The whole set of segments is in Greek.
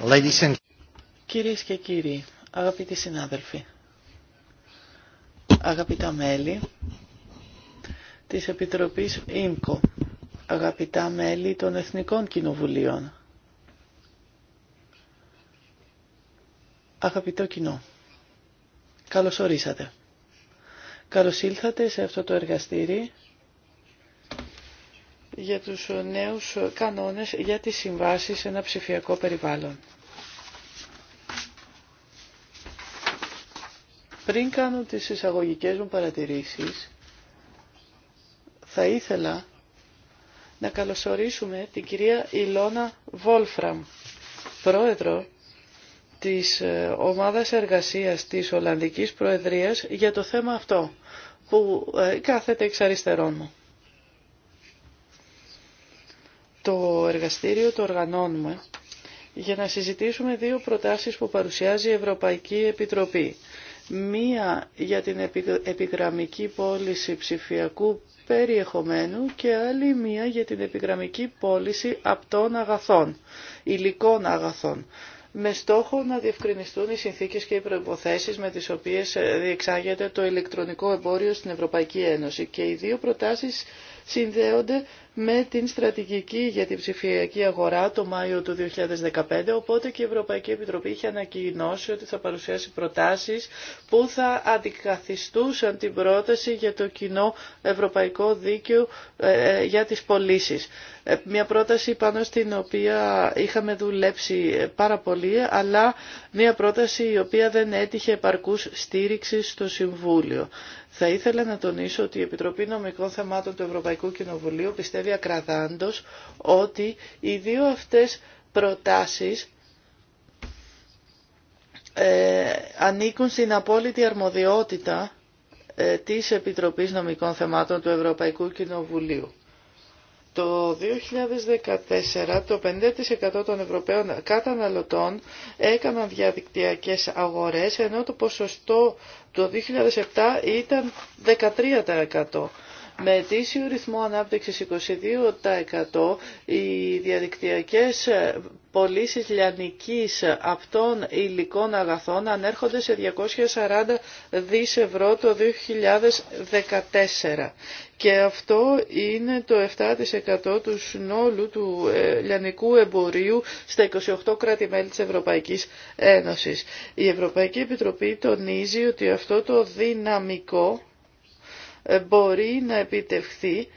Κυρίε Κυρίες και κύριοι, αγαπητοί συνάδελφοι, αγαπητά μέλη της Επιτροπής ΙΜΚΟ, αγαπητά μέλη των Εθνικών Κοινοβουλίων, αγαπητό κοινό, καλώς ορίσατε. Καλώς ήλθατε σε αυτό το εργαστήρι για τους νέους κανόνες για τις συμβάσεις σε ένα ψηφιακό περιβάλλον. Πριν κάνω τις εισαγωγικές μου παρατηρήσεις, θα ήθελα να καλωσορίσουμε την κυρία Ηλώνα Βόλφραμ, πρόεδρο της ε, ομάδας εργασίας της Ολλανδικής Προεδρίας για το θέμα αυτό, που ε, κάθεται εξ αριστερών μου. Το εργαστήριο το οργανώνουμε για να συζητήσουμε δύο προτάσεις που παρουσιάζει η Ευρωπαϊκή Επιτροπή. Μία για την επιγραμμική πώληση ψηφιακού περιεχομένου και άλλη μία για την επιγραμμική πώληση απτών αγαθών, υλικών αγαθών με στόχο να διευκρινιστούν οι συνθήκες και οι προϋποθέσεις με τις οποίες ε, διεξάγεται το ηλεκτρονικό εμπόριο στην Ευρωπαϊκή Ένωση. Και οι δύο προτάσεις συνδέονται με την στρατηγική για την ψηφιακή αγορά το Μάιο του 2015, οπότε και η Ευρωπαϊκή Επιτροπή είχε ανακοινώσει ότι θα παρουσιάσει προτάσεις που θα αντικαθιστούσαν την πρόταση για το κοινό ευρωπαϊκό δίκαιο ε, ε, για τις πωλήσει. Ε, μια πρόταση πάνω στην οποία είχαμε δουλέψει πάρα πολύ, αλλά μια πρόταση η οποία δεν έτυχε επαρκούς στήριξη στο Συμβούλιο. Θα ήθελα να τονίσω ότι η Επιτροπή Νομικών Θεμάτων του Ευρωπαϊκού Κοινοβουλίου πιστεύει ακραδάντως ότι οι δύο αυτές προτάσεις ε, ανήκουν στην απόλυτη αρμοδιότητα ε, της Επιτροπής Νομικών Θεμάτων του Ευρωπαϊκού Κοινοβουλίου. Το 2014 το 50% των Ευρωπαίων καταναλωτών έκαναν διαδικτυακές αγορές, ενώ το ποσοστό το 2007 ήταν 13%. Με αιτήσιο ρυθμό ανάπτυξης 22% οι διαδικτυακές πωλήσεις λιανικής αυτών υλικών αγαθών ανέρχονται σε 240 δις ευρώ το 2014 και αυτό είναι το 7% του συνόλου του ε, λιανικού εμπορίου στα 28 κράτη-μέλη της Ευρωπαϊκής Ένωσης. Η Ευρωπαϊκή Επιτροπή τονίζει ότι αυτό το δυναμικό ε, μπορεί να επιτευχθεί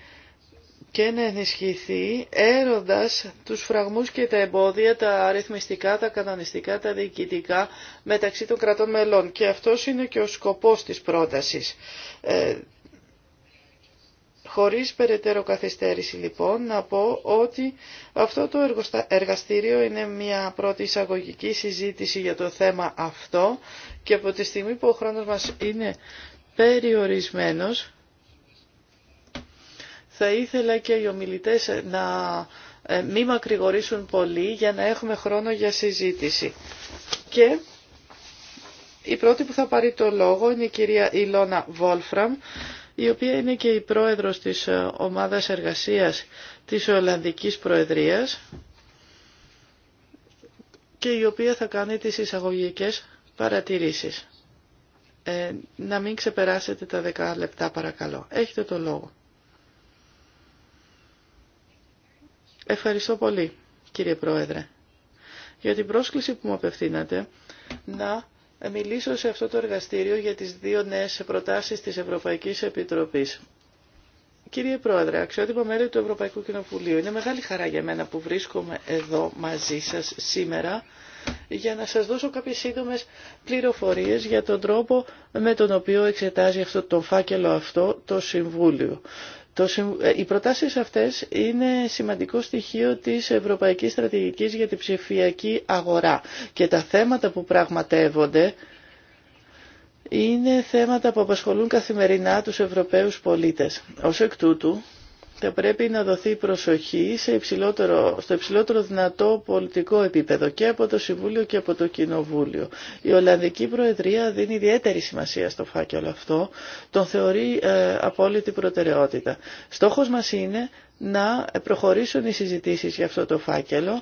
και να ενισχυθεί έροντας τους φραγμούς και τα εμπόδια, τα αριθμιστικά, τα κανονιστικά, τα διοικητικά μεταξύ των κρατών μελών. Και αυτό είναι και ο σκοπός της πρότασης ε, Χωρίς περαιτέρω καθυστέρηση λοιπόν να πω ότι αυτό το εργαστήριο είναι μια πρώτη εισαγωγική συζήτηση για το θέμα αυτό και από τη στιγμή που ο χρόνος μας είναι περιορισμένος θα ήθελα και οι ομιλητές να ε, μη μακρηγορήσουν πολύ για να έχουμε χρόνο για συζήτηση. Και η πρώτη που θα πάρει το λόγο είναι η κυρία Ιλώνα Βόλφραμ η οποία είναι και η πρόεδρος της ε, ομάδας εργασίας της Ολλανδικής Προεδρίας και η οποία θα κάνει τις εισαγωγικές παρατηρήσεις. Ε, να μην ξεπεράσετε τα 10 λεπτά παρακαλώ. Έχετε το λόγο. Ευχαριστώ πολύ κύριε Πρόεδρε για την πρόσκληση που μου απευθύνατε να μιλήσω σε αυτό το εργαστήριο για τις δύο νέες προτάσεις της Ευρωπαϊκής Επιτροπής. Κύριε Πρόεδρε, αξιότιμο μέλη του Ευρωπαϊκού Κοινοβουλίου, είναι μεγάλη χαρά για μένα που βρίσκομαι εδώ μαζί σας σήμερα για να σας δώσω κάποιες σύντομε πληροφορίες για τον τρόπο με τον οποίο εξετάζει αυτό το φάκελο αυτό το Συμβούλιο. Ε, οι προτάσεις αυτές είναι σημαντικό στοιχείο της Ευρωπαϊκής Στρατηγικής για την ψηφιακή αγορά και τα θέματα που πραγματεύονται είναι θέματα που απασχολούν καθημερινά τους Ευρωπαίους πολίτες. Ως εκ τούτου, θα πρέπει να δοθεί προσοχή σε υψηλότερο, στο υψηλότερο δυνατό πολιτικό επίπεδο και από το Συμβούλιο και από το Κοινοβούλιο. Η Ολλανδική Προεδρία δίνει ιδιαίτερη σημασία στο φάκελο αυτό, τον θεωρεί ε, απόλυτη προτεραιότητα. Στόχος μας είναι να προχωρήσουν οι συζητήσεις για αυτό το φάκελο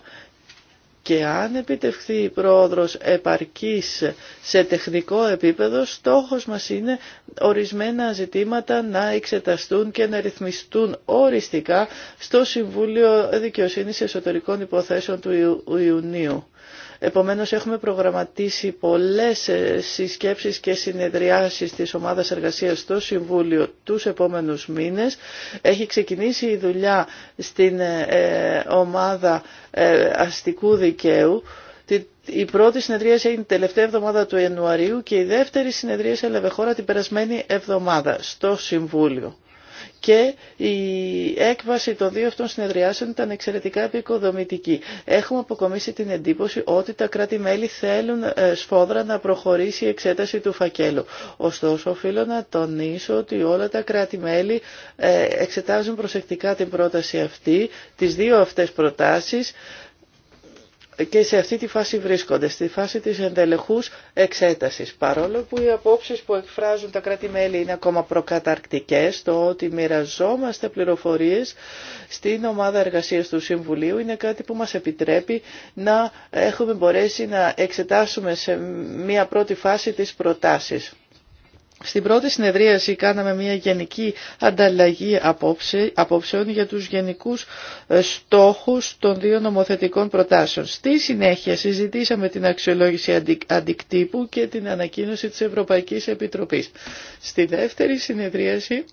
και αν επιτευχθεί η πρόοδρος επαρκής σε τεχνικό επίπεδο, στόχος μας είναι ορισμένα ζητήματα να εξεταστούν και να ρυθμιστούν οριστικά στο Συμβούλιο Δικαιοσύνης Εσωτερικών Υποθέσεων του Ιουνίου. Επομένως έχουμε προγραμματίσει πολλές ε, συσκέψεις και συνεδριάσεις της ομάδας εργασίας στο Συμβούλιο τους επόμενους μήνες. Έχει ξεκινήσει η δουλειά στην ε, ε, ομάδα αστικού δικαίου. Η πρώτη συνεδρία έγινε τελευταία εβδομάδα του Ιανουαρίου και η δεύτερη συνεδρία έλαβε χώρα την περασμένη εβδομάδα στο Συμβούλιο και η έκβαση των δύο αυτών συνεδριάσεων ήταν εξαιρετικά επικοδομητική. Έχουμε αποκομίσει την εντύπωση ότι τα κράτη-μέλη θέλουν ε, σφόδρα να προχωρήσει η εξέταση του φακέλου. Ωστόσο, οφείλω να τονίσω ότι όλα τα κράτη-μέλη ε, εξετάζουν προσεκτικά την πρόταση αυτή, τις δύο αυτές προτάσεις, και σε αυτή τη φάση βρίσκονται, στη φάση της εντελεχούς εξέτασης. Παρόλο που οι απόψεις που εκφράζουν τα κράτη-μέλη είναι ακόμα προκαταρκτικές, το ότι μοιραζόμαστε πληροφορίες στην ομάδα εργασίας του Συμβουλίου είναι κάτι που μας επιτρέπει να έχουμε μπορέσει να εξετάσουμε σε μία πρώτη φάση τις προτάσεις. Στην πρώτη συνεδρίαση κάναμε μια γενική ανταλλαγή απόψεων για τους γενικούς ε, στόχους των δύο νομοθετικών προτάσεων. Στη συνέχεια συζητήσαμε την αξιολόγηση αντικτύπου και την ανακοίνωση της Ευρωπαϊκής Επιτροπής. Στη δεύτερη συνεδρίαση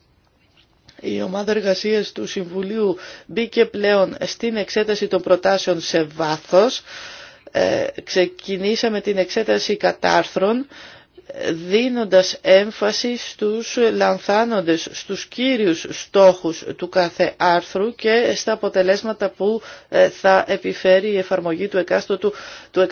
η ομάδα εργασίας του Συμβουλίου μπήκε πλέον στην εξέταση των προτάσεων σε βάθος. Ε, ξεκινήσαμε την εξέταση κατάρθρων δίνοντας έμφαση στους λανθάνοντες, στους κύριους στόχους του κάθε άρθρου και στα αποτελέσματα που ε, θα επιφέρει η εφαρμογή του εκάστοτε, του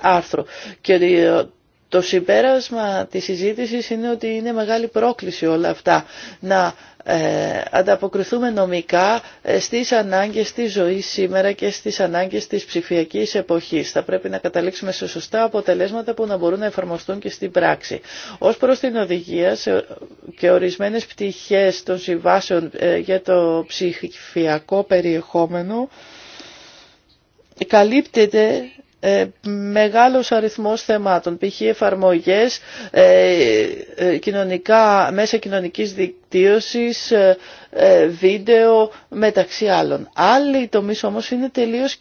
άρθρου. Και ε, το συμπέρασμα της συζήτησης είναι ότι είναι μεγάλη πρόκληση όλα αυτά να ε, ανταποκριθούμε νομικά ε, στις ανάγκες της ζωής σήμερα και στις ανάγκες της ψηφιακής εποχής. Θα πρέπει να καταλήξουμε σε σωστά αποτελέσματα που να μπορούν να εφαρμοστούν και στην πράξη. Ως προς την οδηγία και ορισμένες πτυχές των συμβάσεων ε, για το ψηφιακό περιεχόμενο καλύπτεται ε, μεγάλος αριθμός θεμάτων, π.χ. εφαρμογές, ε, ε, κοινωνικά, μέσα κοινωνικής δικτύωσης, βίντεο, μεταξύ άλλων. Άλλοι τομείς όμως είναι τελείως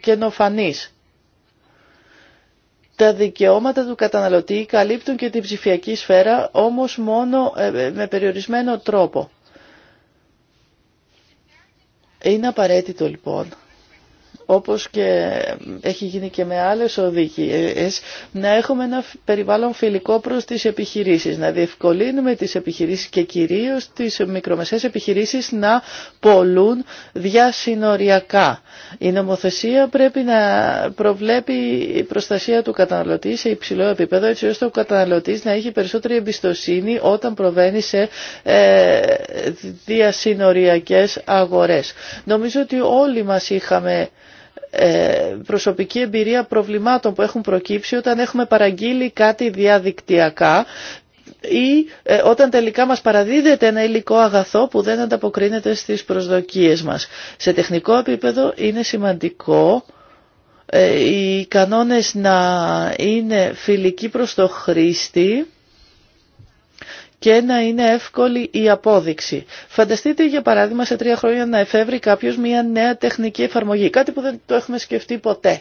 καινοφανείς. Τα δικαιώματα του καταναλωτή καλύπτουν και την ψηφιακή σφαίρα, όμως μόνο με περιορισμένο τρόπο. Είναι απαραίτητο λοιπόν όπως και έχει γίνει και με άλλες οδηγίες, να έχουμε ένα περιβάλλον φιλικό προς τις επιχειρήσεις, να διευκολύνουμε τις επιχειρήσεις και κυρίως τις μικρομεσαίες επιχειρήσεις να πολλούν διασυνοριακά. Η νομοθεσία πρέπει να προβλέπει η προστασία του καταναλωτή σε υψηλό επίπεδο, έτσι ώστε ο καταναλωτής να έχει περισσότερη εμπιστοσύνη όταν προβαίνει σε ε, διασυνοριακές αγορές. Νομίζω ότι όλοι μας είχαμε ε, προσωπική εμπειρία προβλημάτων που έχουν προκύψει όταν έχουμε παραγγείλει κάτι διαδικτυακά ή ε, όταν τελικά μας παραδίδεται ένα υλικό αγαθό που δεν ανταποκρίνεται στις προσδοκίες μας. Σε τεχνικό επίπεδο είναι σημαντικό ε, οι κανόνες να είναι φιλικοί προς το χρήστη και να είναι εύκολη η απόδειξη. Φανταστείτε για παράδειγμα σε τρία χρόνια να εφεύρει κάποιος μια νέα τεχνική εφαρμογή, κάτι που δεν το έχουμε σκεφτεί ποτέ.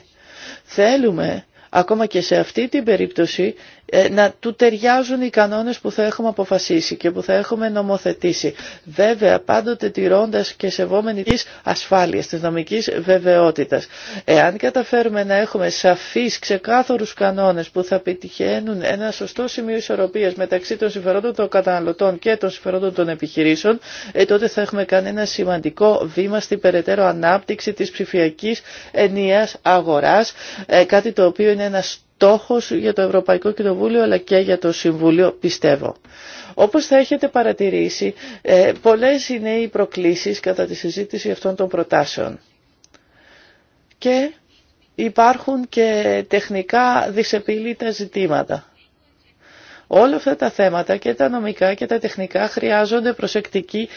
Θέλουμε ακόμα και σε αυτή την περίπτωση ε, να του ταιριάζουν οι κανόνες που θα έχουμε αποφασίσει και που θα έχουμε νομοθετήσει. Βέβαια πάντοτε τηρώντας και σεβόμενη της ασφάλειας, της νομικής βεβαιότητας. Εάν καταφέρουμε να έχουμε σαφείς, ξεκάθαρους κανόνες που θα πετυχαίνουν ένα σωστό σημείο ισορροπίας μεταξύ των συμφερόντων των καταναλωτών και των συμφερόντων των επιχειρήσεων, ε, τότε θα έχουμε κάνει ένα σημαντικό βήμα στην περαιτέρω ανάπτυξη της ψηφιακής ενιαίας αγοράς, ε, κάτι το οποίο είναι ένα στόχος για το Ευρωπαϊκό Κοινοβούλιο αλλά και για το Συμβούλιο, πιστεύω. Όπως θα έχετε παρατηρήσει, ε, πολλές είναι οι προκλήσεις κατά τη συζήτηση αυτών των προτάσεων. Και υπάρχουν και τεχνικά δυσεπίλητα ζητήματα. Όλα αυτά τα θέματα και τα νομικά και τα τεχνικά χρειάζονται προσεκτική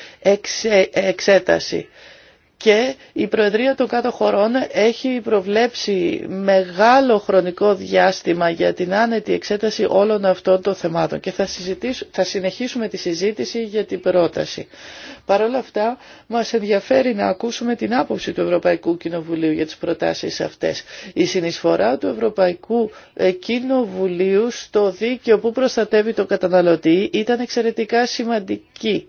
εξέταση και η Προεδρία των Κάτω Χωρών έχει προβλέψει μεγάλο χρονικό διάστημα για την άνετη εξέταση όλων αυτών των θεμάτων και θα, θα συνεχίσουμε τη συζήτηση για την πρόταση. Παρ' όλα αυτά, μας ενδιαφέρει να ακούσουμε την άποψη του Ευρωπαϊκού Κοινοβουλίου για τις προτάσεις αυτές. Η συνεισφορά του Ευρωπαϊκού ε, Κοινοβουλίου στο δίκαιο που προστατεύει τον καταναλωτή ήταν εξαιρετικά σημαντική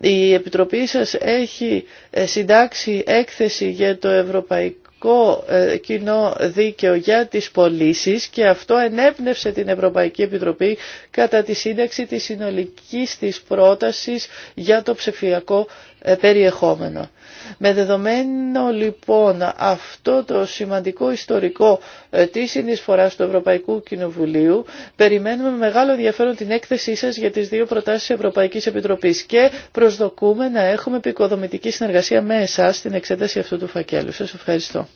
η Επιτροπή σας έχει ε, συντάξει έκθεση για το Ευρωπαϊκό ε, κοινό δίκαιο για τις πωλήσει και αυτό ενέπνευσε την Ευρωπαϊκή Επιτροπή κατά τη σύνταξη της συνολικής της πρότασης για το ψηφιακό ε, περιεχόμενο. Με δεδομένο λοιπόν αυτό το σημαντικό ιστορικό ε, τη συνεισφορά του Ευρωπαϊκού Κοινοβουλίου, περιμένουμε με μεγάλο ενδιαφέρον την έκθεσή σα για τι δύο προτάσει Ευρωπαϊκή Επιτροπή και προσδοκούμε να έχουμε επικοδομητική συνεργασία με εσά στην εξέταση αυτού του φακέλου. Σα ευχαριστώ.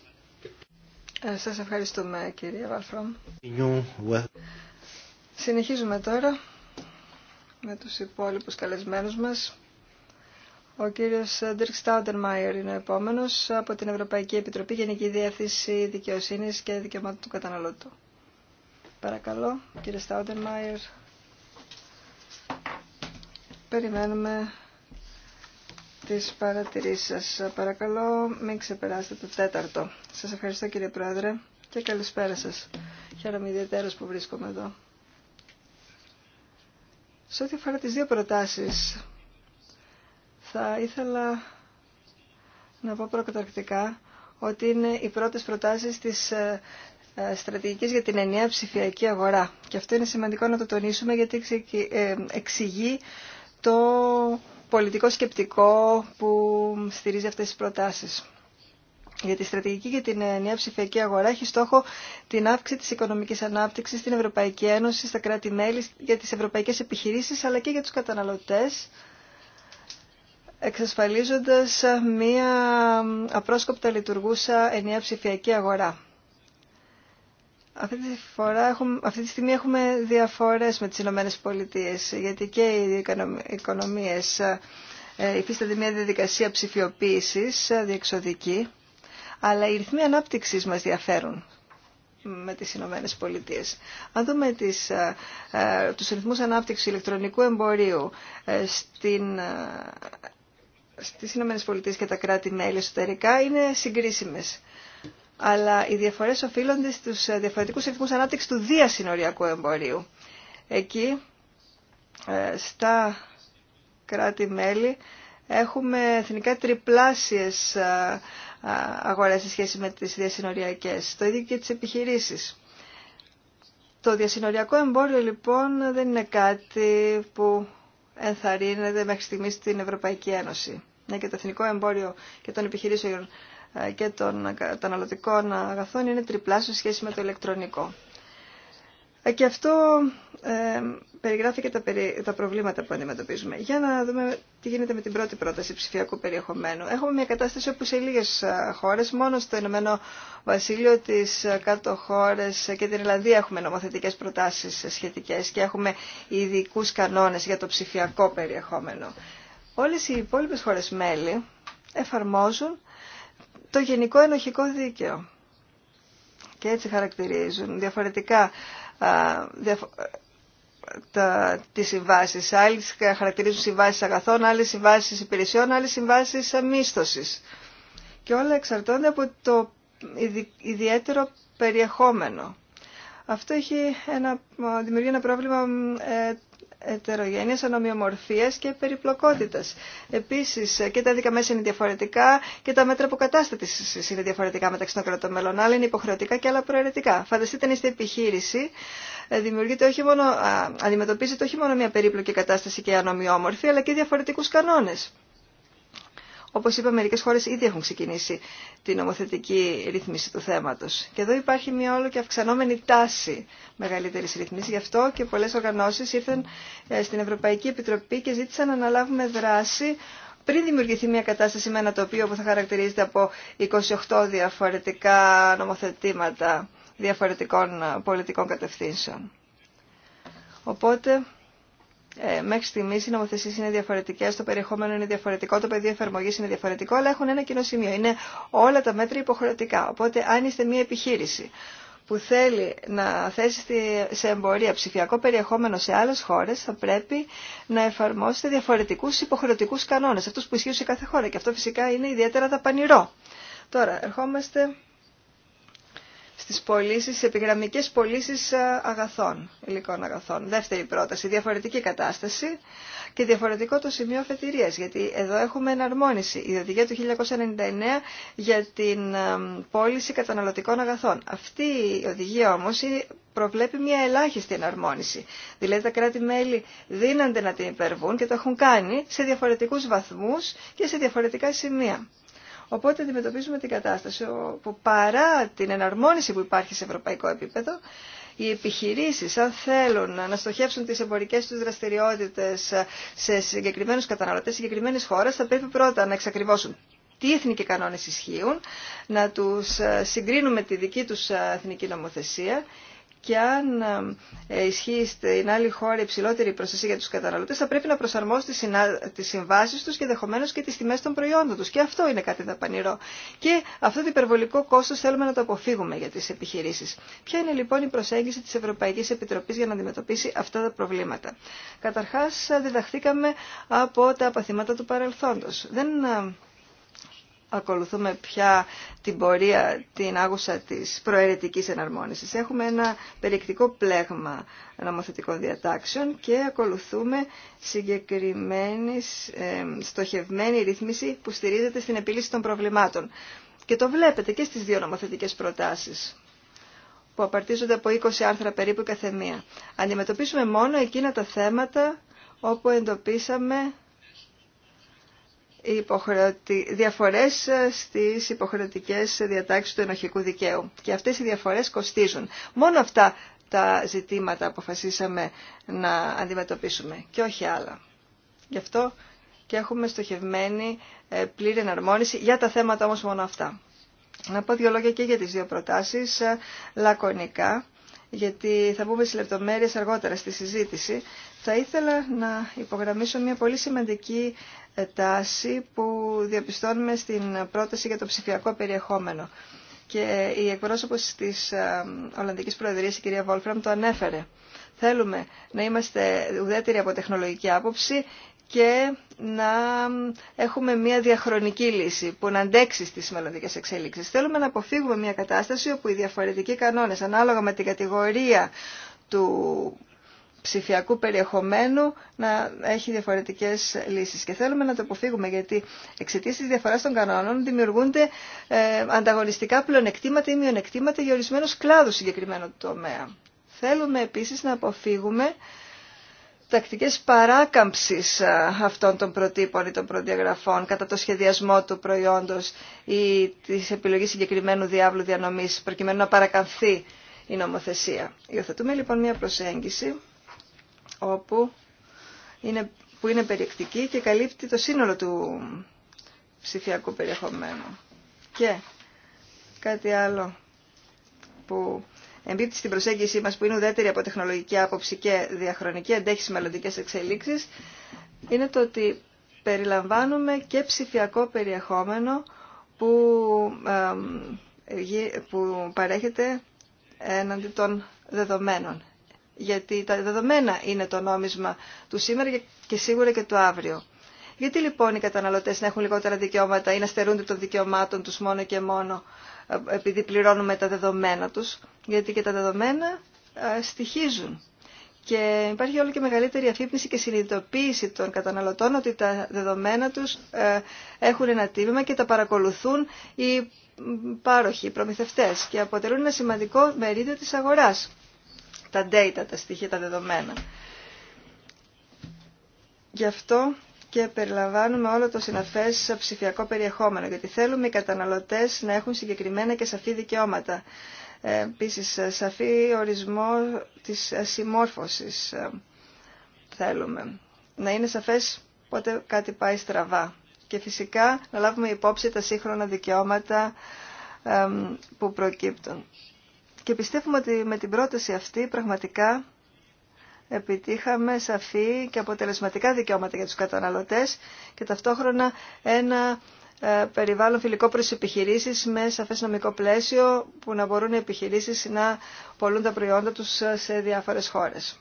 Ε, σα ευχαριστούμε κύριε Βαλφρόμ. Συνεχίζουμε τώρα με τους υπόλοιπους καλεσμένους μας. Ο κύριος Ντρικ Μάιερ είναι ο επόμενος από την Ευρωπαϊκή Επιτροπή Γενική Διεύθυνση Δικαιοσύνης και Δικαιωμάτων του Καταναλωτού. Παρακαλώ, κύριε Μάιερ. Περιμένουμε τις παρατηρήσεις σας. Παρακαλώ, μην ξεπεράσετε το τέταρτο. Σας ευχαριστώ κύριε Πρόεδρε και καλησπέρα σας. Χαίρομαι ιδιαίτερα που βρίσκομαι εδώ. Σε ό,τι αφορά τις δύο προτάσεις θα ήθελα να πω προκαταρκτικά ότι είναι οι πρώτες προτάσεις της ε, ε, στρατηγικής για την ενιαία ψηφιακή αγορά. Και αυτό είναι σημαντικό να το τονίσουμε γιατί ε, εξηγεί το πολιτικό σκεπτικό που στηρίζει αυτές τις προτάσεις. Για τη στρατηγική για την νέα ψηφιακή αγορά έχει στόχο την αύξηση της οικονομικής ανάπτυξης στην Ευρωπαϊκή Ένωση, στα κράτη-μέλη, για τις ευρωπαϊκές επιχειρήσεις αλλά και για τους καταναλωτές εξασφαλίζοντας μία απρόσκοπτα λειτουργούσα ενιαία ψηφιακή αγορά. Αυτή τη, φορά έχουμε, αυτή τη στιγμή έχουμε διαφορές με τις Ηνωμένες Πολιτείες, γιατί και οι οικονομίες ε, υφίστανται μια διαδικασία ψηφιοποίησης ε, διεξοδική, αλλά οι ρυθμοί ανάπτυξης μας διαφέρουν με τις Ηνωμένε Πολιτείες. Αν δούμε τις, ε, τους ρυθμούς ανάπτυξης ηλεκτρονικού εμπορίου στην στις Ηνωμένες Πολιτείες και τα κράτη-μέλη εσωτερικά είναι συγκρίσιμες. Αλλά οι διαφορές οφείλονται στους διαφορετικούς ρυθμούς ανάπτυξης του διασυνοριακού εμπορίου. Εκεί, ε, στα κράτη-μέλη, έχουμε εθνικά τριπλάσιες ε, ε, αγορές σε σχέση με τις διασυνοριακές. Το ίδιο και τις επιχειρήσεις. Το διασυνοριακό εμπόριο λοιπόν δεν είναι κάτι που ενθαρρύνεται μέχρι στιγμή στην Ευρωπαϊκή Ένωση. Ναι, και το εθνικό εμπόριο και των επιχειρήσεων ε, και των καταναλωτικών αγαθών είναι τριπλάσιο σχέση με το ηλεκτρονικό. Ε, και αυτό ε, περιγράφει και τα, περι... τα προβλήματα που αντιμετωπίζουμε. Για να δούμε τι γίνεται με την πρώτη πρόταση ψηφιακού περιεχομένου. Έχουμε μια κατάσταση όπου σε λίγε χώρε. μόνο στο Ηνωμένο Βασίλειο, τι ε, κάτω χώρε και την Ελλάδα έχουμε νομοθετικέ προτάσει σχετικέ και έχουμε ειδικού κανόνε για το ψηφιακό περιεχόμενο. Όλες οι υπόλοιπες χώρες μέλη εφαρμόζουν το γενικό ενοχικό δίκαιο και έτσι χαρακτηρίζουν διαφορετικά α, διαφο τα, τις συμβάσεις. Άλλες χαρακτηρίζουν συμβάσεις αγαθών, άλλες συμβάσεις υπηρεσιών, άλλες συμβάσεις αμίσθωσης. Και όλα εξαρτώνται από το ιδιαίτερο περιεχόμενο. Αυτό έχει ένα, δημιουργεί ένα πρόβλημα ε, ετερογένειας, ανομοιομορφίας και περιπλοκότητας. Επίσης ε, και τα δίκα μέσα είναι διαφορετικά και τα μέτρα αποκατάσταση είναι διαφορετικά μεταξύ των κρατών μελών. Άλλα είναι υποχρεωτικά και άλλα προαιρετικά. Φανταστείτε να είστε επιχείρηση, ε, δημιουργείται όχι μόνο, αντιμετωπίζετε όχι μόνο μια περίπλοκη κατάσταση και ανομοιόμορφη, αλλά και διαφορετικού κανόνε. Όπως είπα, μερικέ χώρες ήδη έχουν ξεκινήσει την νομοθετική ρύθμιση του θέματος. Και εδώ υπάρχει μια όλο και αυξανόμενη τάση μεγαλύτερης ρυθμίση, Γι' αυτό και πολλέ οργανώσεις ήρθαν ε, στην Ευρωπαϊκή Επιτροπή και ζήτησαν να αναλάβουμε δράση πριν δημιουργηθεί μια κατάσταση με ένα τοπίο που θα χαρακτηρίζεται από 28 διαφορετικά νομοθετήματα διαφορετικών ε, πολιτικών κατευθύνσεων. Οπότε ε, μέχρι στιγμή οι νομοθεσίε είναι διαφορετικέ, το περιεχόμενο είναι διαφορετικό, το πεδίο εφαρμογή είναι διαφορετικό, αλλά έχουν ένα κοινό σημείο. Είναι όλα τα μέτρα υποχρεωτικά. Οπότε, αν είστε μια επιχείρηση που θέλει να θέσει σε εμπορία ψηφιακό περιεχόμενο σε άλλε χώρε, θα πρέπει να εφαρμόσετε διαφορετικού υποχρεωτικού κανόνε, αυτού που ισχύουν σε κάθε χώρα. Και αυτό φυσικά είναι ιδιαίτερα δαπανηρό. Τώρα, ερχόμαστε στις πωλήσει, επιγραμμικές πωλήσει ε, αγαθών, υλικών αγαθών. Δεύτερη πρόταση, διαφορετική κατάσταση και διαφορετικό το σημείο αφετηρίας, γιατί εδώ έχουμε εναρμόνιση, η οδηγία του 1999 για την ε, πώληση καταναλωτικών αγαθών. Αυτή η οδηγία όμως προβλέπει μια ελάχιστη εναρμόνιση, δηλαδή τα κράτη-μέλη δίνονται να την υπερβούν και το έχουν κάνει σε διαφορετικούς βαθμούς και σε διαφορετικά σημεία. Οπότε αντιμετωπίζουμε την κατάσταση που παρά την εναρμόνιση που υπάρχει σε ευρωπαϊκό επίπεδο, οι επιχειρήσεις αν θέλουν να στοχεύσουν τις εμπορικές τους δραστηριότητες σε συγκεκριμένους καταναλωτές συγκεκριμένες χώρες θα πρέπει πρώτα να εξακριβώσουν τι εθνικοί κανόνες ισχύουν, να τους συγκρίνουμε τη δική τους εθνική νομοθεσία και αν ε, ισχύει στην άλλη χώρα υψηλότερη προστασία για τους καταναλωτές, θα πρέπει να προσαρμόσει τις συμβάσεις τους και ενδεχομένω και τις τιμές των προϊόντων τους. Και αυτό είναι κάτι δαπανηρό. Και αυτό το υπερβολικό κόστος θέλουμε να το αποφύγουμε για τις επιχειρήσεις. Ποια είναι λοιπόν η προσέγγιση της Ευρωπαϊκής Επιτροπής για να αντιμετωπίσει αυτά τα προβλήματα. Καταρχάς διδαχθήκαμε από τα απαθήματα του παρελθόντος. Δεν ακολουθούμε πια την πορεία, την άγουσα της προαιρετικής εναρμόνισης. Έχουμε ένα περιεκτικό πλέγμα νομοθετικών διατάξεων και ακολουθούμε συγκεκριμένη ε, στοχευμένη ρυθμίση που στηρίζεται στην επίλυση των προβλημάτων. Και το βλέπετε και στις δύο νομοθετικές προτάσεις που απαρτίζονται από 20 άρθρα περίπου καθεμία. Αντιμετωπίσουμε μόνο εκείνα τα θέματα όπου εντοπίσαμε διαφορές ε, στις υποχρεωτικές διατάξεις του ενοχικού δικαίου. Και αυτές οι διαφορές κοστίζουν. Μόνο αυτά τα ζητήματα αποφασίσαμε να αντιμετωπίσουμε και όχι άλλα. Γι' αυτό και έχουμε στοχευμένη ε, πλήρη εναρμόνιση για τα θέματα όμως μόνο αυτά. Να πω δύο λόγια και για τις δύο προτάσεις ε, λακωνικά γιατί θα μπούμε σε λεπτομέρειες αργότερα στη συζήτηση, θα ήθελα να υπογραμμίσω μια πολύ σημαντική ε, τάση που διαπιστώνουμε στην πρόταση για το ψηφιακό περιεχόμενο. Και ε, η εκπρόσωπος της ε, Ολλανδικής Προεδρίας, η κυρία Βόλφραμ, το ανέφερε. Θέλουμε να είμαστε ουδέτεροι από τεχνολογική άποψη και να έχουμε μια διαχρονική λύση που να αντέξει στις μελλοντικέ εξέλιξεις. Θέλουμε να αποφύγουμε μια κατάσταση όπου οι διαφορετικοί κανόνες ανάλογα με την κατηγορία του ψηφιακού περιεχομένου να έχει διαφορετικές λύσεις. Και θέλουμε να το αποφύγουμε γιατί εξαιτίας της διαφοράς των κανόνων δημιουργούνται ε, ανταγωνιστικά πλεονεκτήματα ή μειονεκτήματα για ορισμένους κλάδους συγκεκριμένου τομέα. Θέλουμε επίσης να αποφύγουμε τακτικές παράκαμψης αυτών των προτύπων ή των προδιαγραφών κατά το σχεδιασμό του προϊόντος ή της επιλογής συγκεκριμένου διάβλου διανομής προκειμένου να παρακαμφθεί η νομοθεσία. Υιοθετούμε λοιπόν μια προσέγγιση όπου είναι, που είναι περιεκτική και καλύπτει το σύνολο του ψηφιακού περιεχομένου. Και κάτι άλλο που εμπίπτει στην προσέγγιση μας που είναι ουδέτερη από τεχνολογική άποψη και διαχρονική, αντέχει μελλοντικέ μελλοντικές εξελίξεις, είναι το ότι περιλαμβάνουμε και ψηφιακό περιεχόμενο που, που παρέχεται έναντι των δεδομένων. Γιατί τα δεδομένα είναι το νόμισμα του σήμερα και σίγουρα και του αύριο. Γιατί λοιπόν οι καταναλωτές να έχουν λιγότερα δικαιώματα ή να στερούνται των δικαιωμάτων τους μόνο και μόνο επειδή πληρώνουμε τα δεδομένα τους, γιατί και τα δεδομένα στοιχίζουν. Και υπάρχει όλο και μεγαλύτερη αφύπνιση και συνειδητοποίηση των καταναλωτών ότι τα δεδομένα τους ε, έχουν ένα τίμημα και τα παρακολουθούν οι πάροχοι, οι προμηθευτές και αποτελούν ένα σημαντικό μερίδιο της αγοράς. Τα data, τα στοιχεία, τα δεδομένα. Γι' αυτό και περιλαμβάνουμε όλο το συναφές ψηφιακό περιεχόμενο, γιατί θέλουμε οι καταναλωτές να έχουν συγκεκριμένα και σαφή δικαιώματα. Ε, επίσης, ε, σαφή ορισμό της ε, συμμόρφωσης θέλουμε. Να είναι σαφές πότε κάτι πάει στραβά. Και φυσικά να λάβουμε υπόψη τα σύγχρονα δικαιώματα που προκύπτουν. Και πιστεύουμε ότι με την πρόταση αυτή πραγματικά επιτύχαμε σαφή και αποτελεσματικά δικαιώματα για τους καταναλωτές και ταυτόχρονα ένα ε, περιβάλλον φιλικό προς επιχειρήσεις με σαφές νομικό πλαίσιο που να μπορούν οι επιχειρήσεις να πολλούν τα προϊόντα τους σε διάφορες χώρες.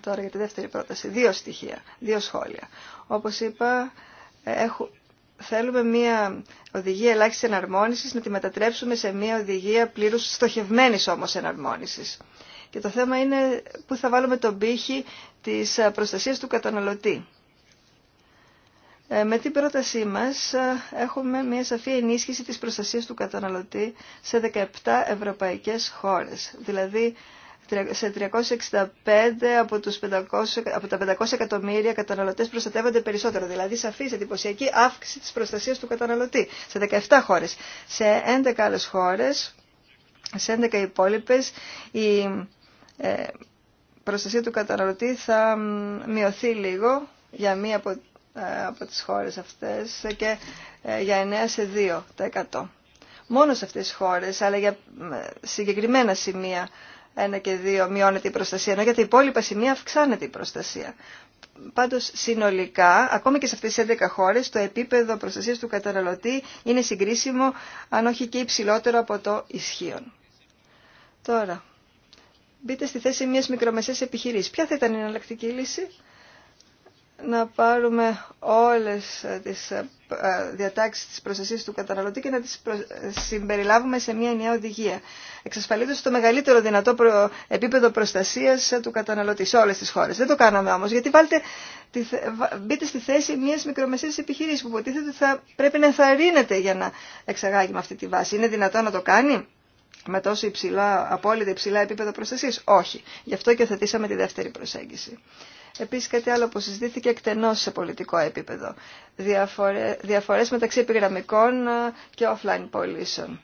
Τώρα για τη δεύτερη πρόταση. Δύο στοιχεία, δύο σχόλια. Όπως είπα, ε, θέλουμε μια οδηγία ελάχιστη εναρμόνισης να τη μετατρέψουμε σε μια οδηγία πλήρους στοχευμένης όμως εναρμόνισης. Και το θέμα είναι πού θα βάλουμε τον πύχη της ε, προστασίας του καταναλωτή. Ε, με την πρότασή μας ε, έχουμε μια σαφή ενίσχυση της προστασίας του καταναλωτή σε 17 ευρωπαϊκές χώρες. Δηλαδή σε 365 από, τους 500, από τα 500 εκατομμύρια καταναλωτές προστατεύονται περισσότερο. Δηλαδή σαφής εντυπωσιακή αύξηση της προστασίας του καταναλωτή σε 17 χώρες. Σε 11 άλλες χώρες, σε 11 υπόλοιπες, ε, προστασία του καταναλωτή θα μειωθεί λίγο για μία από, ε, από τις χώρες αυτές και ε, για 9 σε 2%. Μόνο σε αυτές τις χώρες, αλλά για συγκεκριμένα σημεία 1 και 2 μειώνεται η προστασία, ενώ για τα υπόλοιπα σημεία αυξάνεται η προστασία. Πάντως συνολικά, ακόμη και σε αυτές τις 11 χώρες, το επίπεδο προστασίας του καταναλωτή είναι συγκρίσιμο, αν όχι και υψηλότερο από το ισχύον. Τώρα, μπείτε στη θέση μιας μικρομεσαίας επιχειρήσης. Ποια θα ήταν η εναλλακτική λύση? Να πάρουμε όλες τις ε, ε, διατάξεις της προστασίας του καταναλωτή και να τις συμπεριλάβουμε σε μια νέα οδηγία. Εξασφαλίζοντας το μεγαλύτερο δυνατό επίπεδο προστασίας ε, του καταναλωτή σε όλες τις χώρες. Δεν το κάναμε όμως, γιατί βάλτε, μπείτε στη θέση μιας μικρομεσαίας επιχειρήσης που υποτίθεται θα πρέπει να ενθαρρύνεται για να εξαγάγει με αυτή τη βάση. Είναι δυνατό να το κάνει? με τόσο υψηλά, απόλυτα υψηλά επίπεδα προστασία. Όχι. Γι' αυτό και θετήσαμε τη δεύτερη προσέγγιση. Επίσης κάτι άλλο που συζητήθηκε εκτενώς σε πολιτικό επίπεδο. Διαφορε... Διαφορές μεταξύ επιγραμμικών ε, και offline πωλήσεων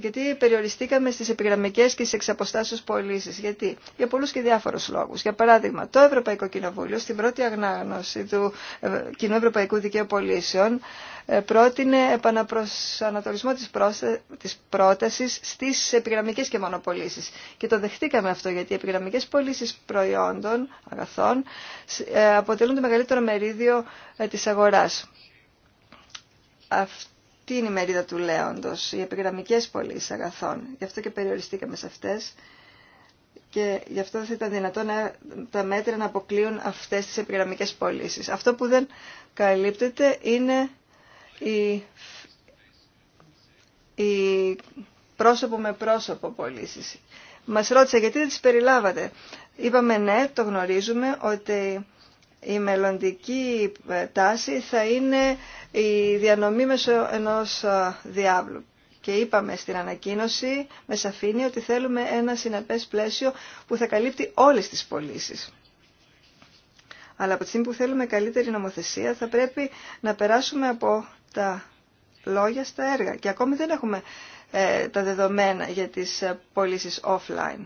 γιατί περιοριστήκαμε στις επιγραμμικές και στις εξαποστάσεις πωλήσει. Γιατί, για πολλούς και διάφορους λόγους. Για παράδειγμα, το Ευρωπαϊκό Κοινοβούλιο στην πρώτη αγνάγνωση του ε, Κοινού Ευρωπαϊκού Δικαίου Πολίσεων ε, πρότεινε επαναπροσανατολισμό της, πρόσθε... της πρότασης στις επιγραμμικές και μονοπωλήσεις. Και το δεχτήκαμε αυτό γιατί οι επιγραμμικές πωλήσει προϊόντων, αγαθών, ε, αποτελούν το μεγαλύτερο μερίδιο της αγοράς. Αυτό τι είναι η μερίδα του Λέοντος, οι επιγραμμικές πωλήσει αγαθών. Γι' αυτό και περιοριστήκαμε σε αυτές και γι' αυτό θα ήταν δυνατό να, τα μέτρα να αποκλείουν αυτές τις επιγραμμικές πωλήσει. Αυτό που δεν καλύπτεται είναι η, η πρόσωπο με πρόσωπο πωλήσει. Μας ρώτησε γιατί δεν τις περιλάβατε. Είπαμε ναι, το γνωρίζουμε, ότι η μελλοντική τάση θα είναι η διανομή μέσω ενός ε, διάβλου. Και είπαμε στην ανακοίνωση με σαφήνεια ότι θέλουμε ένα συναπές πλαίσιο που θα καλύπτει όλες τις πωλήσει. Αλλά από τη στιγμή που θέλουμε καλύτερη νομοθεσία θα πρέπει να περάσουμε από τα λόγια στα έργα. Και ακόμη δεν έχουμε ε, τα δεδομένα για τις ε, πωλήσει offline.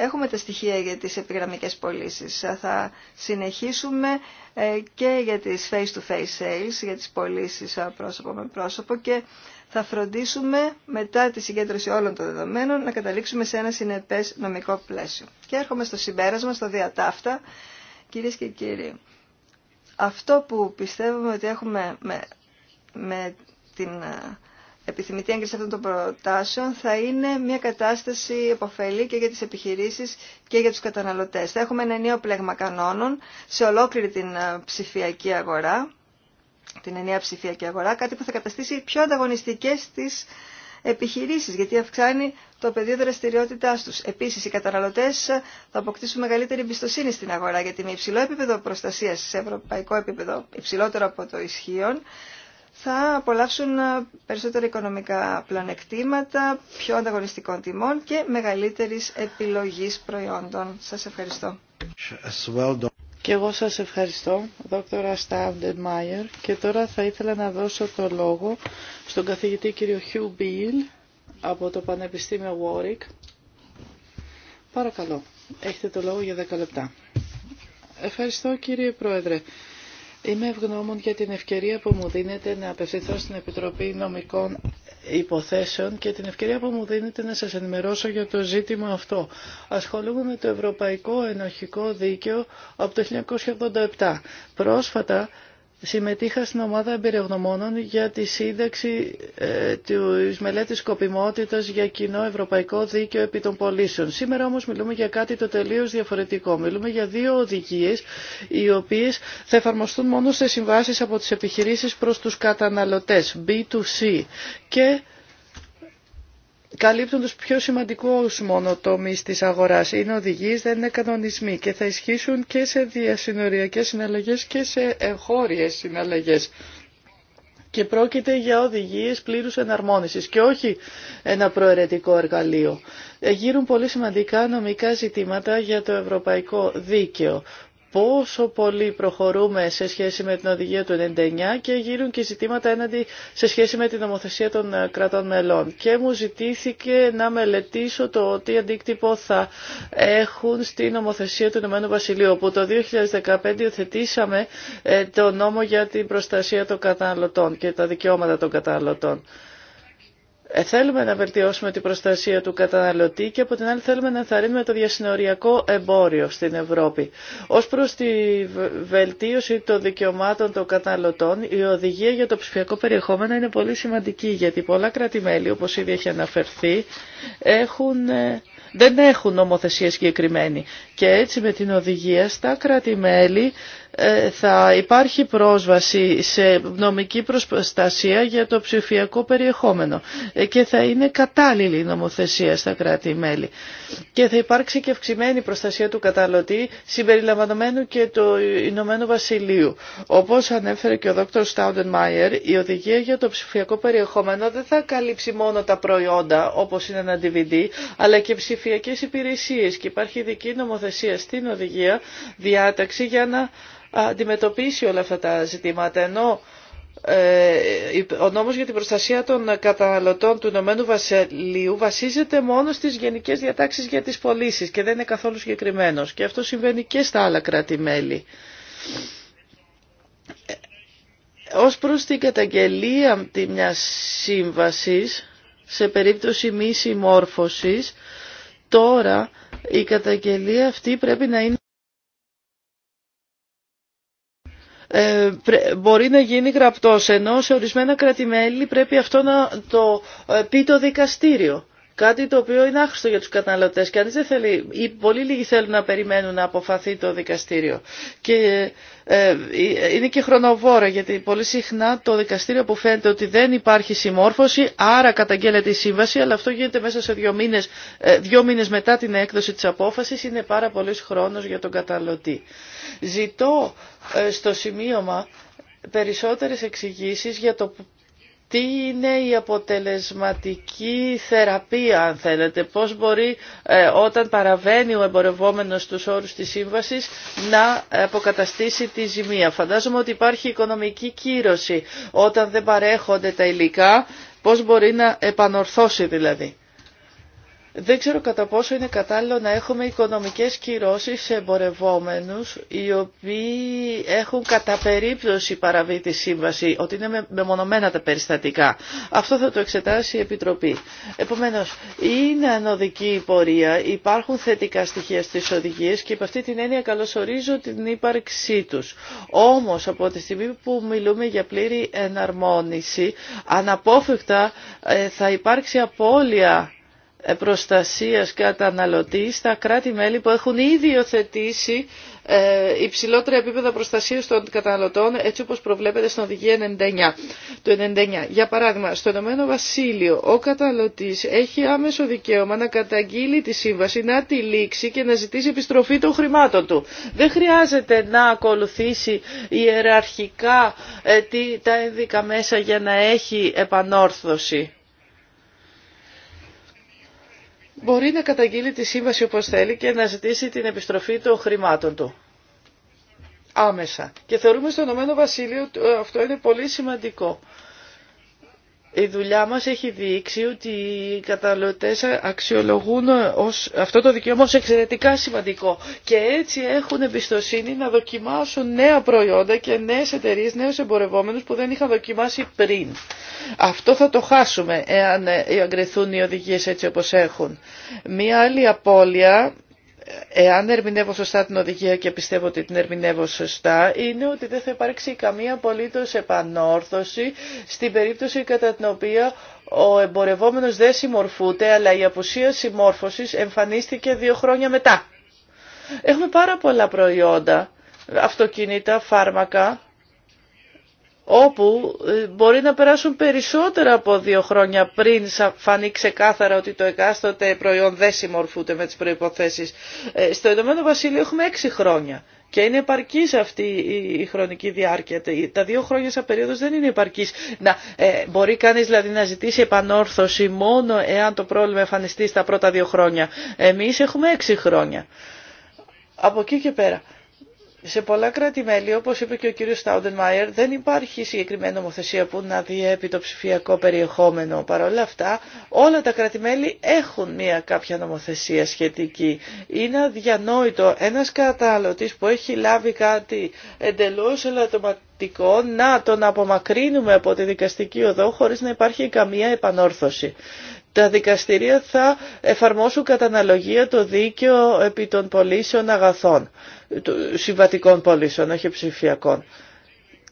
Έχουμε τα στοιχεία για τις επιγραμμικές πωλήσει. Θα συνεχίσουμε ε, και για τις face-to-face sales, για τις πωλήσει ε, πρόσωπο με πρόσωπο και θα φροντίσουμε μετά τη συγκέντρωση όλων των δεδομένων να καταλήξουμε σε ένα συνεπές νομικό πλαίσιο. Και έρχομαι στο συμπέρασμα, στο διατάφτα. Κυρίες και κύριοι, αυτό που πιστεύουμε ότι έχουμε με, με την ε, επιθυμητή έγκριση αυτών των προτάσεων θα είναι μια κατάσταση επωφελή και για τις επιχειρήσεις και για τους καταναλωτές. Θα έχουμε ένα νέο πλέγμα κανόνων σε ολόκληρη την ε, ψηφιακή αγορά, την ενιαία ψηφιακή αγορά, κάτι που θα καταστήσει πιο ανταγωνιστικές τις επιχειρήσεις, γιατί αυξάνει το πεδίο δραστηριότητά του. Επίση, οι καταναλωτέ ε, θα αποκτήσουν μεγαλύτερη εμπιστοσύνη στην αγορά, γιατί με υψηλό επίπεδο προστασία σε ευρωπαϊκό επίπεδο, υψηλότερο από το ισχύον, θα απολαύσουν περισσότερα οικονομικά πλανεκτήματα, πιο ανταγωνιστικών τιμών και μεγαλύτερης επιλογής προϊόντων. Σας ευχαριστώ. Και εγώ σας ευχαριστώ, δόκτωρα Στάντεν Μάιερ. Και τώρα θα ήθελα να δώσω το λόγο στον καθηγητή κύριο Χιου Μπίλ από το Πανεπιστήμιο Warwick. Παρακαλώ, έχετε το λόγο για 10 λεπτά. Ευχαριστώ κύριε Πρόεδρε. Είμαι ευγνώμων για την ευκαιρία που μου δίνετε να απευθυνθώ στην Επιτροπή Νομικών Υποθέσεων και την ευκαιρία που μου δίνετε να σας ενημερώσω για το ζήτημα αυτό. Ασχολούμαι με το Ευρωπαϊκό Ενοχικό Δίκαιο από το 1987. Πρόσφατα συμμετείχα στην ομάδα εμπειρογνωμόνων για τη σύνταξη ε, της μελέτης σκοπιμότητας για κοινό ευρωπαϊκό δίκαιο επί των πολίσεων. Σήμερα όμως μιλούμε για κάτι το τελείως διαφορετικό. Μιλούμε για δύο οδηγίες οι οποίες θα εφαρμοστούν μόνο σε συμβάσεις από τις επιχειρήσεις προς τους καταναλωτές, B2C και καλύπτουν τους πιο σημαντικούς μόνο τομείς της αγοράς. Είναι οδηγίες, δεν είναι κανονισμοί και θα ισχύσουν και σε διασυνοριακές συναλλαγές και σε εγχώριες συναλλαγές. Και πρόκειται για οδηγίες πλήρους εναρμόνισης και όχι ένα προαιρετικό εργαλείο. Ε, γύρουν πολύ σημαντικά νομικά ζητήματα για το ευρωπαϊκό δίκαιο πόσο πολύ προχωρούμε σε σχέση με την οδηγία του 99 και γύρουν και ζητήματα έναντι σε σχέση με την νομοθεσία των ε, κρατών μελών. Και μου ζητήθηκε να μελετήσω το τι αντίκτυπο θα έχουν στην νομοθεσία του Ηνωμένου Βασιλείου, όπου το 2015 υιοθετήσαμε ε, το νόμο για την προστασία των καταναλωτών και τα δικαιώματα των καταναλωτών. Ε, θέλουμε να βελτιώσουμε την προστασία του καταναλωτή και από την άλλη θέλουμε να ενθαρρύνουμε το διασυνοριακό εμπόριο στην Ευρώπη. Ως προς τη βελτίωση των δικαιωμάτων των καταναλωτών, η οδηγία για το ψηφιακό περιεχόμενο είναι πολύ σημαντική γιατί πολλά κράτη-μέλη, όπως ήδη έχει αναφερθεί, έχουν, ε, δεν έχουν νομοθεσία συγκεκριμένη. Και έτσι με την οδηγία στα κράτη-μέλη ε, θα υπάρχει πρόσβαση σε νομική προστασία για το ψηφιακό περιεχόμενο ε, και θα είναι κατάλληλη η νομοθεσία στα κράτη-μέλη. Και θα υπάρξει και αυξημένη προστασία του καταλωτή, συμπεριλαμβανομένου και του Ηνωμένου Βασιλείου. Όπως ανέφερε και ο Δ. Στάουντεν Μάιερ, η οδηγία για το ψηφιακό περιεχόμενο δεν θα καλύψει μόνο τα προϊόντα όπως είναι ένα DVD, αλλά και ψηφιακές υπηρεσίες και υπάρχει ειδική νομοθεσία στην οδηγία διάταξη για να αντιμετωπίσει όλα αυτά τα ζητήματα. Ενώ ε, ο νόμος για την προστασία των καταναλωτών του Ηνωμένου Βασιλείου βασίζεται μόνο στις γενικές διατάξεις για τις πωλήσει και δεν είναι καθόλου συγκεκριμένο. Και αυτό συμβαίνει και στα άλλα κράτη-μέλη. Ε, ως προς την καταγγελία μιας σύμβασης, σε περίπτωση μη συμμόρφωσης, τώρα η καταγγελία αυτή πρέπει να είναι Ε, μπορεί να γίνει γραπτός, ενώ σε ορισμένα κρατημέλη πρέπει αυτό να το ε, πει το δικαστήριο. Κάτι το οποίο είναι άχρηστο για τους καταναλωτές. Κανείς δεν θέλει, ή πολύ λίγοι θέλουν να περιμένουν να αποφαθεί το δικαστήριο. Και ε, είναι και χρονοβόρο γιατί πολύ συχνά το δικαστήριο που φαίνεται ότι δεν υπάρχει συμμόρφωση άρα καταγγέλλεται η σύμβαση αλλά αυτό γίνεται μέσα σε δύο μήνες, ε, δύο μήνες μετά την έκδοση της απόφασης είναι πάρα πολύ χρόνος για τον καταναλωτή. Ζητώ ε, στο σημείωμα περισσότερες εξηγήσεις για το τι είναι η αποτελεσματική θεραπεία αν θέλετε, πώς μπορεί ε, όταν παραβαίνει ο εμπορευόμενος τους όρους της σύμβασης να αποκαταστήσει τη ζημία. Φαντάζομαι ότι υπάρχει οικονομική κύρωση όταν δεν παρέχονται τα υλικά, πώς μπορεί να επανορθώσει δηλαδή. Δεν ξέρω κατά πόσο είναι κατάλληλο να έχουμε οικονομικές κυρώσεις σε εμπορευόμενους οι οποίοι έχουν κατά περίπτωση παραβεί τη σύμβαση, ότι είναι μεμονωμένα τα περιστατικά. Αυτό θα το εξετάσει η Επιτροπή. Επομένως, είναι ανωδική η πορεία, υπάρχουν θετικά στοιχεία στις οδηγίες και υπ' αυτή την έννοια καλωσορίζω την ύπαρξή τους. Όμως, από τη στιγμή που μιλούμε για πλήρη εναρμόνιση, αναπόφευκτα ε, θα υπάρξει απώλεια ε, προστασίας καταναλωτή στα κράτη-μέλη που έχουν ήδη υιοθετήσει ε, υψηλότερα επίπεδα προστασίας των καταναλωτών έτσι όπως προβλέπεται στην οδηγία 99, το 99. Για παράδειγμα, στο Ηνωμένο Βασίλειο ο καταναλωτής έχει άμεσο δικαίωμα να καταγγείλει τη σύμβαση, να τη λήξει και να ζητήσει επιστροφή των χρημάτων του. Δεν χρειάζεται να ακολουθήσει ιεραρχικά ε, τα ένδικα μέσα για να έχει επανόρθωση μπορεί να καταγγείλει τη σύμβαση όπως θέλει και να ζητήσει την επιστροφή των χρημάτων του. Άμεσα. Και θεωρούμε στο Ηνωμένο Βασίλειο αυτό είναι πολύ σημαντικό. Η δουλειά μας έχει δείξει ότι οι καταναλωτές αξιολογούν αυτό το δικαίωμα ως εξαιρετικά σημαντικό και έτσι έχουν εμπιστοσύνη να δοκιμάσουν νέα προϊόντα και νέες εταιρείες, νέους εμπορευόμενους που δεν είχαν δοκιμάσει πριν. Αυτό θα το χάσουμε εάν αγκρεθούν ε, οι οδηγίες έτσι όπως έχουν. Μία άλλη απώλεια εάν ερμηνεύω σωστά την οδηγία και πιστεύω ότι την ερμηνεύω σωστά, είναι ότι δεν θα υπάρξει καμία απολύτως επανόρθωση στην περίπτωση κατά την οποία ο εμπορευόμενος δεν συμμορφούται, αλλά η απουσία συμμόρφωσης εμφανίστηκε δύο χρόνια μετά. Έχουμε πάρα πολλά προϊόντα, αυτοκίνητα, φάρμακα, όπου ε, μπορεί να περάσουν περισσότερα από δύο χρόνια πριν φανεί ξεκάθαρα ότι το εκάστοτε προϊόν δεν συμμορφούνται με τις προϋποθέσεις. Ε, στο Ηνωμένο Βασίλειο έχουμε έξι χρόνια και είναι επαρκής αυτή η χρονική διάρκεια. Τα δύο χρόνια σαν περίοδος δεν είναι επαρκής. Να, ε, μπορεί κανείς δηλαδή να ζητήσει επανόρθωση μόνο εάν το πρόβλημα εμφανιστεί στα πρώτα δύο χρόνια. Εμείς έχουμε έξι χρόνια. Από εκεί και πέρα σε πολλά κράτη-μέλη, όπως είπε και ο κύριος Μάιερ, δεν υπάρχει συγκεκριμένη νομοθεσία που να διέπει το ψηφιακό περιεχόμενο. Παρ' όλα αυτά, όλα τα κράτη-μέλη έχουν μια κάποια νομοθεσία σχετική. Είναι αδιανόητο ένας καταναλωτής που έχει λάβει κάτι εντελώ ελαττωματικό να τον απομακρύνουμε από τη δικαστική οδό χωρίς να υπάρχει καμία επανόρθωση τα δικαστηρία θα εφαρμόσουν κατά αναλογία το δίκαιο επί των πωλήσεων αγαθών, συμβατικών πωλήσεων, όχι ψηφιακών.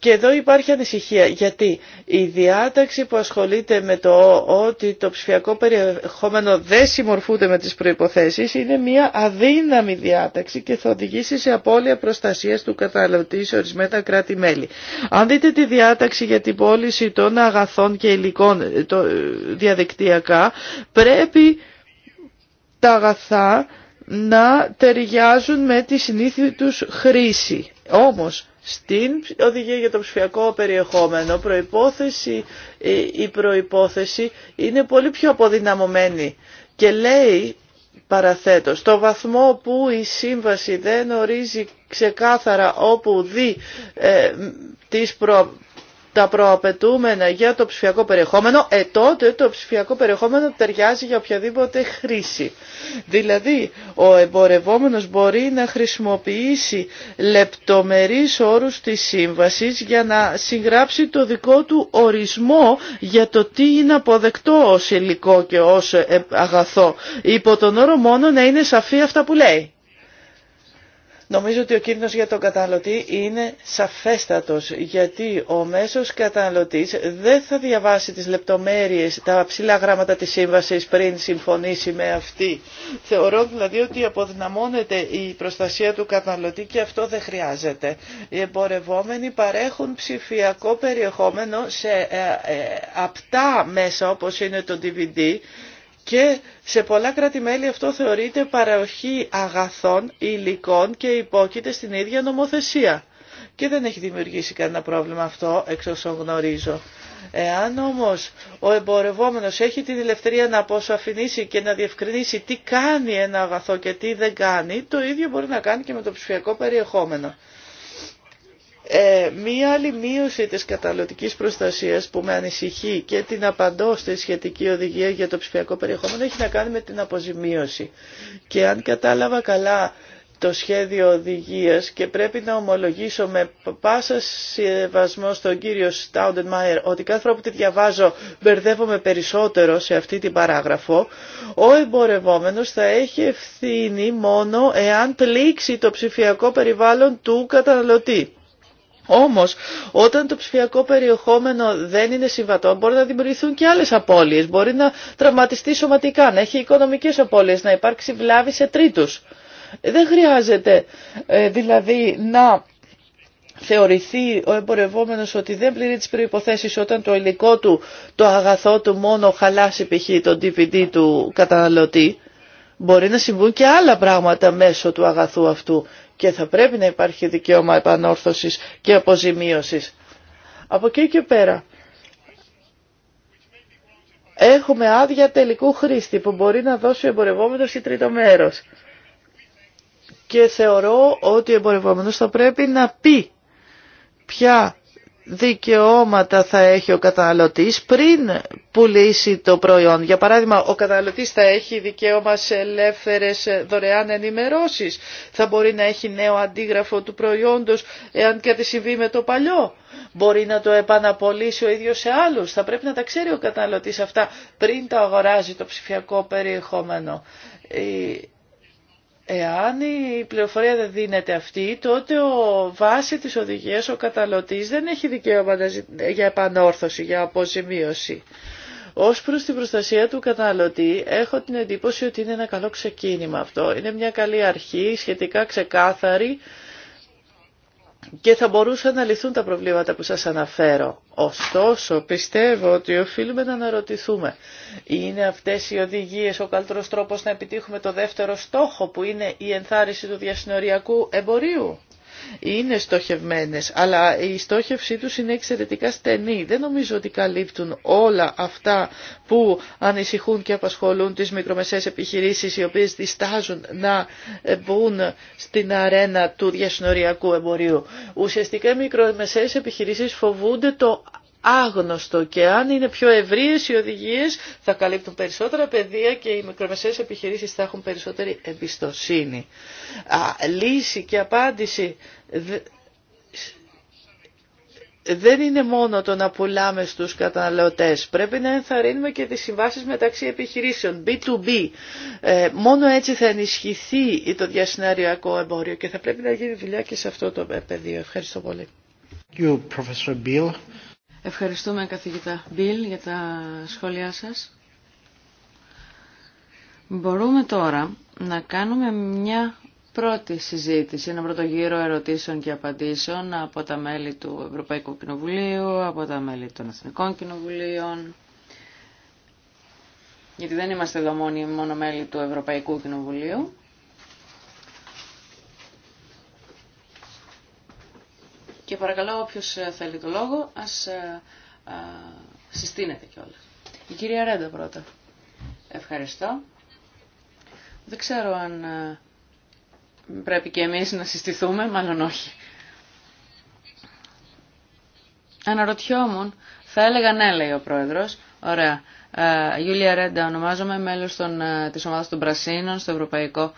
Και εδώ υπάρχει ανησυχία γιατί η διάταξη που ασχολείται με το ότι το ψηφιακό περιεχόμενο δεν συμμορφούνται με τις προϋποθέσεις είναι μια αδύναμη διάταξη και θα οδηγήσει σε απώλεια προστασίας του καταναλωτή σε ορισμένα κράτη-μέλη. Αν δείτε τη διάταξη για την πώληση των αγαθών και υλικών ε, ε, διαδικτυακά πρέπει τα αγαθά να ταιριάζουν με τη συνήθι τους χρήση. Όμως στην οδηγία για το ψηφιακό περιεχόμενο προϋπόθεση, η προϋπόθεση είναι πολύ πιο αποδυναμωμένη και λέει παραθέτω. Στο βαθμό που η σύμβαση δεν ορίζει ξεκάθαρα όπου δει ε, τις προ, τα προαπαιτούμενα για το ψηφιακό περιεχόμενο, ε τότε το ψηφιακό περιεχόμενο ταιριάζει για οποιαδήποτε χρήση. Δηλαδή, ο εμπορευόμενος μπορεί να χρησιμοποιήσει λεπτομερείς όρους της σύμβασης για να συγγράψει το δικό του ορισμό για το τι είναι αποδεκτό ως υλικό και ως ε, αγαθό. Υπό τον όρο μόνο να είναι σαφή αυτά που λέει. Νομίζω ότι ο κίνδυνος για τον καταναλωτή είναι σαφέστατος, γιατί ο μέσος καταναλωτής δεν θα διαβάσει τις λεπτομέρειες, τα ψηλά γράμματα της σύμβασης πριν συμφωνήσει με αυτή. Θεωρώ δηλαδή ότι αποδυναμώνεται η προστασία του καταναλωτή και αυτό δεν χρειάζεται. Οι εμπορευόμενοι παρέχουν ψηφιακό περιεχόμενο σε ε, ε, απτά μέσα όπως είναι το DVD, και σε πολλά κράτη-μέλη αυτό θεωρείται παραοχή αγαθών, υλικών και υπόκειται στην ίδια νομοθεσία. Και δεν έχει δημιουργήσει κανένα πρόβλημα αυτό, εξ όσων γνωρίζω. Εάν όμως ο εμπορευόμενος έχει την ελευθερία να αποσαφηνίσει και να διευκρινίσει τι κάνει ένα αγαθό και τι δεν κάνει, το ίδιο μπορεί να κάνει και με το ψηφιακό περιεχόμενο. Ε, μία άλλη μείωση της καταναλωτικής προστασίας που με ανησυχεί και την απαντώ στη σχετική οδηγία για το ψηφιακό περιεχόμενο έχει να κάνει με την αποζημίωση. Και αν κατάλαβα καλά το σχέδιο οδηγίας και πρέπει να ομολογήσω με πάσα σεβασμό στον κύριο Στάουντεν Μάιερ ότι κάθε φορά που τη διαβάζω μπερδεύομαι περισσότερο σε αυτή την παράγραφο ο εμπορευόμενος θα έχει ευθύνη μόνο εάν πλήξει το ψηφιακό περιβάλλον του καταναλωτή. Όμως, όταν το ψηφιακό περιεχόμενο δεν είναι συμβατό, μπορεί να δημιουργηθούν και άλλες απώλειες. Μπορεί να τραυματιστεί σωματικά, να έχει οικονομικές απώλειες, να υπάρξει βλάβη σε τρίτους. Δεν χρειάζεται ε, δηλαδή να θεωρηθεί ο εμπορευόμενος ότι δεν πληρεί τις προϋποθέσεις όταν το υλικό του, το αγαθό του μόνο χαλάσει π.χ. το DVD του καταναλωτή. Μπορεί να συμβούν και άλλα πράγματα μέσω του αγαθού αυτού και θα πρέπει να υπάρχει δικαίωμα επανόρθωσης και αποζημίωσης. Από εκεί και πέρα. Έχουμε άδεια τελικού χρήστη που μπορεί να δώσει ο εμπορευόμενος ή τρίτο μέρος. Και θεωρώ ότι ο εμπορευόμενος θα πρέπει να πει ποια δικαιώματα θα έχει ο καταναλωτής πριν πουλήσει το προϊόν. Για παράδειγμα, ο καταναλωτής θα έχει δικαίωμα σε ελεύθερες δωρεάν ενημερώσεις. Θα μπορεί να έχει νέο αντίγραφο του προϊόντος εάν κάτι συμβεί με το παλιό. Μπορεί να το επαναπολύσει ο ίδιος σε άλλους. Θα πρέπει να τα ξέρει ο καταναλωτής αυτά πριν τα αγοράζει το ψηφιακό περιεχόμενο. Εάν η πληροφορία δεν δίνεται αυτή, τότε ο βάση της οδηγίας ο καταλωτής δεν έχει δικαίωμα για επανόρθωση, για αποζημίωση. Ως προς την προστασία του καταλωτή, έχω την εντύπωση ότι είναι ένα καλό ξεκίνημα αυτό. Είναι μια καλή αρχή, σχετικά ξεκάθαρη, και θα μπορούσαν να λυθούν τα προβλήματα που σας αναφέρω. Ωστόσο, πιστεύω ότι οφείλουμε να αναρωτηθούμε. Είναι αυτές οι οδηγίες ο καλύτερος τρόπος να επιτύχουμε το δεύτερο στόχο που είναι η ενθάρρυνση του διασυνοριακού εμπορίου είναι στοχευμένες, αλλά η στόχευσή τους είναι εξαιρετικά στενή. Δεν νομίζω ότι καλύπτουν όλα αυτά που ανησυχούν και απασχολούν τις μικρομεσαίες επιχειρήσεις, οι οποίες διστάζουν να μπουν στην αρένα του διασυνοριακού εμπορίου. Ουσιαστικά οι μικρομεσαίες επιχειρήσεις φοβούνται το άγνωστο και αν είναι πιο ευρείες οι οδηγίες θα καλύπτουν περισσότερα παιδεία και οι μικρομεσαίες επιχειρήσεις θα έχουν περισσότερη εμπιστοσύνη. Α, λύση και απάντηση δεν είναι μόνο το να πουλάμε στους καταναλωτές. Πρέπει να ενθαρρύνουμε και τις συμβάσεις μεταξύ επιχειρήσεων, B2B. Ε, μόνο έτσι θα ενισχυθεί το διασυναριακό εμπόριο και θα πρέπει να γίνει δουλειά και σε αυτό το πεδίο. Ευχαριστώ πολύ. You, Ευχαριστούμε καθηγητά Μπιλ για τα σχόλιά σας. Μπορούμε τώρα να κάνουμε μια πρώτη συζήτηση, ένα πρώτο γύρο ερωτήσεων και απαντήσεων από τα μέλη του Ευρωπαϊκού Κοινοβουλίου, από τα μέλη των Εθνικών Κοινοβουλίων, γιατί δεν είμαστε εδώ μόνο μέλη του Ευρωπαϊκού Κοινοβουλίου. Και παρακαλώ όποιος ε, θέλει το λόγο ας ε, ε, συστήνεται κιόλα. Η κυρία Ρέντα πρώτα. Ευχαριστώ. Δεν ξέρω αν πρέπει και εμείς να συστηθούμε, μάλλον όχι. Αναρωτιόμουν, θα έλεγα ναι, λέει ο πρόεδρος. Ωραία. Γιούλια Ρέντα ονομάζομαι, μέλος των, της ομάδας των Πρασίνων στο Ευρωπαϊκό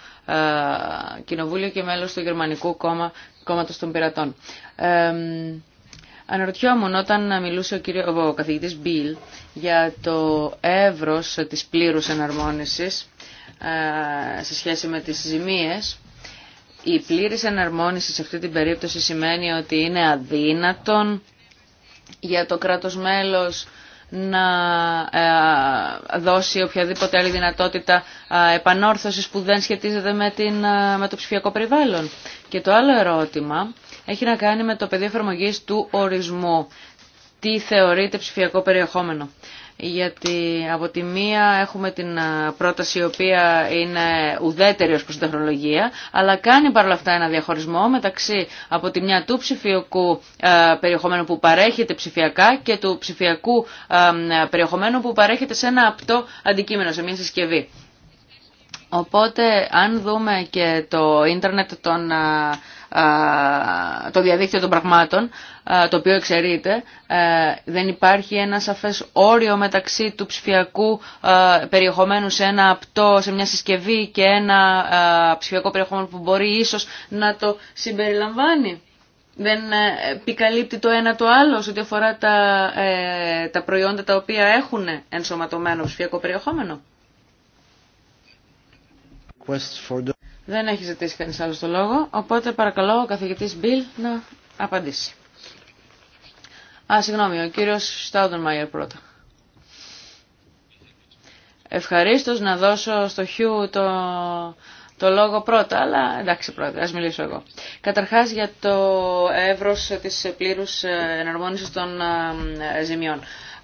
Κοινοβούλιο και μέλος του Γερμανικού Κόμμα κόμματος των πειρατών. Ε, αναρωτιόμουν όταν μιλούσε ο, κύριο, ο καθηγητής Μπιλ για το εύρος της πλήρους εναρμόνισης ε, σε σχέση με τις ζημίες. Η πλήρης εναρμόνιση σε αυτή την περίπτωση σημαίνει ότι είναι αδύνατον για το κράτος μέλος να ε, δώσει οποιαδήποτε άλλη δυνατότητα ε, επανόρθωσης που δεν σχετίζεται με, ε, με το ψηφιακό περιβάλλον. Και το άλλο ερώτημα έχει να κάνει με το πεδίο εφαρμογή του ορισμού. Τι θεωρείται ψηφιακό περιεχόμενο γιατί από τη μία έχουμε την πρόταση η οποία είναι ουδέτερη ως προς την τεχνολογία, αλλά κάνει παρόλα αυτά ένα διαχωρισμό μεταξύ από τη μια του ψηφιακού περιεχομένου που παρέχεται ψηφιακά και του ψηφιακού περιεχομένου που παρέχεται σε ένα απτό αντικείμενο, σε μια συσκευή. Οπότε αν δούμε και το ίντερνετ των το διαδίκτυο των πραγμάτων, το οποίο εξαιρείται, δεν υπάρχει ένα σαφές όριο μεταξύ του ψηφιακού περιεχομένου σε ένα απτό, σε μια συσκευή και ένα ψηφιακό περιεχόμενο που μπορεί ίσως να το συμπεριλαμβάνει. Δεν ε, επικαλύπτει το ένα το άλλο σε ό,τι αφορά τα, ε, τα προϊόντα τα οποία έχουν ενσωματωμένο ψηφιακό περιεχόμενο. Δεν έχει ζητήσει κανείς άλλο το λόγο, οπότε παρακαλώ ο καθηγητής Μπιλ να απαντήσει. Α, συγγνώμη, ο κύριος Μάιερ πρώτα. Ευχαρίστω να δώσω στο Χιού το, το λόγο πρώτα, αλλά εντάξει πρώτα, ας μιλήσω εγώ. Καταρχάς για το εύρος της πλήρους εναρμόνισης των ε, ζημιών.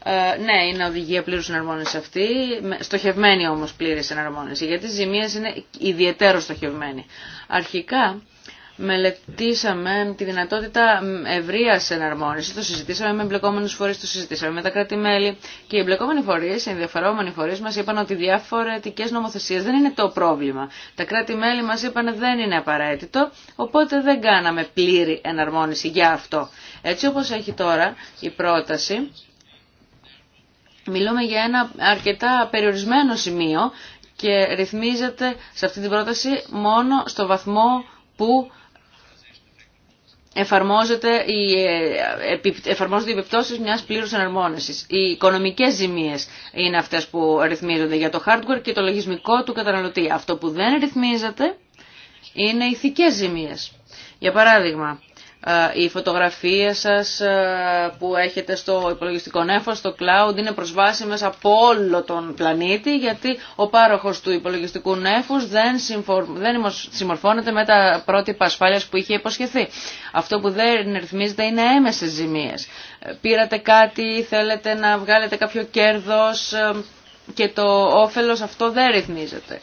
Ε, ναι, είναι οδηγία πλήρου εναρμόνιση αυτή, στοχευμένη όμω πλήρη εναρμόνιση, γιατί οι ζημίες είναι ιδιαίτερο στοχευμένη. Αρχικά, μελετήσαμε τη δυνατότητα ευρεία εναρμόνιση. Το συζητήσαμε με εμπλεκόμενου φορεί, το συζητήσαμε με τα κράτη-μέλη. Και οι εμπλεκόμενοι φορεί, οι ενδιαφερόμενοι φορεί μα είπαν ότι διαφορετικέ νομοθεσίε δεν είναι το πρόβλημα. Τα κράτη-μέλη μα είπαν δεν είναι απαραίτητο, οπότε δεν κάναμε πλήρη εναρμόνιση για αυτό. Έτσι όπω έχει τώρα η πρόταση, Μιλούμε για ένα αρκετά περιορισμένο σημείο και ρυθμίζεται σε αυτή την πρόταση μόνο στο βαθμό που εφαρμόζεται η ε, εφαρμόζονται οι επιπτώσεις μιας πλήρους εναρμόνισης. Οι οικονομικές ζημίες είναι αυτές που ρυθμίζονται για το hardware και το λογισμικό του καταναλωτή. Αυτό που δεν ρυθμίζεται είναι ηθικές ζημίες. Για παράδειγμα, ε, η φωτογραφία σας ε, που έχετε στο υπολογιστικό νέφος, στο cloud, είναι προσβάσιμες από όλο τον πλανήτη γιατί ο πάροχος του υπολογιστικού νέφους δεν, δεν συμμορφώνεται με τα πρότυπα ασφάλειας που είχε υποσχεθεί. Αυτό που δεν ρυθμίζεται είναι έμεσες ζημίες. Ε, πήρατε κάτι, θέλετε να βγάλετε κάποιο κέρδος και το όφελος αυτό δεν ρυθμίζεται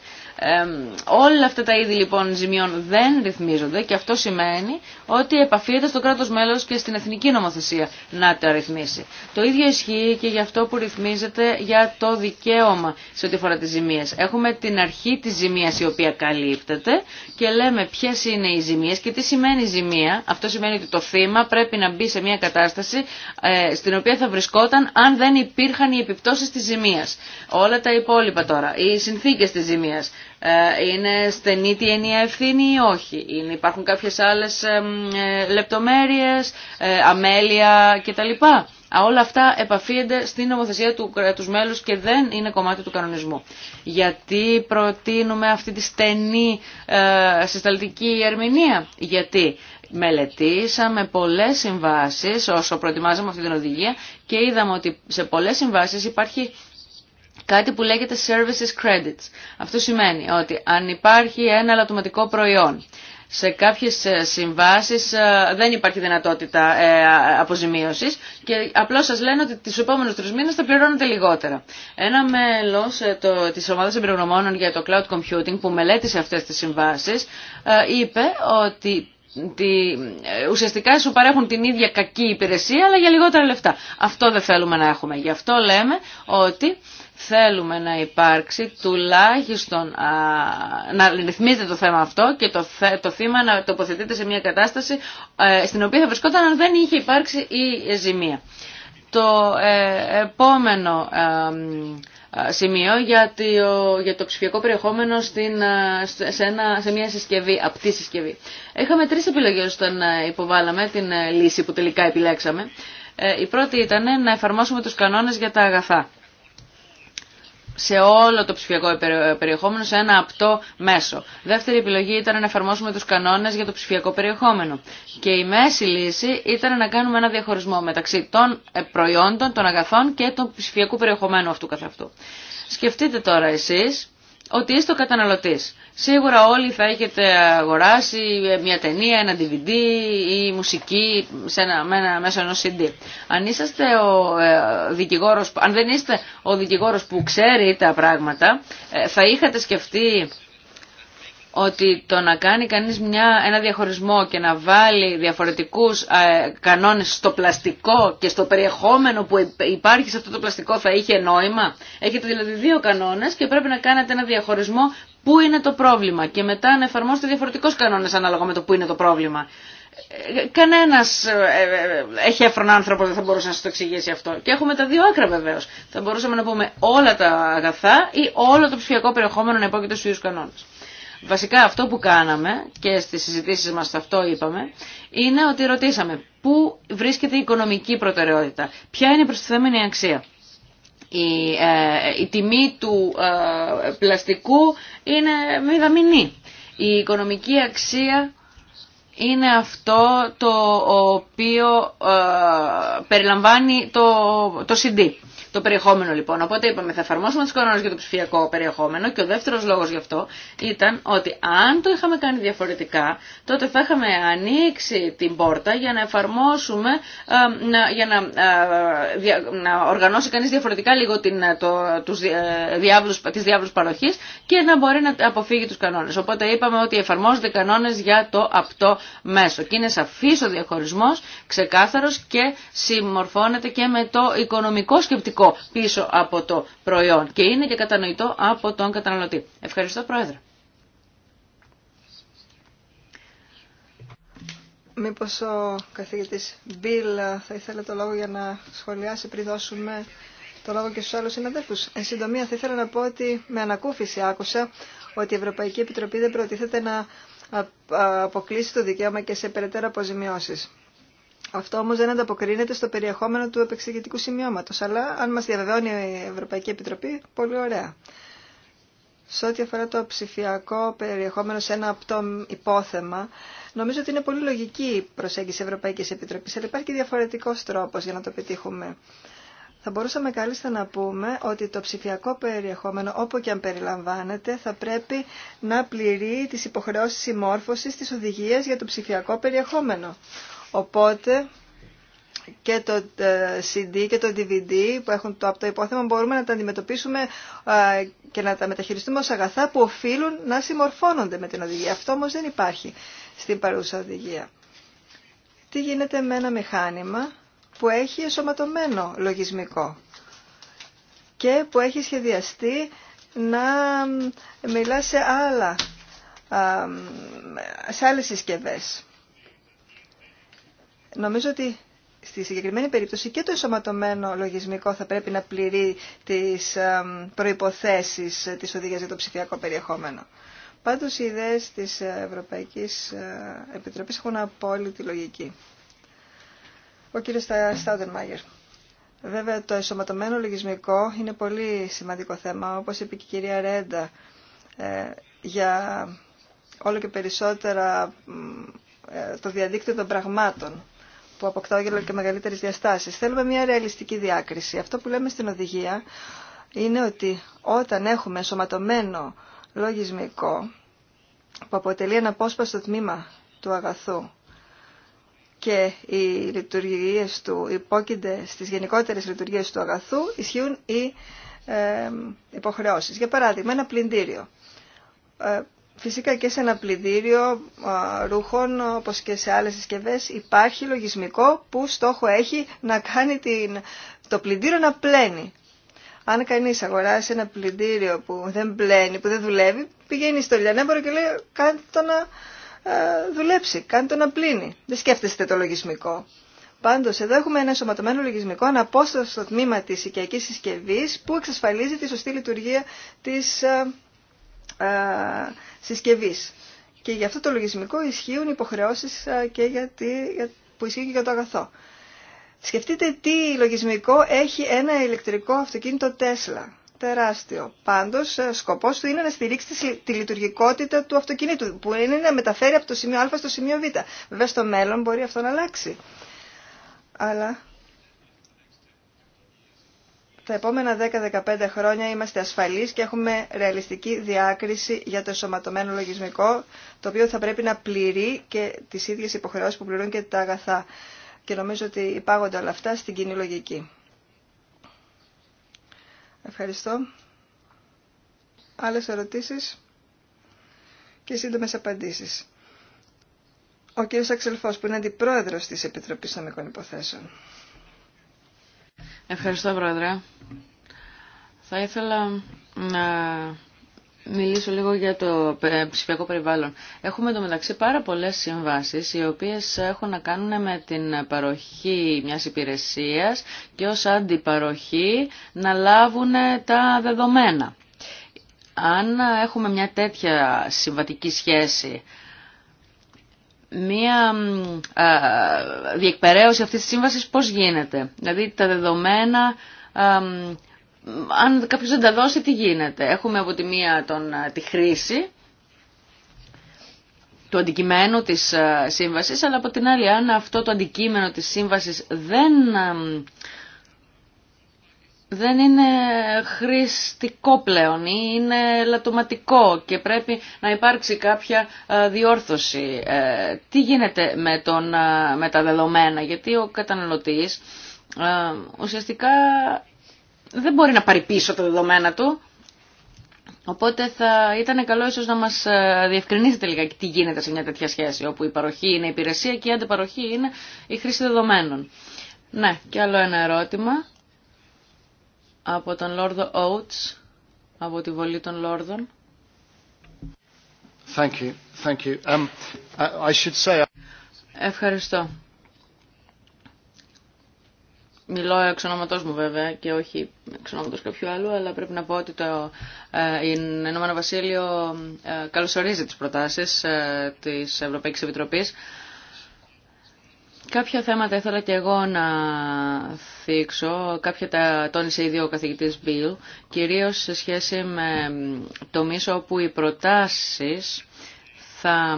όλα αυτά τα είδη λοιπόν ζημιών δεν ρυθμίζονται και αυτό σημαίνει ότι επαφείται στο κράτος μέλος και στην εθνική νομοθεσία να τα ρυθμίσει. Το ίδιο ισχύει και για αυτό που ρυθμίζεται για το δικαίωμα σε ό,τι αφορά τις ζημίες. Έχουμε την αρχή της ζημίας η οποία καλύπτεται και λέμε ποιε είναι οι ζημίες και τι σημαίνει ζημία. Αυτό σημαίνει ότι το θύμα πρέπει να μπει σε μια κατάσταση ε, στην οποία θα βρισκόταν αν δεν υπήρχαν οι επιπτώσεις της ζημίας. Όλα τα υπόλοιπα τώρα, οι συνθήκες της ζημίας, ε, είναι στενή τη ενία ευθύνη ή όχι. Είναι, υπάρχουν κάποιες άλλες ε, λεπτομέρειες, ε, αμέλεια κτλ. Όλα αυτά επαφίενται στην νομοθεσία του κράτους μέλους και δεν είναι κομμάτι του κανονισμού. Γιατί προτείνουμε αυτή τη στενή ε, συσταλτική ερμηνεία. Γιατί μελετήσαμε πολλές συμβάσεις όσο προετοιμάζαμε αυτή την οδηγία και είδαμε ότι σε πολλές συμβάσεις υπάρχει κάτι που λέγεται services credits. Αυτό σημαίνει ότι αν υπάρχει ένα λατωματικό προϊόν, σε κάποιες ε, συμβάσεις ε, δεν υπάρχει δυνατότητα ε, αποζημίωσης και απλώς σας λένε ότι τις επόμενους τρεις μήνες θα πληρώνετε λιγότερα. Ένα μέλος της ομάδας εμπειρογνωμόνων για το cloud computing που μελέτησε αυτές τις συμβάσεις είπε ότι ουσιαστικά σου παρέχουν την ίδια κακή υπηρεσία αλλά για λιγότερα λεφτά. Αυτό δεν θέλουμε να έχουμε. Γι' αυτό λέμε ότι θέλουμε να υπάρξει τουλάχιστον να ρυθμίζεται το θέμα αυτό και το, το θύμα να τοποθετείτε σε μια κατάσταση ε, στην οποία θα βρισκόταν αν δεν είχε υπάρξει η ζημία. Το ε, επόμενο ε, σημείο για το, για το ψηφιακό περιεχόμενο στην, σε, ένα, σε μια συσκευή, απτή συσκευή. Είχαμε τρεις επιλογές όταν υποβάλαμε την λύση που τελικά επιλέξαμε. Η πρώτη ήταν να εφαρμόσουμε τους κανόνες για τα αγαθά σε όλο το ψηφιακό περιεχόμενο σε ένα απτό μέσο. Δεύτερη επιλογή ήταν να εφαρμόσουμε τους κανόνες για το ψηφιακό περιεχόμενο. Και η μέση λύση ήταν να κάνουμε ένα διαχωρισμό μεταξύ των ε, προϊόντων, των αγαθών και του ψηφιακού περιεχομένου αυτού καθ' αυτού. Σκεφτείτε τώρα εσείς ότι είστε ο καταναλωτή. Σίγουρα όλοι θα έχετε αγοράσει μια ταινία, ένα DVD ή μουσική σε ένα, με ένα, CD. Αν, είσαστε ο, ε, δικηγόρος, αν δεν είστε ο δικηγόρος που ξέρει τα πράγματα, ε, θα είχατε σκεφτεί ότι το να κάνει κανείς μια, ένα διαχωρισμό και να βάλει διαφορετικούς κανόνε κανόνες στο πλαστικό και στο περιεχόμενο που υπάρχει σε αυτό το πλαστικό θα είχε νόημα. Έχετε δηλαδή δύο κανόνες και πρέπει να κάνετε ένα διαχωρισμό που είναι το πρόβλημα και μετά να εφαρμόσετε διαφορετικούς κανόνες ανάλογα με το που είναι το πρόβλημα. Ε, Κανένα ε, ε, έχει έφρον άνθρωπο δεν θα μπορούσε να σα το εξηγήσει αυτό. Και έχουμε τα δύο άκρα βεβαίω. Θα μπορούσαμε να πούμε όλα τα αγαθά ή όλο το ψηφιακό περιεχόμενο να υπόκειται στου ίδιου κανόνε. Βασικά αυτό που κάναμε και στις συζητήσεις μας αυτό είπαμε, είναι ότι ρωτήσαμε πού βρίσκεται η οικονομική προτεραιότητα, ποια είναι η προστιθέμενη αξία. Η, ε, τιμή του ε, πλαστικού είναι μηδαμινή. Η οικονομική αξία είναι αυτό το οποίο ε, περιλαμβάνει το, το CD. Το περιεχόμενο λοιπόν. Οπότε είπαμε θα εφαρμόσουμε του κανόνε για το ψηφιακό περιεχόμενο και ο δεύτερο λόγο γι' αυτό ήταν ότι αν το είχαμε κάνει διαφορετικά, τότε θα είχαμε ανοίξει την πόρτα για να εφαρμόσουμε, ε, για να, ε, να οργανώσει κανεί διαφορετικά λίγο την, ε, το, τους διάβλους, τις διάβλους παροχής και να μπορεί να αποφύγει τους κανόνες. Οπότε είπαμε ότι εφαρμόζονται κανόνες για το απτό μέσο. Και είναι σαφής ο διαχωρισμός, ξεκάθαρος και συμμορφώνεται και με το οικονομικό σκεπτικό πίσω από το προϊόν και είναι και κατανοητό από τον καταναλωτή. Ευχαριστώ Πρόεδρε. Μήπως ο καθηγητής Μπίλ θα ήθελε το λόγο για να σχολιάσει πριν δώσουμε το λόγο και στους άλλους συναδέλφους. Εν συντομία θα ήθελα να πω ότι με ανακούφιση άκουσα ότι η Ευρωπαϊκή Επιτροπή δεν προτίθεται να αποκλείσει το δικαίωμα και σε περαιτέρω αποζημιώσεις. Αυτό όμω δεν ανταποκρίνεται στο περιεχόμενο του επεξηγητικού σημειώματο. αλλά αν μα διαβεβαιώνει η Ευρωπαϊκή Επιτροπή, πολύ ωραία. Σε ό,τι αφορά το ψηφιακό περιεχόμενο σε ένα απτό υπόθεμα, νομίζω ότι είναι πολύ λογική η προσέγγιση Ευρωπαϊκή Επιτροπής, αλλά υπάρχει και διαφορετικό τρόπο για να το πετύχουμε. Θα μπορούσαμε κάλλιστα να πούμε ότι το ψηφιακό περιεχόμενο, όπου και αν περιλαμβάνεται, θα πρέπει να πληρεί τις υποχρεώσεις συμμόρφωσης τη οδηγίες για το ψηφιακό περιεχόμενο. Οπότε και το ε, CD και το DVD που έχουν το, από το υπόθεμα μπορούμε να τα αντιμετωπίσουμε ε, και να τα μεταχειριστούμε ως αγαθά που οφείλουν να συμμορφώνονται με την οδηγία. Αυτό όμως δεν υπάρχει στην παρούσα οδηγία. Τι γίνεται με ένα μηχάνημα που έχει εσωματωμένο λογισμικό και που έχει σχεδιαστεί να μιλά σε, άλλα, ε, σε άλλες Νομίζω ότι στη συγκεκριμένη περίπτωση και το εσωματωμένο λογισμικό θα πρέπει να πληρεί τις προϋποθέσεις της οδηγίας για το ψηφιακό περιεχόμενο. Πάντως οι ιδέες της Ευρωπαϊκής ε, Επιτροπής έχουν απόλυτη λογική. Ο κύριος Μάγερ. Βέβαια το εσωματωμένο λογισμικό είναι πολύ σημαντικό θέμα, όπως είπε και η κυρία Ρέντα, ε, για όλο και περισσότερα ε, το διαδίκτυο των πραγμάτων που αποκτά όλο και μεγαλύτερε διαστάσει. Θέλουμε μια ρεαλιστική διάκριση. Αυτό που λέμε στην οδηγία είναι ότι όταν έχουμε ενσωματωμένο λογισμικό που αποτελεί ένα απόσπαστο τμήμα του αγαθού και οι λειτουργίες του υπόκεινται στις γενικότερες λειτουργίες του αγαθού, ισχύουν οι ε, υποχρεώσεις. Για παράδειγμα, ένα πλυντήριο ε, Φυσικά και σε ένα πλυντήριο ρούχων, όπως και σε άλλες συσκευέ, υπάρχει λογισμικό που στόχο έχει να κάνει την, το πλυντήριο να πλένει. Αν κανείς αγοράσει ένα πλυντήριο που δεν πλένει, που δεν δουλεύει, πηγαίνει στο λιανέμπορο και λέει κάντε το να ε, δουλέψει, κάντε το να πλύνει. Δεν σκέφτεστε το λογισμικό. Πάντως, εδώ έχουμε ένα σωματωμένο λογισμικό αναπόστατο στο τμήμα της οικιακής συσκευής που εξασφαλίζει τη σωστή λειτουργία της ε, ε, συσκευής. Και για αυτό το λογισμικό ισχύουν υποχρεώσεις ε, και που ισχύουν και για το αγαθό. Σκεφτείτε τι λογισμικό έχει ένα ηλεκτρικό αυτοκίνητο Τέσλα. Τεράστιο. Πάντως, ε, σκοπός του είναι να στηρίξει τη λειτουργικότητα του αυτοκινήτου, που είναι να μεταφέρει από το σημείο Α στο σημείο Β. Βέβαια, στο μέλλον μπορεί αυτό να αλλάξει. Αλλά τα επόμενα 10-15 χρόνια είμαστε ασφαλείς και έχουμε ρεαλιστική διάκριση για το εσωματωμένο λογισμικό, το οποίο θα πρέπει να πληρεί και τις ίδιες υποχρεώσεις που πληρούν και τα αγαθά. Και νομίζω ότι υπάγονται όλα αυτά στην κοινή λογική. Ευχαριστώ. Άλλες ερωτήσεις και σύντομες απαντήσεις. Ο κύριος Αξελφός που είναι αντιπρόεδρος της Επιτροπής Νομικών Υποθέσεων. Ευχαριστώ, Πρόεδρε. Θα ήθελα να μιλήσω λίγο για το ψηφιακό περιβάλλον. Έχουμε το μεταξύ πάρα πολλές συμβάσεις οι οποίες έχουν να κάνουν με την παροχή μιας υπηρεσίας και ως αντιπαροχή να λάβουν τα δεδομένα. Αν έχουμε μια τέτοια συμβατική σχέση μία διεκπαιρέωση αυτής της σύμβασης πώς γίνεται. Δηλαδή τα δεδομένα, αν κάποιος δεν τα δώσει, τι γίνεται. Έχουμε από τη μία τον, τη χρήση του αντικειμένου της σύμβασης, αλλά από την άλλη αν αυτό το αντικείμενο της σύμβασης δεν δεν είναι χρηστικό πλέον ή είναι λατωματικό και πρέπει να υπάρξει κάποια ε, διόρθωση. Ε, τι γίνεται με, τον, ε, με τα δεδομένα, γιατί ο καταναλωτής ουσιαστικά δεν μπορεί να πάρει πίσω τα δεδομένα του, Οπότε θα ήταν καλό ίσως να μας διευκρινίσετε λίγα τι γίνεται σε μια τέτοια σχέση, όπου η παροχή είναι η υπηρεσία και η αντιπαροχή είναι η χρήση δεδομένων. Ναι, και άλλο ένα ερώτημα από τον Λόρδο Oates, από τη Βολή των Λόρδων. Um, Ευχαριστώ. Μιλώ εξ ονόματός μου βέβαια και όχι εξ ονόματος κάποιου άλλου, αλλά πρέπει να πω ότι το ε, Ηνωμένο Βασίλειο ε, καλωσορίζει τις προτάσεις ε, της Ευρωπαϊκής Επιτροπής Κάποια θέματα ήθελα και εγώ να θίξω, κάποια τα τόνισε ήδη ο καθηγητής Μπιλ, κυρίως σε σχέση με το μίσο όπου οι προτάσεις θα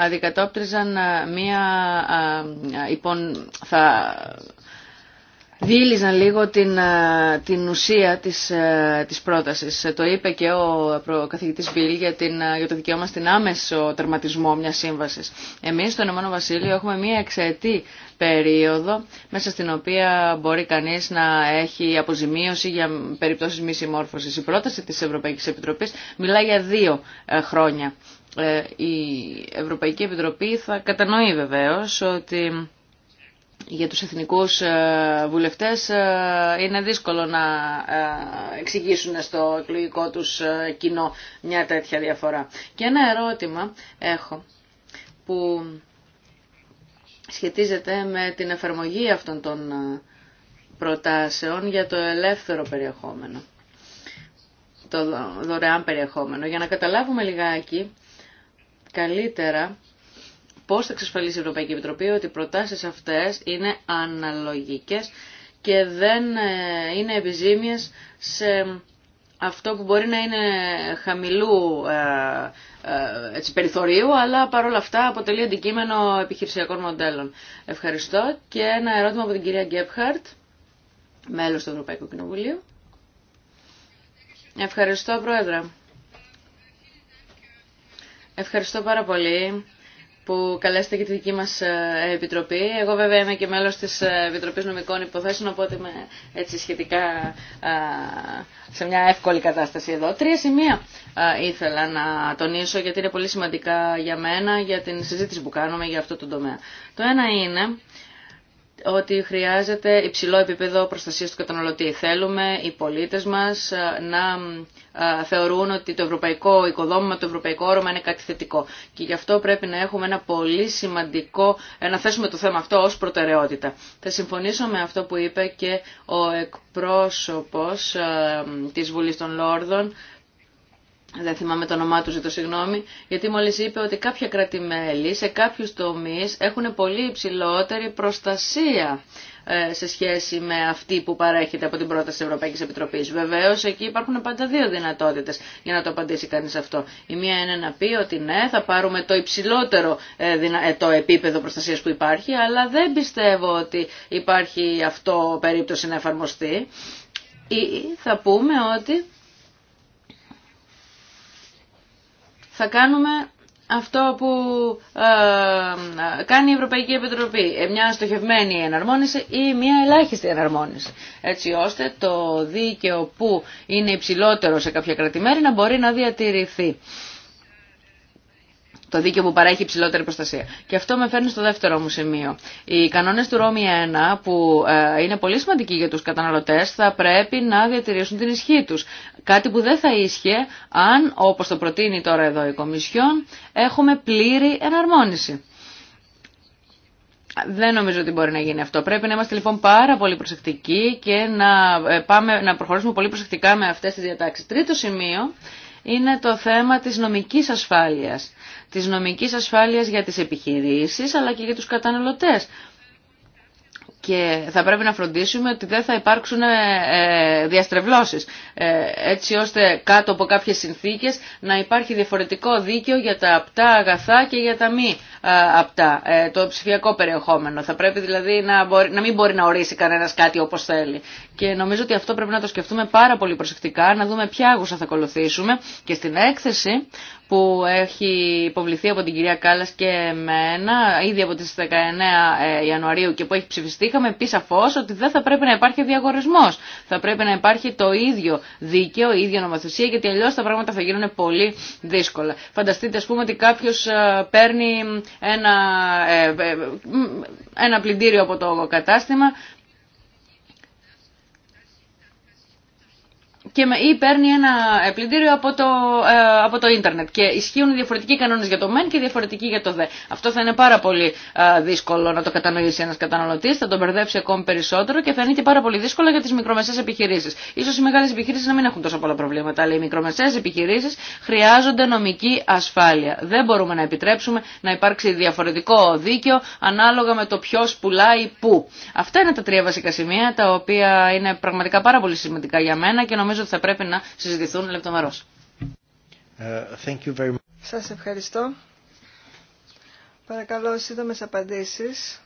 αδικατόπτριζαν μία, υπον, θα διήλυζαν λίγο την, ε, την ουσία της, ε, της πρότασης. Ε, το είπε και ο καθηγητής Μπίλ για, την, για το δικαίωμα στην άμεσο τερματισμό μιας σύμβασης. Εμείς στον Ηνωμένο Βασίλειο έχουμε μία εξαιτή περίοδο μέσα στην οποία μπορεί κανείς να έχει αποζημίωση για περιπτώσεις μη συμμόρφωσης. Η πρόταση της Ευρωπαϊκής Επιτροπής μιλά για δύο χρόνια. Η Ευρωπαϊκή Επιτροπή θα κατανοεί βεβαίως ότι για τους εθνικούς ε, βουλευτές ε, είναι δύσκολο να ε, εξηγήσουν στο εκλογικό τους κοινό μια τέτοια διαφορά. Και ένα ερώτημα έχω που σχετίζεται με την εφαρμογή αυτών των προτάσεων για το ελεύθερο περιεχόμενο, το δωρεάν περιεχόμενο. Για να καταλάβουμε λιγάκι καλύτερα πώς θα εξασφαλίσει η Ευρωπαϊκή Επιτροπή ότι οι προτάσεις αυτές είναι αναλογικές και δεν ε, είναι επιζήμιες σε αυτό που μπορεί να είναι χαμηλού ε, ε, έτσι, περιθωρίου, αλλά παρόλα αυτά αποτελεί αντικείμενο επιχειρησιακών μοντέλων. Ευχαριστώ. Και ένα ερώτημα από την κυρία Γκέπχαρτ, μέλος του Ευρωπαϊκού Κοινοβουλίου. Ευχαριστώ, Πρόεδρε. Ευχαριστώ πάρα πολύ που καλέσατε και τη δική μας ε, επιτροπή. Εγώ βέβαια είμαι και μέλος της ε, Επιτροπής Νομικών Υποθέσεων, οπότε είμαι έτσι σχετικά ε, σε μια εύκολη κατάσταση εδώ. Τρία σημεία ήθελα να τονίσω, γιατί είναι πολύ σημαντικά για μένα, για την συζήτηση που κάνουμε για αυτό το τομέα. Το ένα είναι ότι χρειάζεται υψηλό επίπεδο προστασίας του καταναλωτή. Θέλουμε οι πολίτες μας ε, να ε, θεωρούν ότι το ευρωπαϊκό οικοδόμημα, το ευρωπαϊκό όρομα είναι κάτι θετικό. Και γι' αυτό πρέπει να έχουμε ένα πολύ σημαντικό, ε, να θέσουμε το θέμα αυτό ως προτεραιότητα. Θα συμφωνήσω με αυτό που είπε και ο εκπρόσωπος της Βουλής των Λόρδων, δεν θυμάμαι το όνομά του, ζητώ συγγνώμη, γιατί μόλις είπε ότι κάποια κρατημέλη σε κάποιους τομείς έχουν πολύ υψηλότερη προστασία ε, σε σχέση με αυτή που παρέχεται από την πρόταση της Ευρωπαϊκής Επιτροπής. Βεβαίως εκεί υπάρχουν πάντα δύο δυνατότητες για να το απαντήσει κανείς αυτό. Η μία είναι να πει ότι ναι θα πάρουμε το υψηλότερο ε, ε, το επίπεδο προστασίας που υπάρχει αλλά δεν πιστεύω ότι υπάρχει αυτό περίπτωση να εφαρμοστεί ή θα πούμε ότι θα κάνουμε αυτό που ε, ε, κάνει η Ευρωπαϊκή Επιτροπή, ε, μια στοχευμένη εναρμόνιση ή μια ελάχιστη εναρμόνιση, έτσι ώστε το δίκαιο που είναι υψηλότερο σε κάποια κρατημέρη να μπορεί να διατηρηθεί το δίκαιο που παρέχει υψηλότερη προστασία. Και αυτό με φέρνει στο δεύτερο μου σημείο. Οι κανόνε του Ρώμη 1, που ε, είναι πολύ σημαντικοί για του καταναλωτέ, θα πρέπει να διατηρήσουν την ισχύ του. Κάτι που δεν θα ίσχυε αν, όπω το προτείνει τώρα εδώ η Κομισιόν, έχουμε πλήρη εναρμόνιση. Δεν νομίζω ότι μπορεί να γίνει αυτό. Πρέπει να είμαστε λοιπόν πάρα πολύ προσεκτικοί και να, ε, πάμε, να προχωρήσουμε πολύ προσεκτικά με αυτές τις διατάξεις. Τρίτο σημείο είναι το θέμα της νομικής ασφάλειας της νομικής ασφάλειας για τις επιχειρήσεις αλλά και για τους καταναλωτές. Και θα πρέπει να φροντίσουμε ότι δεν θα υπάρξουν ε, διαστρεβλώσεις ε, έτσι ώστε κάτω από κάποιες συνθήκες να υπάρχει διαφορετικό δίκαιο για τα απτά αγαθά και για τα μη ε, απτά, το ψηφιακό περιεχόμενο. Θα πρέπει δηλαδή να μην μπορεί να ορίσει κανένας κάτι όπως θέλει. Και νομίζω ότι αυτό πρέπει να το σκεφτούμε πάρα πολύ προσεκτικά, να δούμε ποια άγουσα θα ακολουθήσουμε. Και στην έκθεση που έχει υποβληθεί από την κυρία Κάλλα και εμένα, ήδη από τι 19 ε, Ιανουαρίου και που έχει ψηφιστεί, είχαμε πει σαφώ ότι δεν θα πρέπει να υπάρχει διαγορισμός. Θα πρέπει να υπάρχει το ίδιο δίκαιο, η ίδια νομοθεσία, γιατί αλλιώ τα πράγματα θα γίνουν πολύ δύσκολα. Φανταστείτε, α πούμε, ότι κάποιο ε, παίρνει ένα, ε, ένα πλυντήριο από το κατάστημα, και ή παίρνει ένα ε, πλυντήριο από το, ε, από το ίντερνετ και ισχύουν διαφορετικοί κανόνες για το μεν και διαφορετικοί για το δε. Αυτό θα είναι πάρα πολύ ε, δύσκολο να το κατανοήσει ένας καταναλωτής, θα τον μπερδέψει ακόμη περισσότερο και θα είναι και πάρα πολύ δύσκολο για τις μικρομεσαίες επιχειρήσεις. Ίσως οι μεγάλες επιχειρήσεις να μην έχουν τόσο πολλά προβλήματα, αλλά οι μικρομεσαίες επιχειρήσεις χρειάζονται νομική ασφάλεια. Δεν μπορούμε να επιτρέψουμε να υπάρξει διαφορετικό δίκαιο ανάλογα με το ποιο πουλάει πού. Αυτά είναι τα τρία βασικά σημεία τα οποία είναι πραγματικά πάρα πολύ σημαντικά για μένα και νομίζω θα πρέπει να συζητηθούν λεπτομερώς. Uh, Σας ευχαριστώ. Παρακαλώ σύντομε απαντήσεις,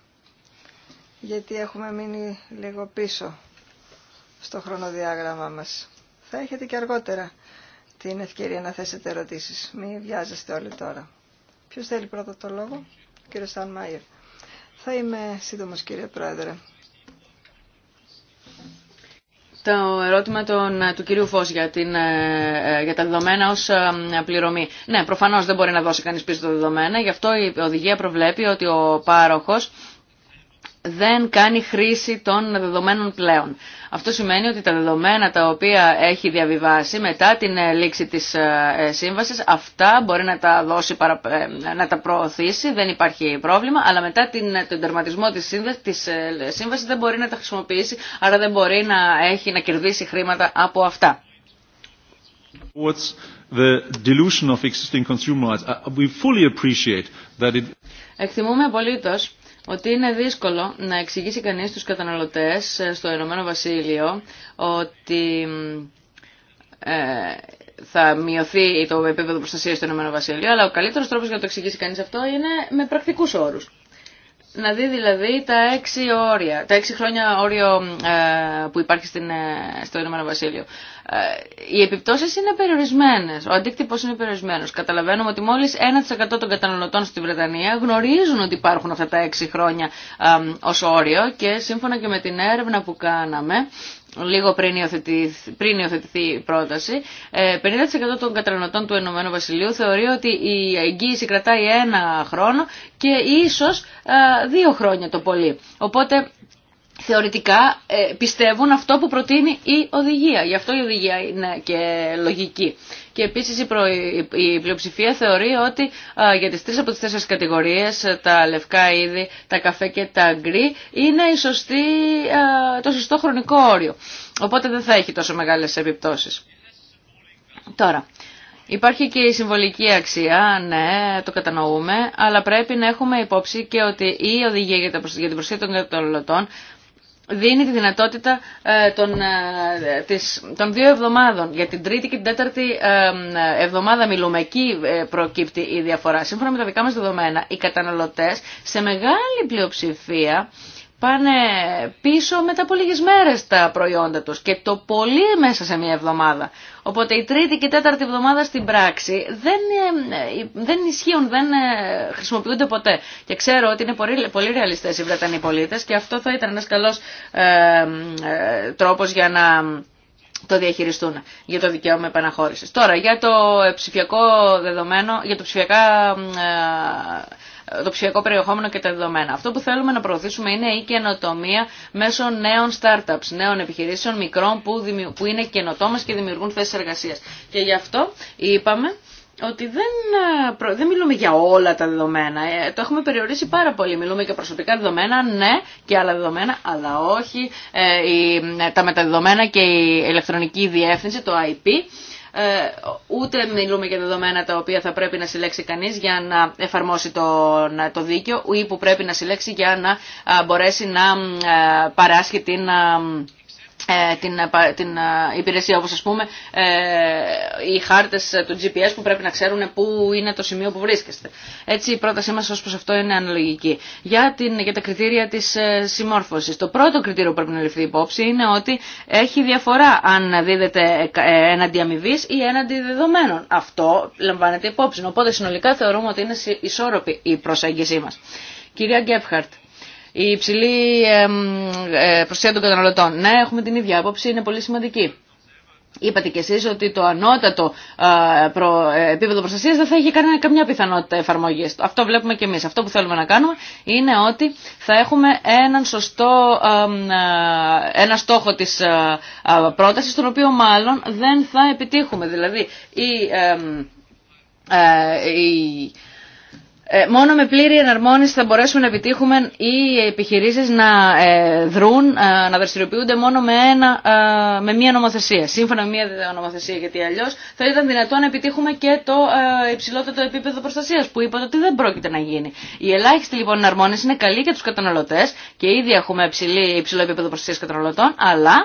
γιατί έχουμε μείνει λίγο πίσω στο χρονοδιάγραμμα μας. Θα έχετε και αργότερα την ευκαιρία να θέσετε ερωτήσεις. Μην βιάζεστε όλοι τώρα. Ποιο θέλει πρώτα το λόγο, κύριε Στάν Μάιερ. Θα είμαι σύντομο κύριε Πρόεδρε το ερώτημα ε, του κυρίου Φως για, την, ε, ε, για τα δεδομένα ως πληρωμή. Ναι, προφανώς δεν μπορεί να δώσει κανείς πίσω τα δεδομένα, γι' αυτό η οδηγία προβλέπει ότι ο πάροχος δεν κάνει χρήση των δεδομένων πλέον. Αυτό σημαίνει ότι τα δεδομένα τα οποία έχει διαβιβάσει μετά την ε, λήξη της ε, ε, σύμβασης, αυτά μπορεί να τα, δώσει, να τα προωθήσει, δεν υπάρχει πρόβλημα, αλλά μετά την, τον τερματισμό της, της σύμβασης δεν μπορεί να τα χρησιμοποιήσει, άρα δεν μπορεί να, έχει, να κερδίσει χρήματα από αυτά. Uh, Εκτιμούμε απολύτως ότι είναι δύσκολο να εξηγήσει κανείς τους καταναλωτές ε, στο Ηνωμένο Βασίλειο ότι ε, θα μειωθεί το επίπεδο προστασία στο Ηνωμένο Βασίλειο, αλλά ο καλύτερος τρόπος για να το εξηγήσει κανείς αυτό είναι με πρακτικούς όρους. Να δει δηλαδή τα έξι, όρια, τα έξι χρόνια όριο ε, που υπάρχει στην, στο Ηνωμένο Βασίλειο. Ε, οι επιπτώσεις είναι περιορισμένες, ο αντίκτυπος είναι περιορισμένος. Καταλαβαίνουμε ότι μόλις 1% των καταναλωτών στη Βρετανία γνωρίζουν ότι υπάρχουν αυτά τα 6 χρόνια ως όριο και σύμφωνα και με την έρευνα που κάναμε, λίγο πριν υιοθετηθεί, πριν η πρόταση, 50% ε, των καταναλωτών του Ηνωμένου Βασιλείου θεωρεί ότι η εγγύηση κρατάει ένα χρόνο και ίσως ε, δύο χρόνια το πολύ. Οπότε θεωρητικά ε, πιστεύουν αυτό που προτείνει η οδηγία. Γι' αυτό η οδηγία είναι και λογική. Και επίσης η, προ... πλειοψηφία θεωρεί ότι για τις τρεις από τις τέσσερις κατηγορίες, ε, τα λευκά είδη, τα καφέ και τα γκρι, είναι η το σωστό χρονικό όριο. Οπότε δεν θα έχει τόσο μεγάλες επιπτώσεις. Τώρα, Υπάρχει και η συμβολική αξία, ναι, το κατανοούμε, αλλά πρέπει να έχουμε υπόψη και ότι η οδηγία για την προσθέτωση των καταναλωτών δίνει τη δυνατότητα ε, των, ε, των δύο εβδομάδων. Για την τρίτη και την τέταρτη ε, εβδομάδα μιλούμε. Εκεί προκύπτει η διαφορά. Σύμφωνα με τα δικά μας δεδομένα, οι καταναλωτές σε μεγάλη πλειοψηφία πάνε πίσω μετά από λίγες μέρες τα προϊόντα τους και το πολύ μέσα σε μια εβδομάδα. Οπότε η τρίτη και η τέταρτη εβδομάδα στην πράξη δεν, ε, ε, δεν ισχύουν, δεν ε, χρησιμοποιούνται ποτέ. Και ξέρω ότι είναι πολύ, πολύ ρεαλιστές οι Βρετανοί πολίτες και αυτό θα ήταν ένας καλός ε, τρόπος για να το διαχειριστούν για το δικαίωμα επαναχώρησης. Τώρα για το ψηφιακό δεδομένο, για το ψηφιακά το ψηφιακό περιεχόμενο και τα δεδομένα. Αυτό που θέλουμε να προωθήσουμε είναι η καινοτομία μέσω νέων startups, νέων επιχειρήσεων μικρών που, που είναι καινοτόμες και δημιουργούν θέσει εργασίας. Και γι' αυτό είπαμε ότι δεν, ε, δεν μιλούμε για όλα τα δεδομένα. Ε, το έχουμε περιορίσει πάρα πολύ. Μιλούμε για προσωπικά δεδομένα, ναι, και άλλα δεδομένα, αλλά όχι ε, τα μεταδεδομένα και η ηλεκτρονική διεύθυνση, το IP ε, ούτε μιλούμε για δεδομένα τα οποία θα πρέπει να συλλέξει κανείς για να εφαρμόσει το, το δίκαιο ή που πρέπει να συλλέξει για να μπορέσει να ε, παράσχει την ε, την, ε, την ε, υπηρεσία όπως ας πούμε οι χάρτες του GPS που πρέπει να ξέρουν πού είναι το σημείο που βρίσκεστε. Έτσι η πρότασή μας ως προς αυτό είναι αναλογική. Για, την, για τα κριτήρια της συμμόρφωσης. Το πρώτο κριτήριο που πρέπει να ληφθεί υπόψη είναι ότι έχει διαφορά αν δίδεται έναντι αμοιβή ή έναντι δεδομένων. Αυτό λαμβάνεται υπόψη. Οπότε συνολικά θεωρούμε ότι είναι ισόρροπη η προσέγγιση μας. Κυρία Γκέφχαρτ η υψηλή ε, προστασία των καταναλωτών. Ναι, έχουμε την ίδια άποψη, είναι πολύ σημαντική. Είπατε κι εσείς ότι το ανώτατο ε, ε, επίπεδο προστασίας δεν θα είχε καμιά πιθανότητα εφαρμογής. Αυτό βλέπουμε κι εμείς. Αυτό που θέλουμε να κάνουμε είναι ότι θα έχουμε έναν σωστό, ένα στόχο της πρότασης, τον οποίο μάλλον δεν θα επιτύχουμε. Δηλαδή, η, η ε, μόνο με πλήρη εναρμόνιση θα μπορέσουμε να επιτύχουμε οι επιχειρήσεις να ε, δρούν, ε, να δραστηριοποιούνται μόνο με, ένα, με μία νομοθεσία, σύμφωνα με μία νομοθεσία, γιατί αλλιώς θα ήταν δυνατό να επιτύχουμε και το υψηλότερο επίπεδο προστασίας, που είπατε ότι δεν πρόκειται να γίνει. Η ελάχιστη λοιπόν εναρμόνιση είναι καλή για τους καταναλωτές και ήδη έχουμε υψηλή, υψηλό επίπεδο προστασίας καταναλωτών, αλλά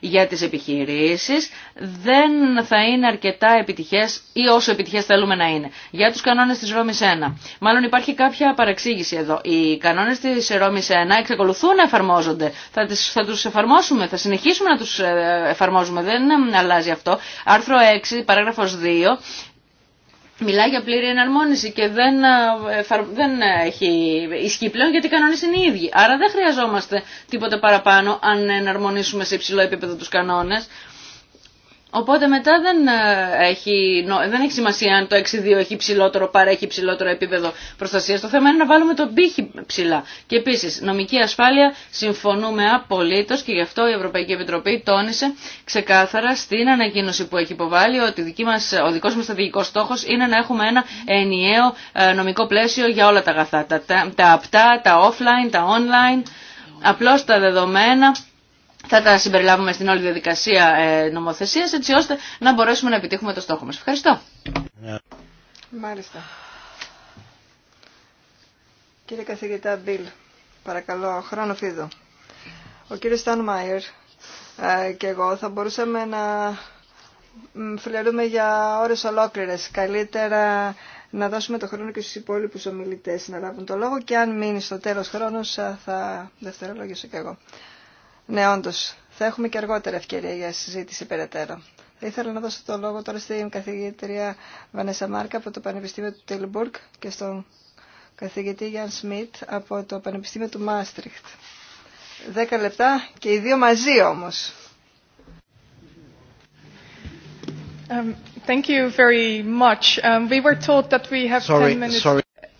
για τις επιχειρήσεις δεν θα είναι αρκετά επιτυχές ή όσο επιτυχές θέλουμε να είναι. Για τους κανόνες της Ρώμης 1. Μάλλον υπάρχει κάποια παραξήγηση εδώ. Οι κανόνες της Ρώμης 1 εξακολουθούν να εφαρμόζονται. Θα, τις, θα τους εφαρμόσουμε, θα συνεχίσουμε να τους ε, εφαρμόζουμε. Δεν ε, αλλάζει αυτό. Άρθρο 6, παράγραφος 2 μιλάει για πλήρη εναρμόνιση και δεν, ε, δεν έχει ισχύ πλέον γιατί οι κανόνες είναι οι ίδιοι. Άρα δεν χρειαζόμαστε τίποτα παραπάνω αν εναρμονίσουμε σε υψηλό επίπεδο τους κανόνες. Οπότε μετά δεν ε, έχει, δεν έχει σημασία αν το 6-2 έχει ψηλότερο, παρέχει ψηλότερο επίπεδο προστασία. Το θέμα είναι να βάλουμε τον πύχη ψηλά. Και επίση, νομική ασφάλεια συμφωνούμε απολύτω και γι' αυτό η Ευρωπαϊκή Επιτροπή τόνισε ξεκάθαρα στην ανακοίνωση που έχει υποβάλει ότι δική μας, ο δικό μα στρατηγικό στόχο είναι να έχουμε ένα ενιαίο ε, νομικό πλαίσιο για όλα τα αγαθά. Τα, τα, τα απτά, τα offline, τα online, απλώ τα δεδομένα θα τα συμπεριλάβουμε στην όλη διαδικασία ε, νομοθεσίας έτσι ώστε να μπορέσουμε να επιτύχουμε το στόχο μας. Ευχαριστώ. Μάλιστα. Κύριε καθηγητά Μπίλ, παρακαλώ, χρόνο φίδου. Ο κύριος Σταν Μάιερ ε, και εγώ θα μπορούσαμε να φιλερούμε για ώρες ολόκληρες. Καλύτερα να δώσουμε το χρόνο και στους υπόλοιπους ομιλητές να λάβουν το λόγο και αν μείνει στο τέλος χρόνος ε, θα δευτερολογήσω και εγώ. Ναι, όντω. Θα έχουμε και αργότερα ευκαιρία για συζήτηση περαιτέρω. Θα ήθελα να δώσω το λόγο τώρα στην καθηγήτρια Βανέσα Μάρκα από το Πανεπιστήμιο του Τίλμπουργκ και στον καθηγητή Γιάν Σμιτ από το Πανεπιστήμιο του Μάστριχτ. Δέκα λεπτά και οι δύο μαζί όμως.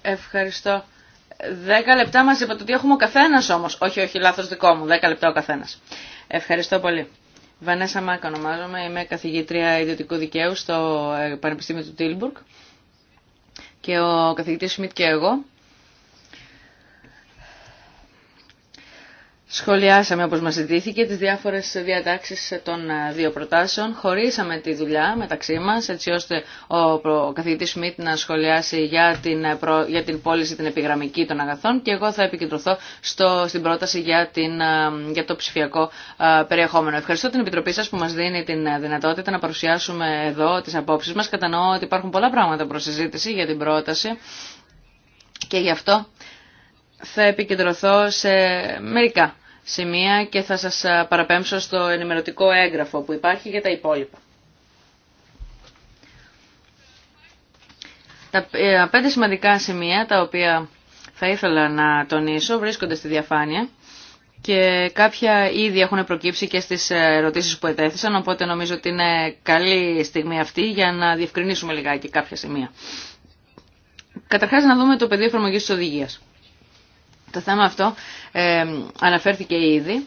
Ευχαριστώ. Δέκα λεπτά μας το ότι έχουμε ο καθένας όμως. Όχι, όχι, λάθος δικό μου. Δέκα λεπτά ο καθένας. Ευχαριστώ πολύ. Βανέσα Μάκα ονομάζομαι, είμαι καθηγήτρια ιδιωτικού δικαίου στο ε, Πανεπιστήμιο του Τίλμπουργκ και ο καθηγητής Σμιτ και εγώ Σχολιάσαμε όπως μας ζητήθηκε τις διάφορες διατάξεις των ε, δύο προτάσεων. Χωρίσαμε τη δουλειά μεταξύ μας έτσι ώστε ο καθηγητής Σμιτ να σχολιάσει για την, ε, για την πώληση την επιγραμμική των αγαθών και εγώ θα επικεντρωθώ στο, στην πρόταση για, την, ε, για το ψηφιακό περιεχόμενο. Ευχαριστώ την Επιτροπή σας που μας δίνει την δυνατότητα να παρουσιάσουμε εδώ τις απόψεις μας. Κατανοώ ότι υπάρχουν πολλά πράγματα προς συζήτηση για την πρόταση και γι' αυτό θα επικεντρωθώ σε μερικά σημεία και θα σας παραπέμψω στο ενημερωτικό έγγραφο που υπάρχει για τα υπόλοιπα. Τα ε, πέντε σημαντικά σημεία τα οποία θα ήθελα να τονίσω βρίσκονται στη διαφάνεια και κάποια ήδη έχουν προκύψει και στις ε, ερωτήσεις που ετέθησαν, οπότε νομίζω ότι είναι καλή στιγμή αυτή για να διευκρινίσουμε λιγάκι κάποια σημεία. Καταρχάς να δούμε το πεδίο εφαρμογής της οδηγίας. Το θέμα αυτό ε, αναφέρθηκε ήδη.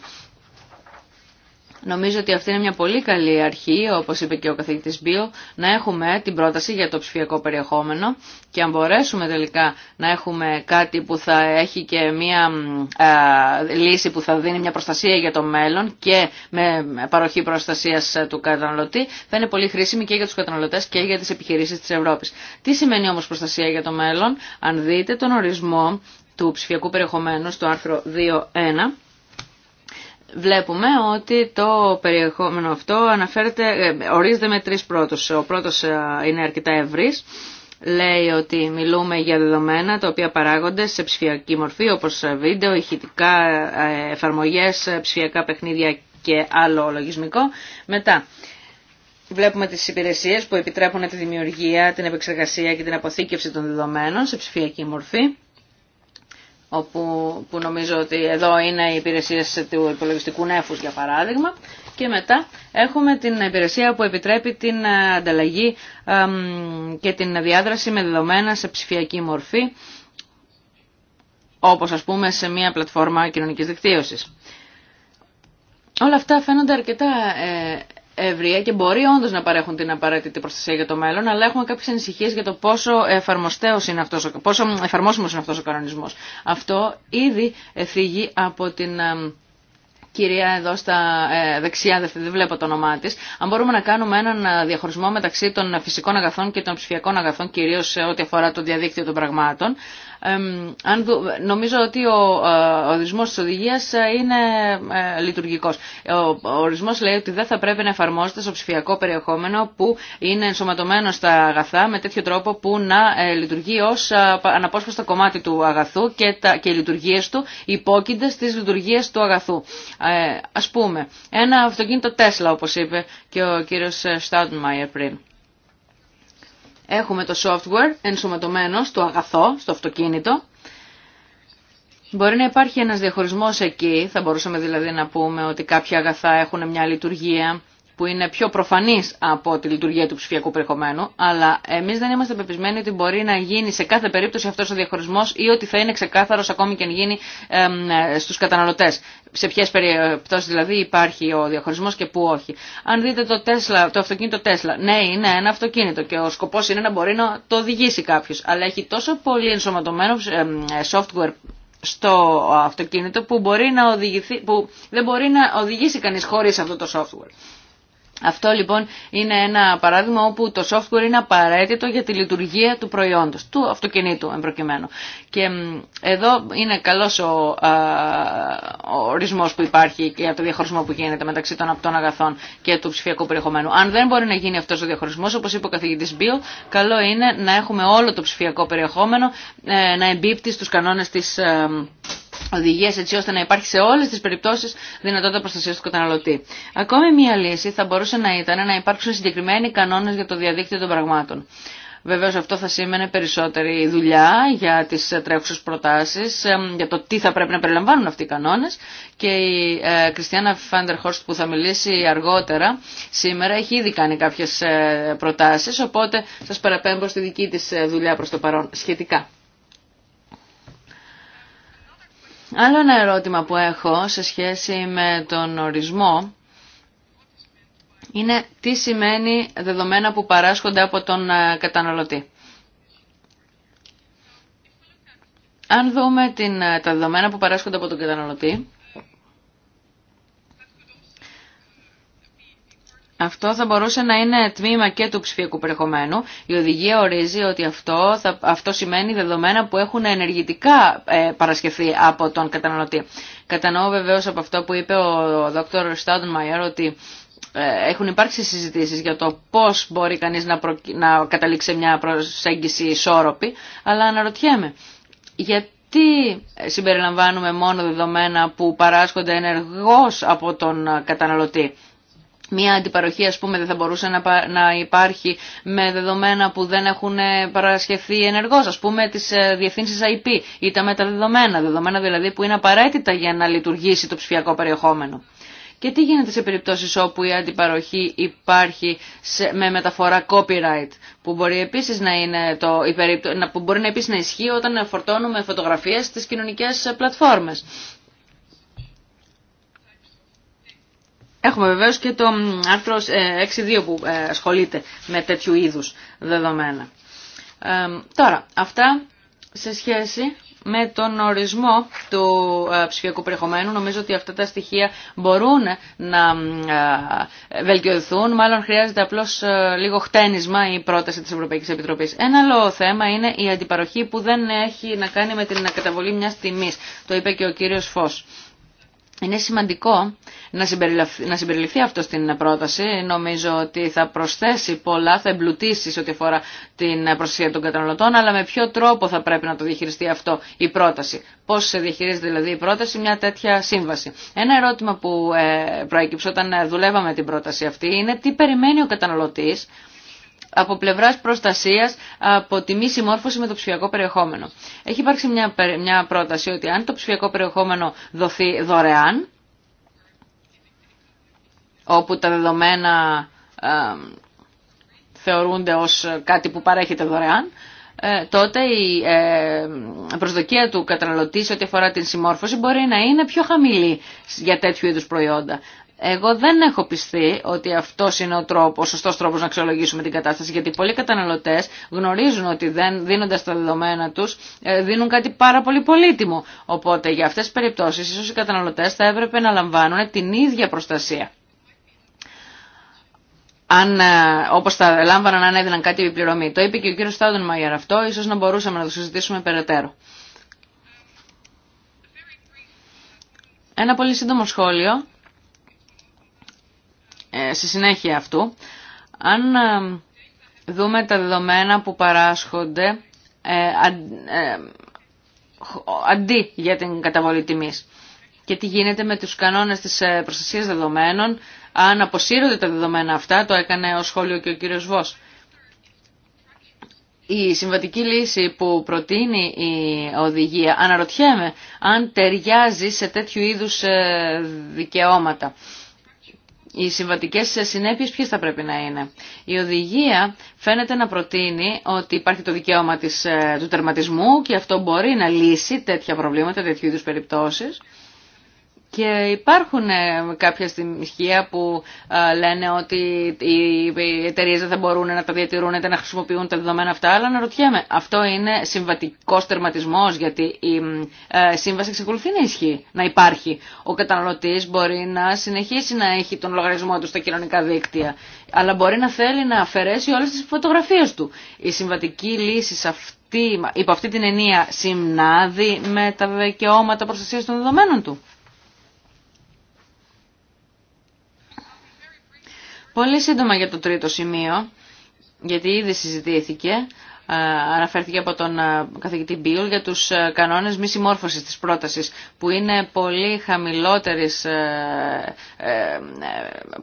Νομίζω ότι αυτή είναι μια πολύ καλή αρχή, όπως είπε και ο καθηγητής Μπίου, να έχουμε την πρόταση για το ψηφιακό περιεχόμενο και αν μπορέσουμε τελικά να έχουμε κάτι που θα έχει και μια ε, λύση που θα δίνει μια προστασία για το μέλλον και με παροχή προστασίας του καταναλωτή, θα είναι πολύ χρήσιμη και για τους καταναλωτές και για τις επιχειρήσεις της Ευρώπης. Τι σημαίνει όμως προστασία για το μέλλον, αν δείτε τον ορισμό του ψηφιακού περιεχομένου στο άρθρο 2.1 βλέπουμε ότι το περιεχόμενο αυτό αναφέρεται, ε, ορίζεται με τρεις πρώτους. Ο πρώτος ε, είναι αρκετά ευρύς. Λέει ότι μιλούμε για δεδομένα τα οποία παράγονται σε ψηφιακή μορφή όπως ε, βίντεο, ηχητικά εφαρμογές, ψηφιακά παιχνίδια και άλλο λογισμικό. Μετά βλέπουμε τις υπηρεσίες που επιτρέπουν τη δημιουργία, την επεξεργασία και την αποθήκευση των δεδομένων σε ψηφιακή μορφή όπου, που νομίζω ότι εδώ είναι οι υπηρεσίε του υπολογιστικού νέφους για παράδειγμα και μετά έχουμε την υπηρεσία που επιτρέπει την ε, ανταλλαγή και την διάδραση με δεδομένα σε ψηφιακή μορφή όπως ας πούμε σε μια πλατφόρμα κοινωνικής δικτύωσης. Όλα αυτά φαίνονται αρκετά ε, ευρεία και μπορεί όντω να παρέχουν την απαραίτητη προστασία για το μέλλον, αλλά έχουμε κάποιε ανησυχίε για το πόσο, είναι αυτός, πόσο εφαρμόσιμος είναι αυτό ο κανονισμό. Αυτό ήδη φύγει από την ε, κυρία εδώ στα ε, δεξιά, δεν βλέπω το όνομά τη, αν μπορούμε να κάνουμε έναν ε, διαχωρισμό μεταξύ των φυσικών αγαθών και των ψηφιακών αγαθών, κυρίω σε ό,τι αφορά το διαδίκτυο των πραγμάτων, νομίζω ότι ε, ο ορισμός της οδηγίας ε, είναι ε, λειτουργικός. Ο ορισμός λέει ότι δεν θα πρέπει να εφαρμόζεται στο ψηφιακό περιεχόμενο που είναι ενσωματωμένο στα αγαθά με τέτοιο τρόπο που να λειτουργεί ως αναπόσπαστο κομμάτι του αγαθού και, τα, και οι λειτουργίες του υπόκεινται στις λειτουργίες του αγαθού. ας πούμε, ένα αυτοκίνητο Τέσλα όπως είπε και ο κύριος Στάουτμαϊερ πριν. Έχουμε το software ενσωματωμένο στο αγαθό, στο αυτοκίνητο. Μπορεί να υπάρχει ένας διαχωρισμός εκεί, θα μπορούσαμε δηλαδή να πούμε ότι κάποια αγαθά έχουν μια λειτουργία που είναι πιο προφανής από τη λειτουργία του ψηφιακού περιεχομένου, αλλά εμείς δεν είμαστε πεπισμένοι ότι μπορεί να γίνει σε κάθε περίπτωση αυτός ο διαχωρισμός ή ότι θα είναι ξεκάθαρος ακόμη και αν γίνει στους καταναλωτές. Σε ποιε περιπτώσεις δηλαδή υπάρχει ο διαχωρισμό και πού όχι. Αν δείτε το, Tesla, το αυτοκίνητο Tesla, ναι είναι ένα αυτοκίνητο και ο σκοπό είναι να μπορεί να το οδηγήσει κάποιο, αλλά έχει τόσο πολύ ενσωματωμένο software στο αυτοκίνητο που, μπορεί να οδηγηθεί, που δεν μπορεί να οδηγήσει κανείς χωρίς αυτό το software. Αυτό λοιπόν είναι ένα παράδειγμα όπου το software είναι απαραίτητο για τη λειτουργία του προϊόντος, του αυτοκινήτου εμπροκειμένου. Και εδώ είναι καλός ο, ορισμός που υπάρχει και το διαχωρισμό που γίνεται μεταξύ των απτών αγαθών και του ψηφιακού περιεχομένου. Αν δεν μπορεί να γίνει αυτός ο διαχωρισμός, όπως είπε ο καθηγητής Μπίου, καλό είναι να έχουμε όλο το ψηφιακό περιεχόμενο ε, να εμπίπτει στους κανόνες της ε, οδηγίες έτσι ώστε να υπάρχει σε όλες τις περιπτώσεις δυνατότητα προστασίας του καταναλωτή. Ακόμη μία λύση θα μπορούσε να ήταν να υπάρξουν συγκεκριμένοι κανόνες για το διαδίκτυο των πραγμάτων. Βεβαίως αυτό θα σήμαινε περισσότερη δουλειά για τις τρέχουσες προτάσεις, για το τι θα πρέπει να περιλαμβάνουν αυτοί οι κανόνες και η ε, Κριστιανά Φάντερ Χόρστ που θα μιλήσει αργότερα σήμερα έχει ήδη κάνει κάποιες ε, προτάσεις, οπότε σας παραπέμπω στη δική της ε, δουλειά προς το παρόν σχετικά. Άλλο ένα ερώτημα που έχω σε σχέση με τον ορισμό είναι τι σημαίνει δεδομένα που παράσχονται από τον ε, καταναλωτή. Αν δούμε την, ε, τα δεδομένα που παράσχονται από τον καταναλωτή, Αυτό θα μπορούσε να είναι τμήμα και του ψηφιακού περιεχομένου. Η οδηγία ορίζει ότι αυτό, θα, αυτό σημαίνει δεδομένα που έχουν ενεργητικά ε, παρασκευθεί από τον καταναλωτή. Κατανοώ βεβαίως από αυτό που είπε ο Στάντον Μάιερ ότι ε, έχουν υπάρξει συζητήσεις για το πώς μπορεί κανείς να, προ... να καταλήξει μια προσέγγιση ισόρροπη, αλλά αναρωτιέμαι, γιατί συμπεριλαμβάνουμε μόνο δεδομένα που παράσχονται ενεργώς από τον καταναλωτή. Μία αντιπαροχή ας πούμε δεν θα μπορούσε να υπάρχει με δεδομένα που δεν έχουν ε, παρασχεθεί ενεργώς, ας πούμε τις ε, διευθύνσεις IP ή τα μεταδεδομένα, δεδομένα δηλαδή που είναι απαραίτητα για να λειτουργήσει το ψηφιακό περιεχόμενο. Και τι γίνεται σε περιπτώσεις όπου η αντιπαροχή υπάρχει με μεταφορά copyright, που μπορεί επίσης να, είναι το, η που μπορεί να, επίσης να ισχύει όταν φορτώνουμε φωτογραφίες στις κοινωνικές πλατφόρμες. Έχουμε βεβαίως και το άρθρο 6.2 ε, που ε, ασχολείται με τέτοιου είδους δεδομένα. Ε, τώρα, αυτά σε σχέση με τον ορισμό του ψηφιακού περιεχομένου. Νομίζω ότι αυτά τα στοιχεία μπορούν να βελτιωθούν. Μάλλον χρειάζεται απλώς λίγο χτένισμα η πρόταση της Ευρωπαϊκής Επιτροπής. Ένα άλλο θέμα είναι η αντιπαροχή που δεν έχει να κάνει με την καταβολή μιας τιμής. Το είπε και ο κύριος Φως. Είναι σημαντικό να συμπεριληφθεί, να συμπεριληφθεί αυτό στην πρόταση. Νομίζω ότι θα προσθέσει πολλά, θα εμπλουτίσει σε ό,τι αφορά την προστασία των καταναλωτών, αλλά με ποιο τρόπο θα πρέπει να το διαχειριστεί αυτό η πρόταση. Πώ διαχειρίζεται δηλαδή η πρόταση μια τέτοια σύμβαση. Ένα ερώτημα που ε, προέκυψε όταν ε, δουλεύαμε την πρόταση αυτή είναι τι περιμένει ο καταναλωτή από πλευράς προστασίας από τη μη συμμόρφωση με το ψηφιακό περιεχόμενο. Έχει υπάρξει μια, μια πρόταση ότι αν το ψηφιακό περιεχόμενο δοθεί δωρεάν, όπου τα δεδομένα θεωρούνται ως κάτι που παρέχεται δωρεάν, ε, τότε η ε, προσδοκία του καταναλωτή σε ό,τι αφορά την συμμόρφωση μπορεί να είναι πιο χαμηλή για τέτοιου είδους προϊόντα. Εγώ δεν έχω πιστεί ότι αυτό είναι ο τρόπο, ο σωστό τρόπο να αξιολογήσουμε την κατάσταση, γιατί πολλοί καταναλωτέ γνωρίζουν ότι δεν δίνοντα τα δεδομένα του ε, δίνουν κάτι πάρα πολύ πολύτιμο. Οπότε για αυτέ τι περιπτώσει ίσω οι καταναλωτέ θα έπρεπε να λαμβάνουν την ίδια προστασία. Αν, ε, όπως θα λάμβαναν αν έδιναν κάτι επιπληρωμή. Το είπε και ο κύριο Στάδων Μάιερ αυτό, ίσω να μπορούσαμε να το συζητήσουμε περαιτέρω. Ένα πολύ σύντομο σχόλιο στη συνέχεια αυτού. Αν ε, δούμε τα δεδομένα που παράσχονται ε, ε, αντί για την καταβολή τιμής και τι γίνεται με τους κανόνες της προστασίας δεδομένων αν αποσύρονται τα δεδομένα αυτά, το έκανε ο σχόλιο και ο κύριος Βος. Η συμβατική λύση που προτείνει η οδηγία αναρωτιέμαι αν ταιριάζει σε τέτοιου είδους δικαιώματα οι συμβατικέ συνέπειε ποιε θα πρέπει να είναι. Η οδηγία φαίνεται να προτείνει ότι υπάρχει το δικαίωμα της, ε, του τερματισμού και αυτό μπορεί να λύσει τέτοια προβλήματα, τέτοιου είδου περιπτώσει. Και υπάρχουν ε, κάποια στοιχεία που ε, λένε ότι οι εταιρείε δεν θα μπορούν να τα διατηρούν ή να χρησιμοποιούν τα δεδομένα αυτά, αλλά να ρωτιέμαι, αυτό είναι συμβατικό τερματισμό, γιατί η ε, σύμβαση εξακολουθεί να ισχύει, να υπάρχει. Ο καταναλωτή μπορεί να συνεχίσει να έχει τον λογαριασμό του στα κοινωνικά δίκτυα, αλλά μπορεί να θέλει να αφαιρέσει όλε τι φωτογραφίε του. Η συμβατική λύση σε αυτή, υπό αυτή την ενία, συμνάδει με τα δικαιώματα προστασία των δεδομένων του. Πολύ σύντομα για το τρίτο σημείο, γιατί ήδη συζητήθηκε, ε, αναφέρθηκε από τον ε, καθηγητή Μπίουλ για τους ε, κανόνες μη συμμόρφωσης της πρότασης που είναι πολύ χαμηλότερης,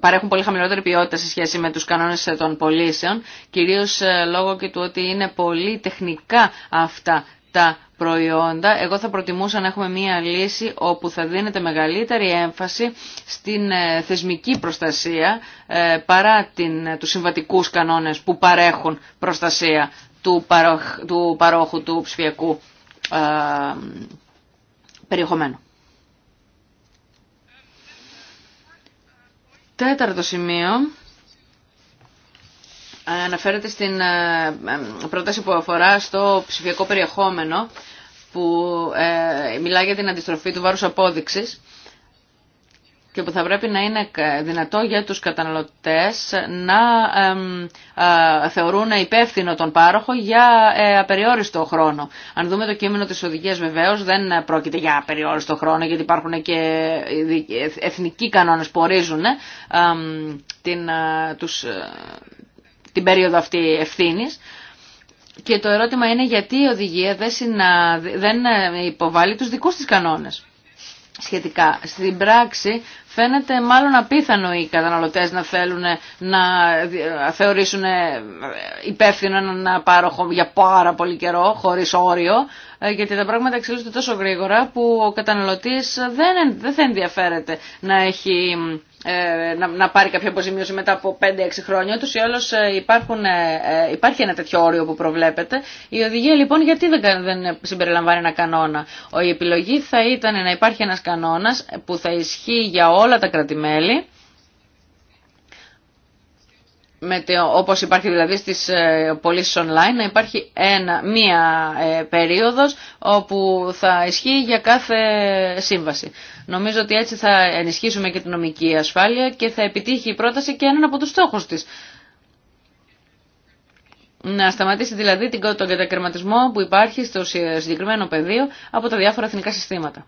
παρέχουν πολύ χαμηλότερη ποιότητα σε σχέση με τους κανόνες των πωλήσεων κυρίως λόγω και του ότι είναι πολύ τεχνικά αυτά τα προϊόντα. Εγώ θα προτιμούσα να έχουμε μία λύση όπου θα δίνεται μεγαλύτερη έμφαση στην ε, θεσμική προστασία ε, παρά την, ε, τους συμβατικούς κανόνες που παρέχουν προστασία του, παρόχου του ψηφιακού περιεχομένου. Τέταρτο σημείο αναφέρεται στην ε, ε, πρόταση που αφορά στο ψηφιακό περιεχόμενο που ε, μιλά για την αντιστροφή του βάρους απόδειξης και που θα πρέπει να είναι δυνατό για τους καταναλωτές να θεωρούν υπεύθυνο τον πάροχο για απεριόριστο χρόνο. Αν δούμε το κείμενο της οδηγίας βεβαίως δεν πρόκειται για απεριόριστο χρόνο γιατί υπάρχουν και εθνικοί κανόνες που ορίζουν την, τους την περίοδο αυτή ευθύνης. Και το ερώτημα είναι γιατί η οδηγία δεν, συνα... δεν υποβάλλει τους δικούς της κανόνες σχετικά. Στην πράξη φαίνεται μάλλον απίθανο οι καταναλωτές να θέλουν να θεωρήσουν υπεύθυνο έναν πάροχο για πάρα πολύ καιρό, χωρίς όριο, ε, γιατί τα πράγματα εξελίσσονται τόσο γρήγορα που ο καταναλωτή δεν, δεν θα ενδιαφέρεται να έχει ε, να, πάρει κάποια αποζημίωση μετά από 5-6 χρόνια. Ούτως ή άλλως ε, υπάρχει ένα τέτοιο όριο τους ή ε, όλος υπάρχει ένα τέτοιο όριο που προβλέπεται. Η υπάρχουν υπαρχει ενα τετοιο λοιπόν γιατί δεν, δεν συμπεριλαμβάνει ένα κανόνα. Η επιλογή θα ήταν να υπάρχει ένας κανόνας που θα ισχύει για όλα τα κρατημέλη με το, όπως υπάρχει δηλαδή στις ε, πωλήσει online, να υπάρχει ένα, μία ε, περίοδος όπου θα ισχύει για κάθε σύμβαση. Νομίζω ότι έτσι θα ενισχύσουμε και την νομική ασφάλεια και θα επιτύχει η πρόταση και έναν από τους στόχους της. Να σταματήσει δηλαδή τον κατακαιρματισμό που υπάρχει στο συγκεκριμένο πεδίο από τα διάφορα εθνικά συστήματα.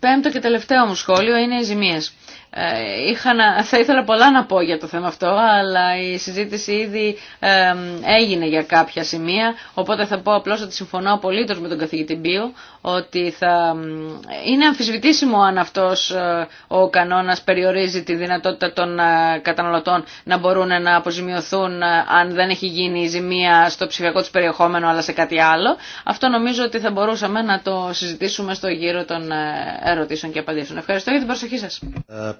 Πέμπτο και τελευταίο μου σχόλιο είναι οι ζημίες. Ε, είχα να, θα ήθελα πολλά να πω για το θέμα αυτό, αλλά η συζήτηση ήδη έγινε για κάποια σημεία, οπότε θα πω απλώς ότι συμφωνώ απολύτως με τον καθηγητή Μπίου, ότι θα, είναι αμφισβητήσιμο αν αυτός ε, ο κανόνας περιορίζει τη δυνατότητα των ε, καταναλωτών να μπορούν να αποζημιωθούν αν δεν έχει γίνει η ζημία στο ψηφιακό του περιεχόμενο, αλλά σε κάτι άλλο. Αυτό νομίζω ότι θα μπορούσαμε να το συζητήσουμε στο γύρο των ερωτήσεων και απαντήσεων. Ευχαριστώ για την προσοχή σας.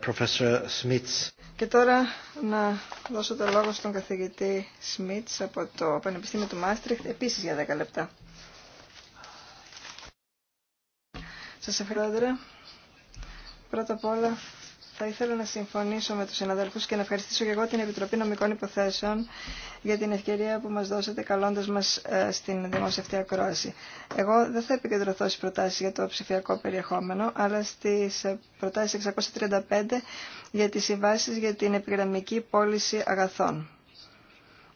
Professor Και τώρα να δώσω το λόγο στον καθηγητή Σμιτς από το Πανεπιστήμιο του Μάστριχτ, επίσης για 10 λεπτά. Σας ευχαριστώ. Πρώτα απ' όλα θα ήθελα να συμφωνήσω με τους συναδέλφους και να ευχαριστήσω και εγώ την Επιτροπή Νομικών Υποθέσεων για την ευκαιρία που μας δώσατε καλώντας μας ε, στην δημόσια ακρόαση. Εγώ δεν θα επικεντρωθώ στις προτάσεις για το ψηφιακό περιεχόμενο, αλλά στις ε, προτάσεις 635 για τις συμβάσεις για την επιγραμμική πώληση αγαθών.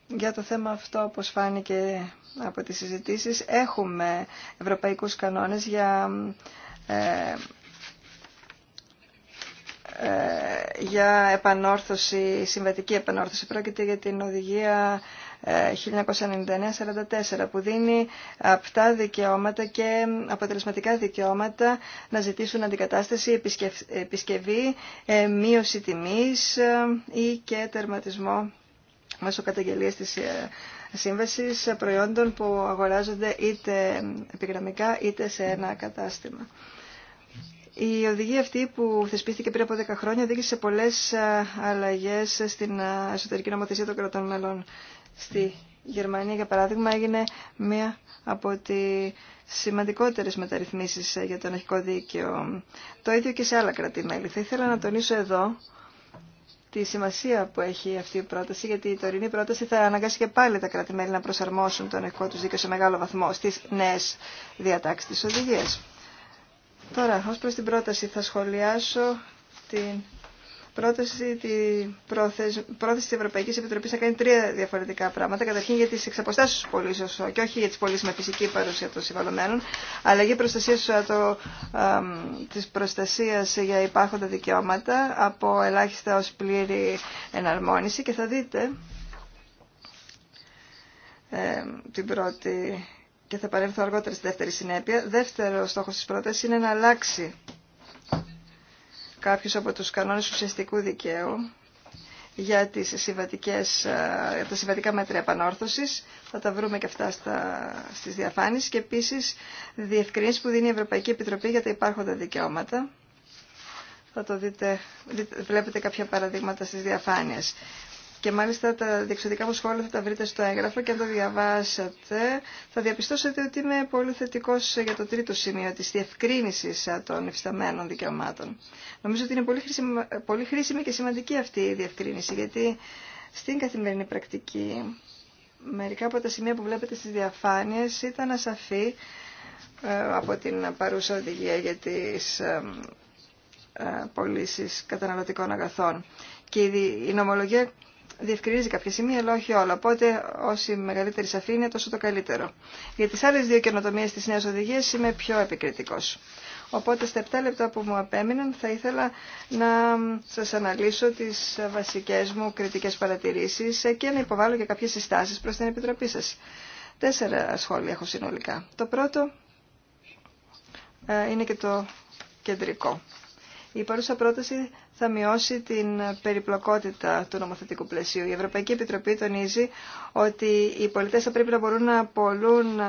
Για το θέμα αυτό, όπως φάνηκε από τις συζητήσεις, έχουμε ευρωπαϊκούς κανόνες για ε, ε, για επανόρθωση, συμβατική επανόρθωση. Πρόκειται για την οδηγία 1999-44 ε, που δίνει αυτά δικαιώματα και αποτελεσματικά δικαιώματα να ζητήσουν αντικατάσταση, επισκευή, ε, μείωση τιμής ή και τερματισμό μέσω καταγγελίας της σύμβασης προϊόντων που αγοράζονται είτε επιγραμμικά είτε σε ένα κατάστημα. Η οδηγία αυτή που θεσπίστηκε πριν από 10 χρόνια οδήγησε σε πολλές ε, αλλαγές στην ε, εσωτερική νομοθεσία των κρατών μελών. Στη Γερμανία, για παράδειγμα, έγινε μία από τι σημαντικότερες μεταρρυθμίσεις ε, για το ενοχικό δίκαιο. Το ίδιο και σε άλλα Θα ήθελα να τονίσω εδώ τη σημασία που έχει αυτή η πρόταση, γιατί η τωρινή πρόταση θα αναγκάσει και πάλι τα κρατημέλη να προσαρμόσουν το ενοχικό του δίκαιο σε μεγάλο βαθμό στι νέε διατάξει τη οδηγία. Τώρα, ως προς την πρόταση, θα σχολιάσω την πρόταση, τη πρόθεση, πρόθεση της Ευρωπαϊκής Επιτροπής να κάνει τρία διαφορετικά πράγματα. Καταρχήν για τις εξαποστάσεις πωλήσεως και όχι για τις πωλήσεις με φυσική παρουσία των συμβαλωμένων, αλλά για προστασία το, της προστασίας για υπάρχοντα δικαιώματα από ελάχιστα ως πλήρη εναρμόνιση και θα δείτε ε, την πρώτη και θα παρέλθω αργότερα στη δεύτερη συνέπεια, δεύτερο στόχο τη πρόταση είναι να αλλάξει κάποιου από τους κανόνες ουσιαστικού δικαίου για, τις συμβατικές, ε, για τα συμβατικά μέτρα επανόρθωση. Θα τα βρούμε και αυτά στι στις και επίσης διευκρινήσει που δίνει η Ευρωπαϊκή Επιτροπή για τα υπάρχοντα δικαιώματα. Θα το δείτε, βλέπετε κάποια παραδείγματα στις διαφάνειες και μάλιστα τα διεξοδικά μου σχόλια θα τα βρείτε στο έγγραφο και αν το διαβάσατε θα διαπιστώσετε ότι είμαι πολύ θετικός για το τρίτο σημείο της διευκρίνησης των υφισταμένων δικαιωμάτων. Νομίζω ότι είναι πολύ χρήσιμη, και σημαντική αυτή η διευκρίνηση γιατί στην καθημερινή πρακτική μερικά από τα σημεία που βλέπετε στις διαφάνειες ήταν ασαφή ε, από την παρούσα οδηγία για τις ε, ε, πωλήσει καταναλωτικών αγαθών. Και η νομολογία διευκρινίζει κάποια σημεία, αλλά όχι όλα. Οπότε, όση μεγαλύτερη σαφήνεια, τόσο το καλύτερο. Για τι άλλε δύο καινοτομίε τη νέα οδηγία είμαι πιο επικριτικό. Οπότε, στα 7 λεπτά που μου απέμειναν, θα ήθελα να σα αναλύσω τι βασικέ μου κριτικέ παρατηρήσει και να υποβάλω και κάποιε συστάσει προ την Επιτροπή σα. Τέσσερα σχόλια έχω συνολικά. Το πρώτο ε, είναι και το κεντρικό. Η παρούσα πρόταση θα μειώσει την περιπλοκότητα του νομοθετικού πλαισίου. Η Ευρωπαϊκή Επιτροπή τονίζει ότι οι πολιτές θα πρέπει να μπορούν να απολούν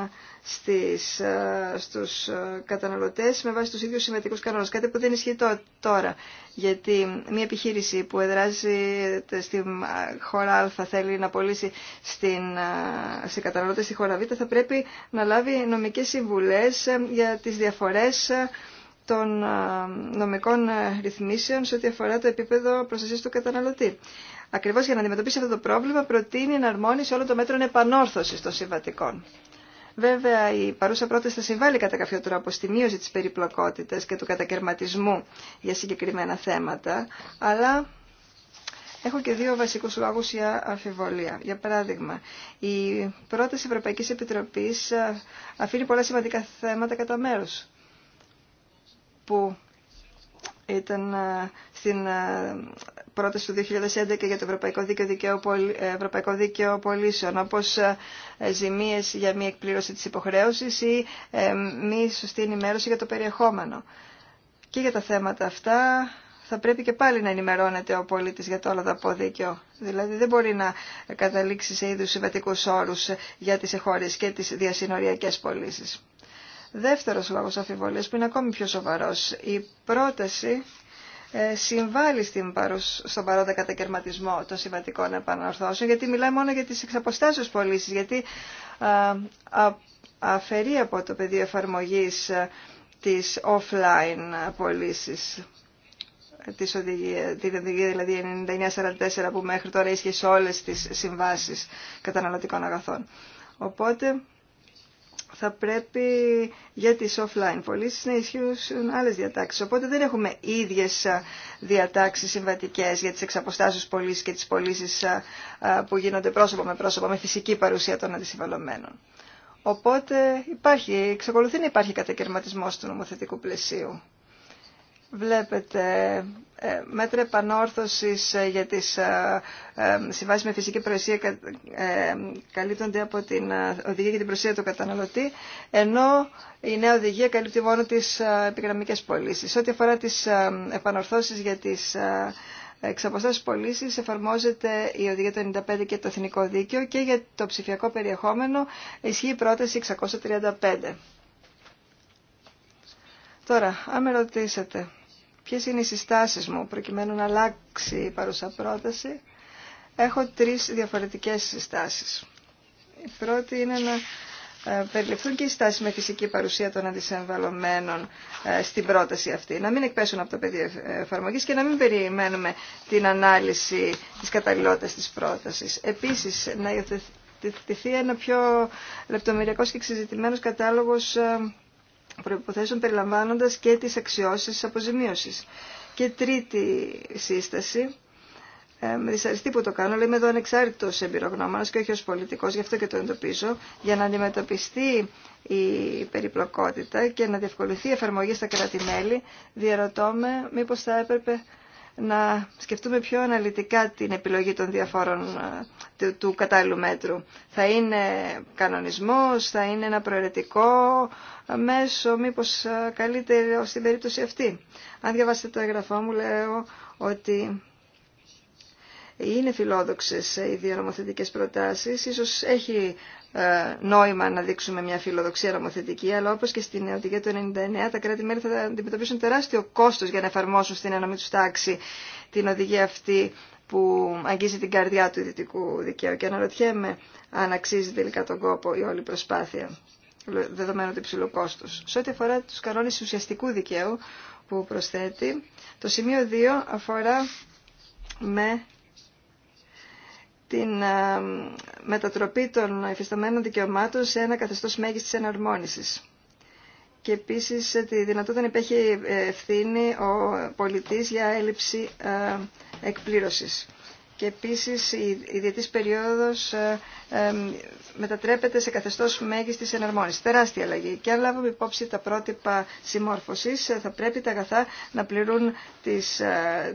στις, ε, στους ε, καταναλωτές με βάση τους ίδιους συμμετικούς κανόνες. Κάτι που δεν ισχύει τώρα, γιατί μια επιχείρηση που εδράζει στη χώρα Α θέλει να πωλήσει στην, ε, σε καταναλωτές στη χώρα Β θα πρέπει να λάβει νομικές συμβουλές για τις διαφορές των νομικών ε, ρυθμίσεων σε ό,τι αφορά το επίπεδο προστασία του καταναλωτή. Ακριβώ για να αντιμετωπίσει αυτό το πρόβλημα προτείνει εναρμόνιση όλων των μέτρων επανόρθωση των συμβατικών. Βέβαια, η παρούσα πρόταση θα συμβάλλει κατά κάποιο τρόπο στη μείωση τη περιπλοκότητας και του κατακαιρματισμού για συγκεκριμένα θέματα, αλλά Έχω και δύο βασικούς λόγους για αμφιβολία. Για παράδειγμα, η πρόταση Ευρωπαϊκής Επιτροπής αφήνει πολλά σημαντικά θέματα κατά μέρους που ήταν ε, στην ε, πρόταση του 2011 για το Ευρωπαϊκό Δίκαιο, Δικαίου, ε, Ευρωπαϊκό Δίκαιο Πολίσεων, όπως ζημίες για μη εκπλήρωση της υποχρέωσης ή μη σωστή ενημέρωση για το περιεχόμενο. Και για τα θέματα αυτά θα πρέπει και πάλι να ενημερώνεται ο πολίτης για το όλο το δίκαιο. Δηλαδή δεν μπορεί να καταλήξει σε είδους συμβατικούς όρους για τις εχώρες και τις διασυνοριακές πωλήσει δεύτερος λόγος αφιβολίας που είναι ακόμη πιο σοβαρός. Η πρόταση ε, συμβάλλει στην παρουσ... στον παρόντα κατακαιρματισμό των συμβατικών επαναρθώσεων, γιατί μιλάει μόνο για τις εξαποστάσεις πωλήσει, γιατί αφαιρεί από το πεδίο εφαρμογής ε, τις offline πωλήσει. Της οδηγία, την οδηγία δηλαδή 9944 που μέχρι τώρα ίσχυε σε όλες τις συμβάσεις καταναλωτικών αγαθών. Οπότε θα πρέπει για τις offline πωλήσει να ισχύουν άλλες διατάξεις. Οπότε δεν έχουμε ίδιες διατάξεις συμβατικές για τις εξαποστάσεις πωλήσει και τις πωλήσει που γίνονται πρόσωπο με πρόσωπο, με φυσική παρουσία των αντισυμβαλωμένων. Οπότε υπάρχει, εξακολουθεί να υπάρχει κατακαιρματισμός του νομοθετικού πλαισίου βλέπετε ε, μέτρα επανόρθωσης ε, για τις ε, συμβάσει με φυσική προεσία καλύπτονται από την οδηγία για την Προσία του καταναλωτή, ενώ η νέα οδηγία καλύπτει μόνο τις επιγραμμικές πωλήσει. Ό,τι αφορά τις επανορθώσεις για τις εξ αποστάσεις πωλήσει εφαρμόζεται η οδηγία του 95 και το εθνικό δίκαιο και για το ψηφιακό περιεχόμενο ισχύει η πρόταση 635. Τώρα, αν με ρωτήσετε ποιες είναι οι συστάσεις μου προκειμένου να αλλάξει η παρούσα πρόταση, έχω τρεις διαφορετικές συστάσεις. Η πρώτη είναι να ε, περιληφθούν και οι στάσεις με φυσική παρουσία των αντισυμβαλωμένων ε, στην πρόταση αυτή. Να μην εκπέσουν από το πεδίο εφαρμογής και να μην περιμένουμε την ανάλυση της καταλληλότητας της πρότασης. Επίσης, να υιοθετηθεί ένα πιο λεπτομεριακός και εξεζητημένος κατάλογος ε, προϋποθέσεων περιλαμβάνοντας και τις αξιώσεις της αποζημίωσης. Και τρίτη σύσταση, ε, με δυσαρεστή που το κάνω, αλλά είμαι εδώ ανεξάρτητο εμπειρογνώμονα και όχι ως πολιτικός, γι' αυτό και το εντοπίζω, για να αντιμετωπιστεί η περιπλοκότητα και να διευκολυθεί η εφαρμογή στα κράτη-μέλη, διαρωτώ με μήπω θα έπρεπε να σκεφτούμε πιο αναλυτικά την επιλογή των διαφόρων ε, του, του κατάλληλου μέτρου. Θα είναι κανονισμός, θα είναι ένα προαιρετικό ε, μέσο, μήπως ε, καλύτερο στην περίπτωση αυτή. Αν διαβάσετε το εγγραφό μου λέω ότι είναι φιλόδοξες οι δύο προτάσεις. Ίσως έχει ε, νόημα να δείξουμε μια φιλοδοξία νομοθετική, αλλά όπω και στην οδηγία του 99, τα κράτη-μέλη θα αντιμετωπίσουν τεράστιο κόστο για να εφαρμόσουν στην ενωμή του τάξη την οδηγία αυτή που αγγίζει την καρδιά του ιδιωτικού δικαίου. Και αναρωτιέμαι αν αξίζει τελικά τον κόπο η όλη προσπάθεια, δεδομένου του υψηλού κόστου. Σε ό,τι αφορά του κανόνε ουσιαστικού δικαίου που προσθέτει, το σημείο 2 αφορά με την ε, μετατροπή των υφισταμένων δικαιωμάτων σε ένα καθεστώς μέγιστης εναρμόνισης. Και επίσης ε, τη δυνατότητα να υπέχει ε, ευθύνη ο πολιτής για έλλειψη εκπλήρωσης και επίσης η διετής περίοδος ε, ε, μετατρέπεται σε καθεστώς μέγιστης εναρμόνιση. Τεράστια αλλαγή. Και αν λάβουμε υπόψη τα πρότυπα συμμόρφωσης, ε, θα πρέπει τα αγαθά να πληρούν τις,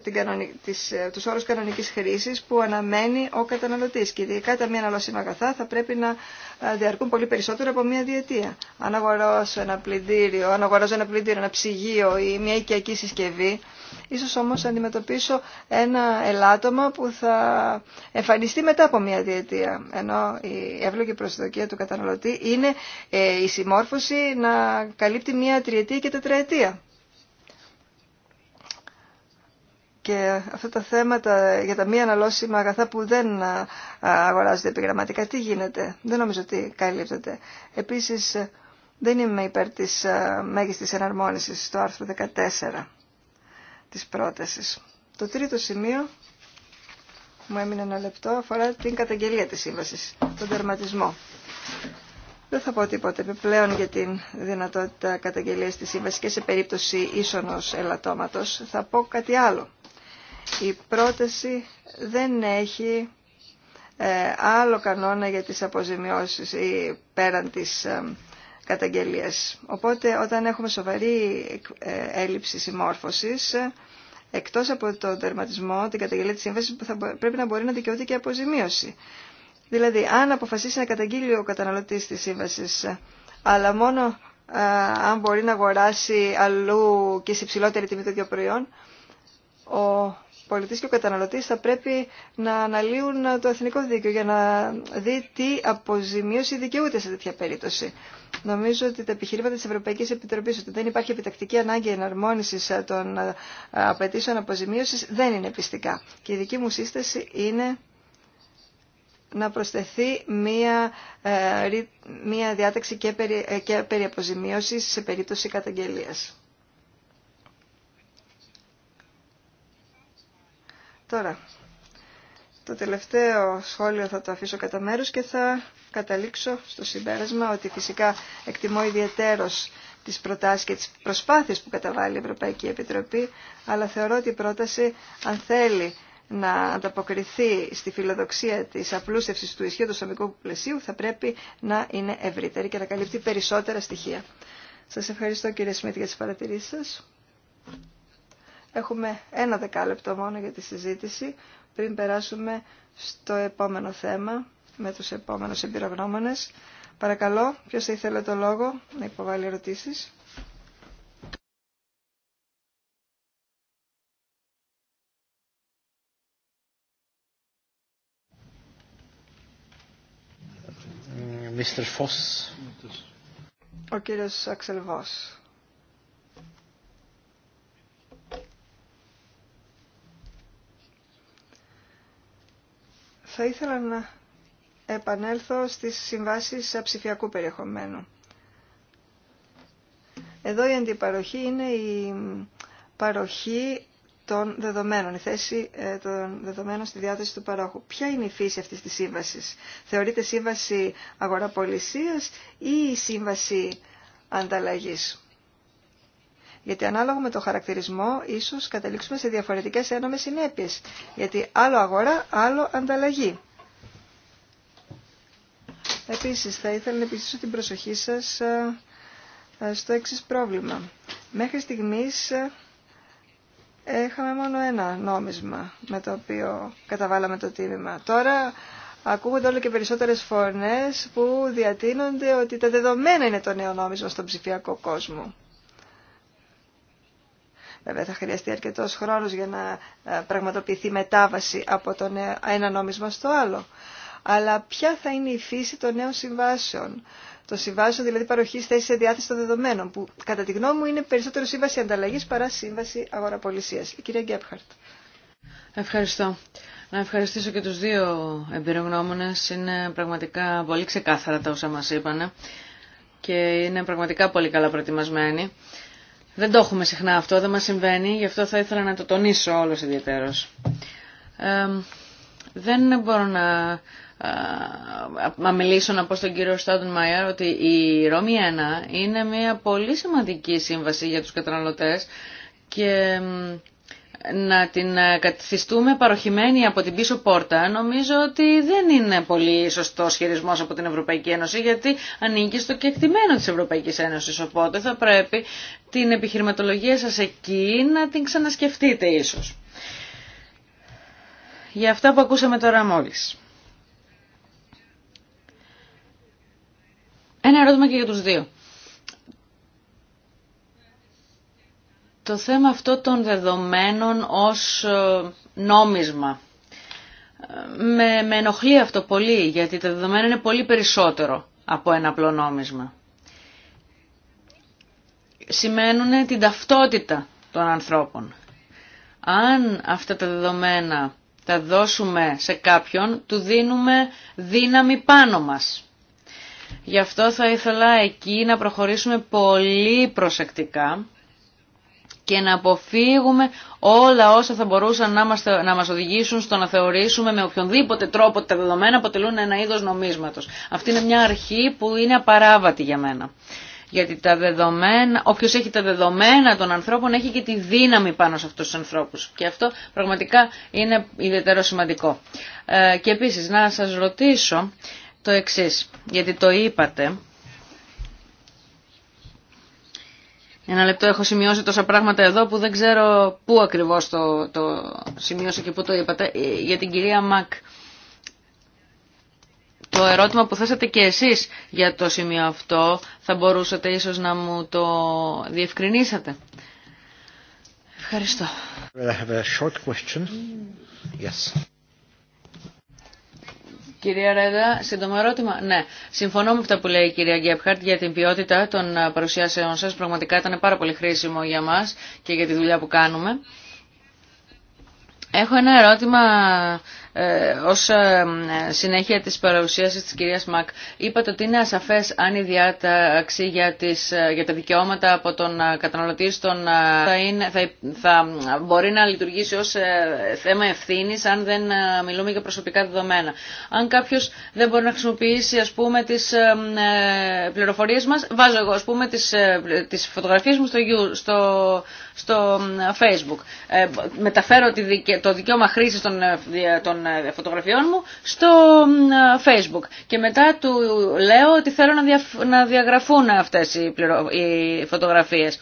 την κανονι, τις, τους όρους κανονικής χρήσης που αναμένει ο καταναλωτής. Και ειδικά τα μη αναλώσιμα αγαθά θα πρέπει να διαρκούν πολύ περισσότερο από μία διετία. Αν αγοράσω ένα πλυντήριο, αν αγοράζω ένα πλυντήριο, ένα ψυγείο ή μια οικιακή συσκευή, Ίσως όμως αντιμετωπίσω ένα ελάττωμα που θα εμφανιστεί μετά από μια διετία. Ενώ η εύλογη προσδοκία του καταναλωτή είναι ε, η συμμόρφωση να καλύπτει μια τριετία και τετραετία. και αυτά τα θέματα για τα μη αναλώσιμα αγαθά που δεν ε, αγοράζονται επιγραμματικά, τι γίνεται. Δεν νομίζω ότι καλύπτεται. Επίσης, ε, δεν είμαι υπέρ της μέγιστης εναρμόνισης στο άρθρο 14 της πρότασης. Το τρίτο σημείο, μου έμεινε ένα λεπτό, αφορά την καταγγελία της σύμβασης, τον τερματισμό. Δεν θα πω τίποτα επιπλέον για την δυνατότητα καταγγελίας της σύμβασης και σε περίπτωση ίσονος ελαττώματος. Θα πω κάτι άλλο. Η πρόταση δεν έχει ε, άλλο κανόνα για τις αποζημιώσεις ή πέραν της ε, καταγγελίες. Οπότε όταν έχουμε σοβαρή ε, έλλειψη συμμόρφωσης, εκτός από τον τερματισμό, την καταγγελία της σύμβασης, θα πρέπει να μπορεί να δικαιωθεί και αποζημίωση. Δηλαδή, αν αποφασίσει να καταγγείλει ο καταναλωτής της σύμβασης, αλλά μόνο ε, αν μπορεί να αγοράσει αλλού και σε υψηλότερη τιμή το ίδιο προϊόν, ο πολιτής και ο καταναλωτής θα πρέπει να αναλύουν το εθνικό δίκαιο για να δει τι αποζημίωση δικαιούται σε τέτοια περίπτωση. Νομίζω ότι τα επιχειρήματα της Ευρωπαϊκής Επιτροπής ότι δεν υπάρχει επιτακτική ανάγκη εναρμόνισης των απαιτήσεων αποζημίωσης δεν είναι πιστικά. Και η δική μου σύσταση είναι να προσθεθεί μία, ε, μία διάταξη και περί, ε, και περί σε περίπτωση καταγγελίας. Τώρα, το τελευταίο σχόλιο θα το αφήσω κατά μέρους και θα καταλήξω στο συμπέρασμα ότι φυσικά εκτιμώ ιδιαίτερος τις προτάσεις και τις προσπάθειες που καταβάλει η Ευρωπαϊκή Επιτροπή, αλλά θεωρώ ότι η πρόταση, αν θέλει να ανταποκριθεί στη φιλοδοξία της απλούστευσης του ισχύου του σωμικού πλαισίου, θα πρέπει να είναι ευρύτερη και να καλύπτει περισσότερα στοιχεία. Σας ευχαριστώ κύριε Σμίτ για τις παρατηρήσεις σας. Έχουμε ένα δεκάλεπτο μόνο για τη συζήτηση πριν περάσουμε στο επόμενο θέμα με τους επόμενους εμπειρογνώμονες. Παρακαλώ, ποιος θα ήθελε το λόγο να υποβάλει ερωτήσεις. Mr. Ο κύριος Αξελβός. Θα ήθελα να επανέλθω στις συμβάσεις ψηφιακού περιεχομένου. Εδώ η αντιπαροχή είναι η παροχή των δεδομένων, η θέση ε, των δεδομένων στη διάθεση του παρόχου. Ποια είναι η φύση αυτής της σύμβασης. Θεωρείται σύμβαση αγοραπολισίας ή σύμβαση ανταλλαγής. Γιατί ανάλογα με το χαρακτηρισμό ίσως καταλήξουμε σε διαφορετικές ένομες συνέπειες. Γιατί άλλο αγορά, άλλο ανταλλαγή. Επίσης θα ήθελα να επιστήσω την προσοχή σας ε, ε, στο εξή πρόβλημα. Μέχρι στιγμής είχαμε μόνο ένα νόμισμα με το οποίο καταβάλαμε το τίμημα. Τώρα ακούγονται όλο και περισσότερες φωνές που διατείνονται ότι τα δεδομένα είναι το νέο νόμισμα στον ψηφιακό κόσμο. Βέβαια θα χρειαστεί αρκετό χρόνο για να ε, πραγματοποιηθεί μετάβαση από το ένα νόμισμα στο άλλο. Αλλά ποια θα είναι η φύση των νέων συμβάσεων. Το συμβάσιο δηλαδή παροχή θέση σε διάθεση των δεδομένων, που κατά τη γνώμη μου είναι περισσότερο σύμβαση ανταλλαγή παρά σύμβαση αγοραπολισία. Η κυρία Γκέπχαρτ. Ευχαριστώ. Να ευχαριστήσω και τους δύο εμπειρογνώμονες. Είναι πραγματικά πολύ ξεκάθαρα τα όσα μα είπανε και είναι πραγματικά πολύ καλά προετοιμασμένοι. Δεν το έχουμε συχνά αυτό, δεν μας συμβαίνει, γι' αυτό θα ήθελα να το τονίσω όλος ιδιαίτερος. δεν μπορώ να, να μιλήσω να πω στον κύριο Στάντον Μαϊάρ ότι η Ρώμη 1 είναι μια πολύ σημαντική σύμβαση για τους καταναλωτές και να την ε, καθιστούμε παροχημένη από την πίσω πόρτα νομίζω ότι δεν είναι πολύ σωστός χειρισμός από την Ευρωπαϊκή Ένωση γιατί ανήκει στο κεκτημένο της Ευρωπαϊκής Ένωσης οπότε θα πρέπει την επιχειρηματολογία σας εκεί να την ξανασκεφτείτε ίσως. Για αυτά που ακούσαμε τώρα μόλις. Ένα ερώτημα και για τους δύο. το θέμα αυτό των δεδομένων ως ε, νόμισμα. Με, με ενοχλεί αυτό πολύ, γιατί τα δεδομένα είναι πολύ περισσότερο από ένα απλό νόμισμα. Σημαίνουν την ταυτότητα των ανθρώπων. Αν αυτά τα δεδομένα τα δώσουμε σε κάποιον, του δίνουμε δύναμη πάνω μας. Γι' αυτό θα ήθελα εκεί να προχωρήσουμε πολύ προσεκτικά και να αποφύγουμε όλα όσα θα μπορούσαν να μας, να μας οδηγήσουν στο να θεωρήσουμε με οποιονδήποτε τρόπο τα δεδομένα αποτελούν ένα είδος νομίσματος. Αυτή είναι μια αρχή που είναι απαράβατη για μένα. Γιατί τα δεδομένα, όποιος έχει τα δεδομένα των ανθρώπων έχει και τη δύναμη πάνω σε αυτούς τους ανθρώπους. Και αυτό πραγματικά είναι ιδιαίτερο σημαντικό. Ε, και επίσης να σας ρωτήσω το εξής, γιατί το είπατε Ένα λεπτό έχω σημειώσει τόσα πράγματα εδώ που δεν ξέρω πού ακριβώς το, το σημείωσα και πού το είπατε. Ε, για την κυρία Μακ, το ερώτημα που θέσατε και εσείς για το σημείο αυτό θα μπορούσατε ίσως να μου το διευκρινίσατε. Ευχαριστώ. Mm. Κυρία Ρέδα, σύντομο ερώτημα. Ναι, συμφωνώ με αυτά που λέει η κυρία Γκέπχαρτ για την ποιότητα των ε, παρουσιάσεων σας. Πραγματικά ήταν πάρα πολύ χρήσιμο για μας και για τη δουλειά που κάνουμε. Έχω ένα ερώτημα ε, ως ε, συνέχεια της παρουσίασης της κυρίας Μακ είπατε ότι είναι ασαφές αν η διάταξη για, ε, για τα δικαιώματα από τον καταναλωτή στον, θα, θα, μπορεί να λειτουργήσει ως θέμα ευθύνης αν δεν μιλούμε για προσωπικά δεδομένα. Αν κάποιος δεν μπορεί να χρησιμοποιήσει ας πούμε τις πληροφορίες μας, βάζω εγώ ας πούμε τις, τις φωτογραφίες μου στο, στο στο ε, Facebook. Ε, μεταφέρω το δικαίωμα χρήση των, ε, φωτογραφιών μου στο Facebook. Και μετά του λέω ότι θέλω να, διαγραφούν αυτές οι, οι φωτογραφίες.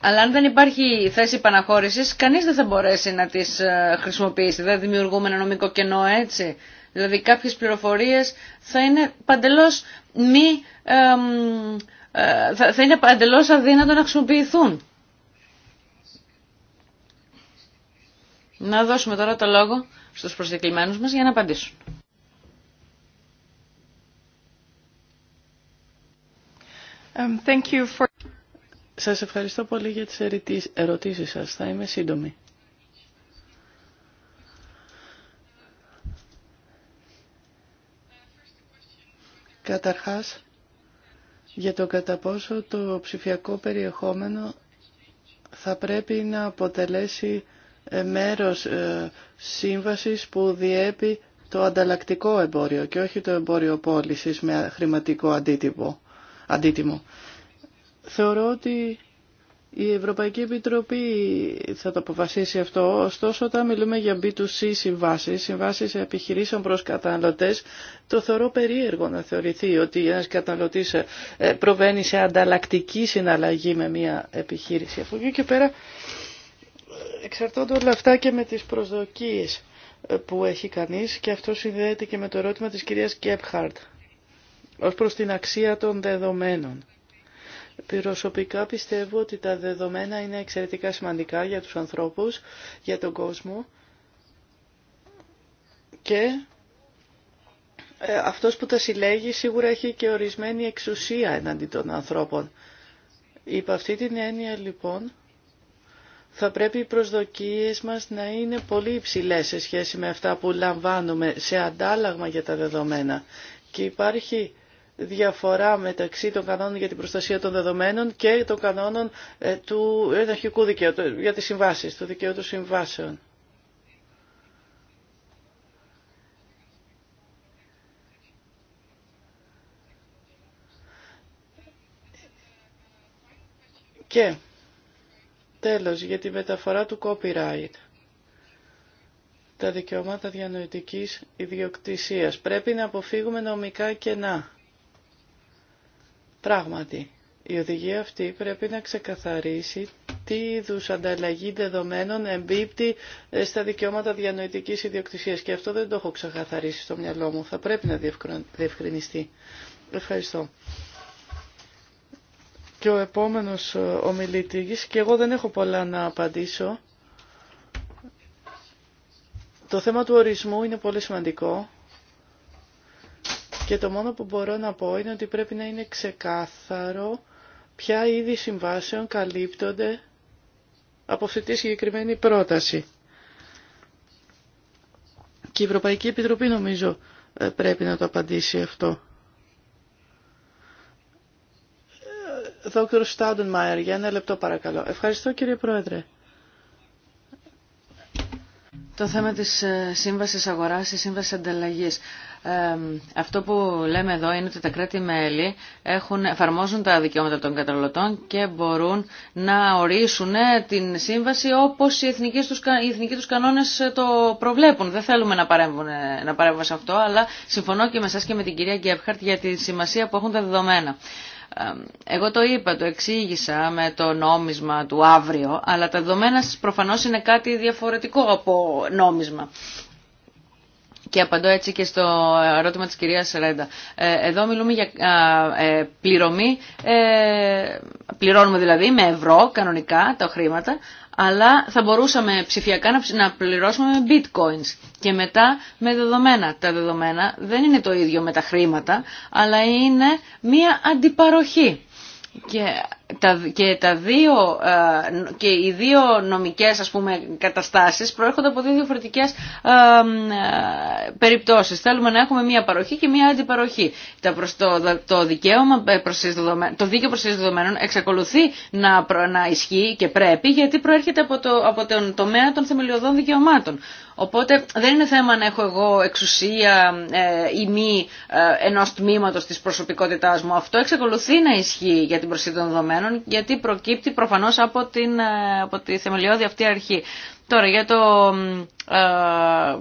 Αλλά αν δεν υπάρχει θέση παναχώρησης, κανείς δεν θα μπορέσει να τις χρησιμοποιήσει. Δεν δημιουργούμε ένα νομικό κενό έτσι. Δηλαδή κάποιες πληροφορίες θα είναι παντελώς μη... Ε, θα είναι εντελώ αδύνατο να χρησιμοποιηθούν. Να δώσουμε τώρα το λόγο στους προσδεκλημένους μας για να απαντήσουν. Um, thank you for... Σας ευχαριστώ πολύ για τις ερωτήσεις σας. Θα είμαι σύντομη. Καταρχάς, για το κατά πόσο το ψηφιακό περιεχόμενο θα πρέπει να αποτελέσει ε, μέρος ε, σύμβασης που διέπει το ανταλλακτικό εμπόριο και όχι το εμπόριο πώλησης με χρηματικό αντίτιμο. Θεωρώ ότι η Ευρωπαϊκή Επιτροπή θα το αποφασίσει αυτό, ωστόσο όταν μιλούμε για B2C συμβάσεις, συμβάσεις επιχειρήσεων προς καταναλωτές, το θεωρώ περίεργο να θεωρηθεί ότι ένας καταναλωτής ε, προβαίνει σε ανταλλακτική συναλλαγή με μια επιχείρηση. Από εκεί και πέρα εξαρτώνται όλα αυτά και με τις προσδοκίες ε, που έχει κανείς και αυτό συνδέεται και με το ερώτημα της κυρίας Κέπχαρτ ως προς την αξία των δεδομένων. Προσωπικά πιστεύω ότι τα δεδομένα είναι εξαιρετικά σημαντικά για τους ανθρώπους, για τον κόσμο και ε, αυτός που τα συλλέγει σίγουρα έχει και ορισμένη εξουσία εναντί των ανθρώπων. Υπ' αυτή την έννοια λοιπόν θα πρέπει οι προσδοκίες μας να είναι πολύ υψηλές σε σχέση με αυτά που λαμβάνουμε σε αντάλλαγμα για τα δεδομένα. Και υπάρχει διαφορά μεταξύ των κανόνων για την προστασία των δεδομένων και των κανόνων ε, του εναρχικού δικαίου, για τις συμβάσεις, του δικαίου των συμβάσεων. Και τέλος για τη μεταφορά του copyright. Τα δικαιώματα διανοητικής ιδιοκτησίας. Πρέπει να αποφύγουμε νομικά κενά. Πράγματι, η οδηγία αυτή πρέπει να ξεκαθαρίσει τι είδου ανταλλαγή δεδομένων εμπίπτει ε, στα δικαιώματα διανοητικής ιδιοκτησίας και αυτό δεν το έχω ξεκαθαρίσει στο μυαλό μου. Θα πρέπει να διευκρινιστεί. Ευχαριστώ. Και ο επόμενος ε, ομιλητής, και εγώ δεν έχω πολλά να απαντήσω, το θέμα του ορισμού είναι πολύ σημαντικό και το μόνο που μπορώ να πω είναι ότι πρέπει να είναι ξεκάθαρο ποια είδη συμβάσεων καλύπτονται από αυτή τη συγκεκριμένη πρόταση. Και η Ευρωπαϊκή Επιτροπή νομίζω ε, πρέπει να το απαντήσει αυτό. Ε, Δόκτωρ Στάντον Μάιερ, για ένα λεπτό παρακαλώ. Ευχαριστώ κύριε Πρόεδρε. Το θέμα της ε, σύμβασης αγοράς, η σύμβαση ανταλλαγής. Ε, αυτό που λέμε εδώ είναι ότι τα κράτη-μέλη εφαρμόζουν τα δικαιώματα των καταναλωτών και μπορούν να ορίσουν ε, την σύμβαση όπως οι εθνικοί τους, οι εθνικοί τους κανόνες το προβλέπουν. Δεν θέλουμε να παρέμβουν, να σε αυτό, αλλά συμφωνώ και με εσάς και με την κυρία Γκέφχαρτ για τη σημασία που έχουν τα δεδομένα. Εγώ το είπα, το εξήγησα με το νόμισμα του αύριο, αλλά τα δεδομένα σας προφανώς είναι κάτι διαφορετικό από νόμισμα. Και απαντώ έτσι και στο ερώτημα της κυρίας Ρέντα. Ε, εδώ μιλούμε για ε, πληρωμή, ε, πληρώνουμε δηλαδή με ευρώ κανονικά τα χρήματα, αλλά θα μπορούσαμε ψηφιακά να πληρώσουμε με bitcoins και μετά με δεδομένα. Τα δεδομένα δεν είναι το ίδιο με τα χρήματα, αλλά είναι μία αντιπαροχή και, τα δύο, ε, και οι δύο νομικές ας πούμε, καταστάσεις προέρχονται από δύο διαφορετικές ε, ε, περιπτώσεις. Θέλουμε να έχουμε μία παροχή και μία αντιπαροχή. Το, δικαίωμα το δίκαιο προσθέσεις δεδομένων εξακολουθεί να, να ισχύει και πρέπει γιατί προέρχεται από, το, από τον τομέα των θεμελιωδών δικαιωμάτων. Οπότε δεν είναι θέμα να έχω εγώ εξουσία ή μη ενός τμήματος της προσωπικότητάς μου. Αυτό εξακολουθεί να ισχύει για την προσθέση δεδομένων γιατί προκύπτει προφανώς από, την, ε, από τη θεμελιώδη αυτή αρχή. Τώρα, για το ε, ε,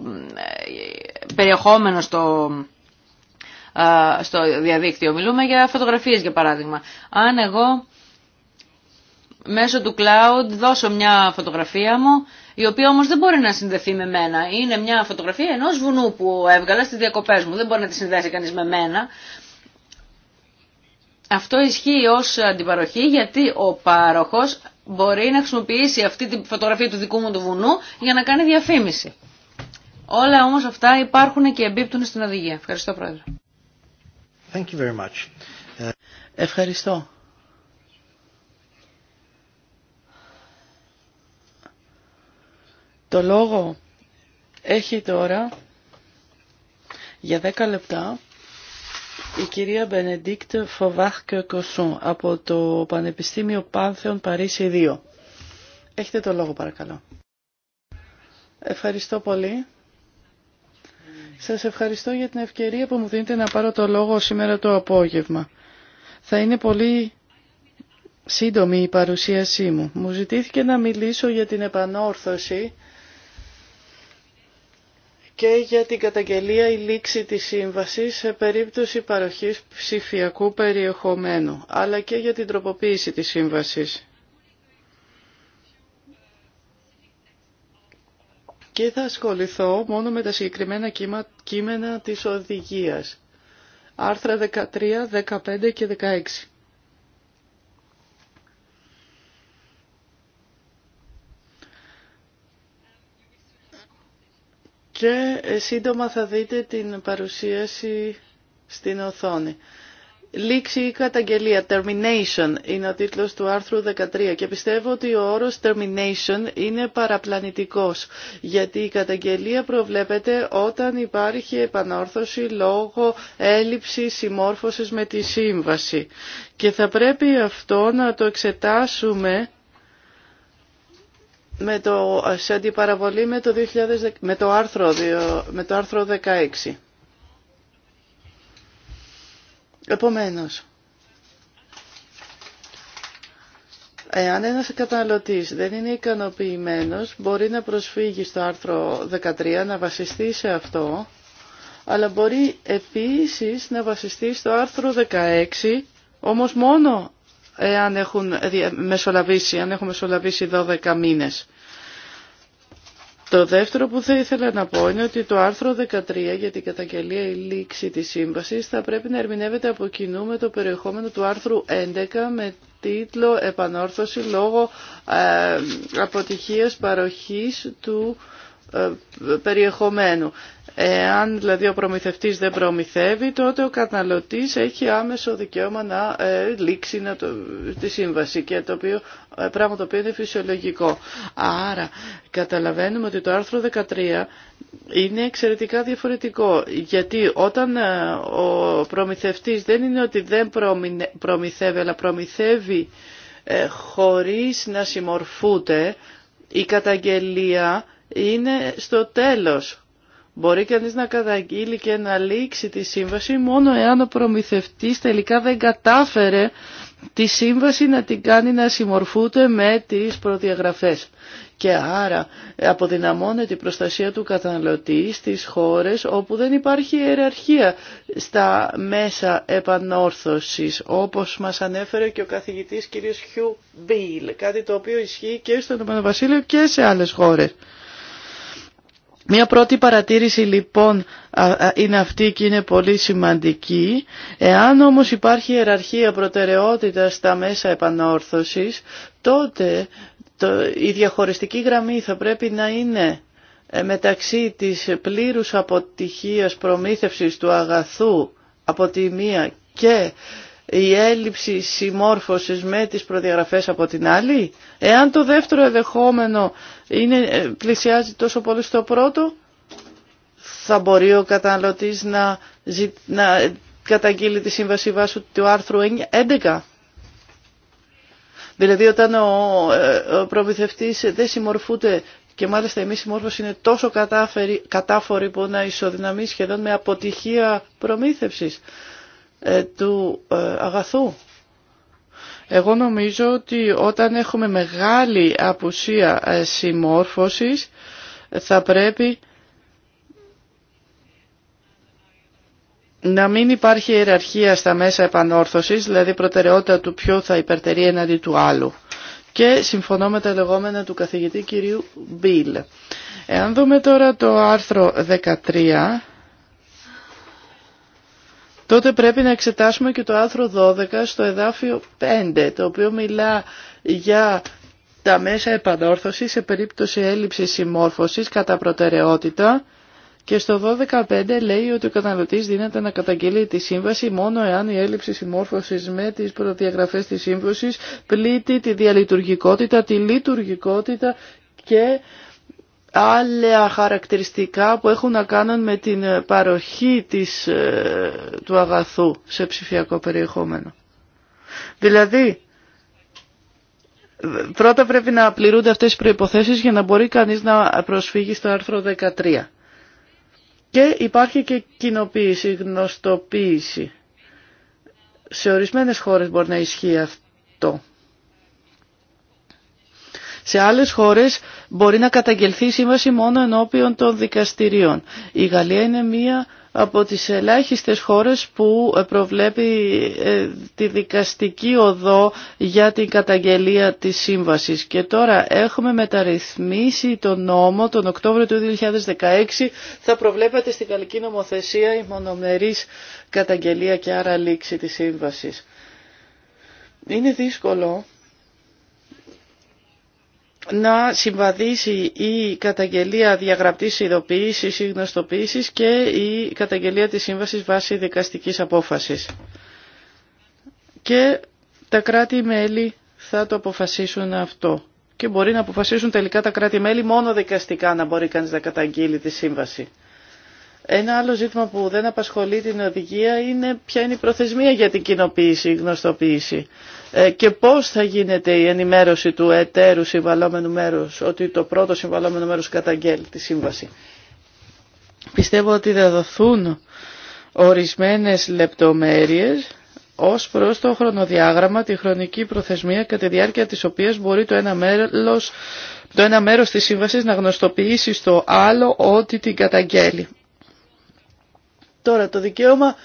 περιεχόμενο στο, στο διαδίκτυο, μιλούμε για φωτογραφίες για παράδειγμα. Αν εγώ μέσω του cloud δώσω μια φωτογραφία μου, η οποία όμως δεν μπορεί να συνδεθεί με μένα. Είναι μια φωτογραφία ενός βουνού που έβγαλα στις διακοπές μου, δεν μπορεί να τη συνδέσει κανείς με μένα. Αυτό ισχύει ως αντιπαροχή γιατί ο πάροχος μπορεί να χρησιμοποιήσει αυτή τη φωτογραφία του δικού μου του βουνού για να κάνει διαφήμιση. Όλα όμως αυτά υπάρχουν και εμπίπτουν στην οδηγία. Ευχαριστώ Πρόεδρε. Thank you very much. Ε, Ευχαριστώ. Το λόγο έχει τώρα για 10 λεπτά η κυρία Μπενεντίκτ Φοβάχκ Κοσούν από το Πανεπιστήμιο Πάνθεων Παρίσι 2. Έχετε το λόγο παρακαλώ. Ευχαριστώ πολύ. Σας ευχαριστώ για την ευκαιρία που μου δίνετε να πάρω το λόγο σήμερα το απόγευμα. Θα είναι πολύ σύντομη η παρουσίασή μου. Μου ζητήθηκε να μιλήσω για την επανόρθωση και για την καταγγελία η λήξη της σύμβασης σε περίπτωση παροχής ψηφιακού περιεχομένου, αλλά και για την τροποποίηση της σύμβασης. Και θα ασχοληθώ μόνο με τα συγκεκριμένα κείμενα της οδηγίας. Άρθρα 13, 15 και 16. και ε, σύντομα θα δείτε την παρουσίαση στην οθόνη. Λήξη ή καταγγελία, termination, είναι ο τίτλος του άρθρου 13 και πιστεύω ότι ο όρος termination είναι παραπλανητικός γιατί η καταγγελία προβλέπεται όταν υπάρχει επανόρθωση λόγω έλλειψη συμμόρφωσης με τη σύμβαση και θα πρέπει αυτό να το εξετάσουμε με το, σε αντιπαραβολή με το, 2000, με το, άρθρο, με το άρθρο 16. Επομένως, εάν ένας καταναλωτής δεν είναι ικανοποιημένος, μπορεί να προσφύγει στο άρθρο 13, να βασιστεί σε αυτό, αλλά μπορεί επίσης να βασιστεί στο άρθρο 16, όμως μόνο εάν έχουν μεσολαβήσει, αν έχουν μεσολαβήσει 12 μήνες. Το δεύτερο που θα ήθελα να πω είναι ότι το άρθρο 13 για την καταγγελία η λήξη της σύμβασης θα πρέπει να ερμηνεύεται από κοινού με το περιεχόμενο του άρθρου 11 με τίτλο «Επανόρθωση λόγω ε, αποτυχίας παροχής του ε, περιεχομένου. Εάν δηλαδή ο προμηθευτής δεν προμηθεύει, τότε ο καταναλωτής έχει άμεσο δικαίωμα να ε, λήξει το, τη σύμβαση, και το οποίο, ε, πράγμα το οποίο είναι φυσιολογικό. Άρα καταλαβαίνουμε ότι το άρθρο 13 είναι εξαιρετικά διαφορετικό, γιατί όταν ε, ο προμηθευτής δεν είναι ότι δεν προμηθεύει, αλλά προμηθεύει χωρίς να συμμορφούται η καταγγελία είναι στο τέλος Μπορεί κανείς να καταγγείλει και να λήξει τη σύμβαση μόνο εάν ο προμηθευτής τελικά δεν κατάφερε τη σύμβαση να την κάνει να συμμορφούνται με τις προδιαγραφές. Και άρα αποδυναμώνεται η προστασία του καταναλωτή στις χώρες όπου δεν υπάρχει ιεραρχία στα μέσα επανόρθωσης, όπως μας ανέφερε και ο καθηγητής κ. Χιου Μπίλ, κάτι το οποίο ισχύει και στο Βασίλειο και σε άλλες χώρες. Μία πρώτη παρατήρηση λοιπόν είναι αυτή και είναι πολύ σημαντική. Εάν όμως υπάρχει ιεραρχία προτεραιότητας στα μέσα επανόρθωσης, τότε η διαχωριστική γραμμή θα πρέπει να είναι ε, μεταξύ της πλήρους αποτυχίας προμήθευσης του αγαθού από τη μία και η έλλειψη συμμόρφωσης με τις προδιαγραφές από την άλλη. Εάν το δεύτερο εδεχόμενο είναι, ε, πλησιάζει τόσο πολύ στο πρώτο, θα μπορεί ο καταναλωτής να, καταγγείλει τη σύμβαση βάσου του άρθρου 11. Δηλαδή όταν ο, ε, προμηθευτής δεν συμμορφούται και μάλιστα η μη συμμόρφωση είναι τόσο κατάφερη, κατάφορη που να ισοδυναμεί σχεδόν με αποτυχία προμήθευσης ε, του αγαθού. Εγώ νομίζω ότι όταν έχουμε μεγάλη απουσία ε, συμμόρφωσης θα πρέπει να μην υπάρχει ιεραρχία στα μέσα επανόρθωσης, δηλαδή προτεραιότητα του ποιο θα υπερτερεί εναντί του άλλου. Και συμφωνώ με τα λεγόμενα του καθηγητή κυρίου Μπίλ. Εάν δούμε τώρα το άρθρο 13, τότε πρέπει να εξετάσουμε και το άρθρο 12 στο εδάφιο 5, το οποίο μιλά για τα μέσα επανόρθωση σε περίπτωση έλλειψης συμμόρφωσης κατά προτεραιότητα και στο 12.5 λέει ότι ο καταναλωτής δίνεται να καταγγείλει τη σύμβαση μόνο εάν η έλλειψη συμμόρφωσης με τις προδιαγραφές της σύμβασης πλήττει τη διαλειτουργικότητα, τη λειτουργικότητα και άλλα χαρακτηριστικά που έχουν να κάνουν με την παροχή της, ε, του αγαθού σε ψηφιακό περιεχόμενο. Δηλαδή, πρώτα πρέπει να πληρούνται αυτές οι προϋποθέσεις για να μπορεί κανείς να προσφύγει στο άρθρο 13. Και υπάρχει και κοινοποίηση, γνωστοποίηση. Σε ορισμένες χώρες μπορεί να ισχύει αυτό. Σε άλλες χώρες μπορεί να καταγγελθεί η σύμβαση μόνο ενώπιον των δικαστηρίων. Η Γαλλία είναι μία από τις ελάχιστες χώρες που ε, προβλέπει ε, τη δικαστική οδό για την καταγγελία της σύμβασης. Και τώρα έχουμε μεταρρυθμίσει τον νόμο τον Οκτώβριο του 2016. Θα προβλέπεται στην γαλλική νομοθεσία η μονομερής καταγγελία και άρα λήξη της σύμβασης. Είναι δύσκολο να συμβαδίσει η καταγγελία διαγραπτής ειδοποίησης ή γνωστοποίησης και η καταγγελία της σύμβασης βάσει δικαστικής απόφασης. Και τα κράτη-μέλη θα το αποφασίσουν αυτό. Και μπορεί να αποφασίσουν τελικά τα κράτη-μέλη μόνο δικαστικά να μπορεί κανείς να καταγγείλει τη σύμβαση. Ένα άλλο ζήτημα που δεν απασχολεί την οδηγία είναι ποια είναι η προθεσμία για την κοινοποίηση ή γνωστοποίηση. Ε, και πώς θα γίνεται η ενημέρωση του εταίρου συμβαλόμενου μέρους ότι το πρώτο συμβαλόμενο μέρος καταγγέλει τη σύμβαση. Πιστεύω ότι θα δοθούν ορισμένες λεπτομέρειες ως προς το χρονοδιάγραμμα, τη χρονική προθεσμία κατά τη διάρκεια της οποίας μπορεί το ένα μέλος, το ένα μέρος της σύμβασης να γνωστοποιήσει στο άλλο ότι την καταγγέλει. Τώρα το δικαίωμα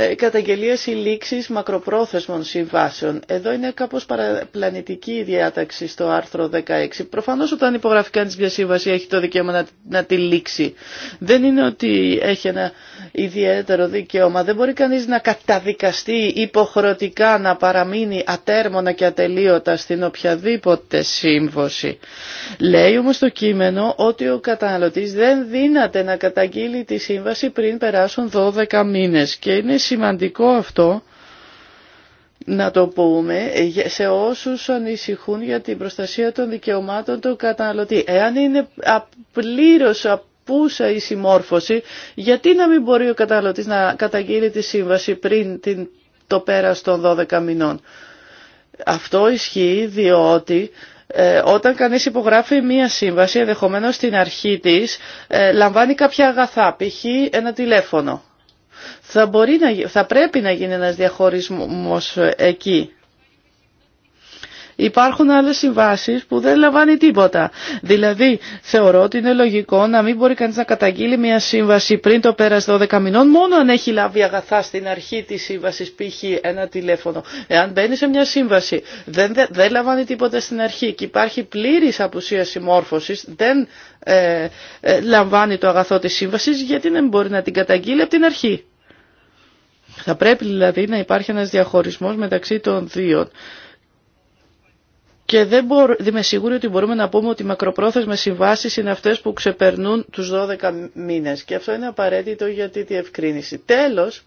ε, καταγγελία η ληξεις μακροπροθεσμων συμβασεων εδω ειναι κάπω παραπλανητικη η διαταξη στο άρθρο 16. Προφανώ όταν υπογραφεί κανεί μια σύμβαση έχει το δικαίωμα να, τη λήξει. Δεν είναι ότι έχει ένα ιδιαίτερο δικαίωμα. Δεν μπορεί κανεί να καταδικαστεί υποχρεωτικά να παραμείνει ατέρμονα και ατελείωτα στην οποιαδήποτε σύμβαση. Λέει όμω το κείμενο ότι ο καταναλωτή δεν δύναται να καταγγείλει τη σύμβαση πριν περάσουν 12 μήνε και είναι σημαντικό αυτό να το πούμε σε όσους ανησυχούν για την προστασία των δικαιωμάτων του καταναλωτή. Εάν είναι πλήρως απούσα η συμμόρφωση, γιατί να μην μπορεί ο καταναλωτής να καταγγείλει τη σύμβαση πριν την, το πέρας των 12 μηνών. Αυτό ισχύει διότι ε, όταν κανείς υπογράφει μία σύμβαση, ενδεχομένως στην αρχή της, ε, λαμβάνει κάποια αγαθά, π.χ. ένα τηλέφωνο θα, πρέπει να γίνει ένας διαχωρισμός ε, εκεί. Υπάρχουν άλλες συμβάσεις που δεν λαμβάνει τίποτα. Δηλαδή, θεωρώ ότι είναι λογικό να μην μπορεί κανείς να καταγγείλει μια σύμβαση πριν το πέρας 12 μηνών, μόνο αν έχει λάβει αγαθά στην αρχή της σύμβασης, π.χ. ένα τηλέφωνο. Εάν μπαίνει σε μια σύμβαση, δεν, δεν, δεν λαμβάνει τίποτα στην αρχή και υπάρχει πλήρης απουσία συμμόρφωσης, δεν ε, ε, λαμβάνει το αγαθό της σύμβασης, γιατί δεν μπορεί να την καταγγείλει από την αρχή. Θα πρέπει δηλαδή να υπάρχει ένας διαχωρισμός μεταξύ των δύο. Και δεν μπορώ, είμαι σίγουρη ότι μπορούμε να πούμε ότι οι μακροπρόθεσμες συμβάσεις είναι αυτές που ξεπερνούν τους 12 μήνες. Και αυτό είναι απαραίτητο για τη διευκρίνηση. Τέλος,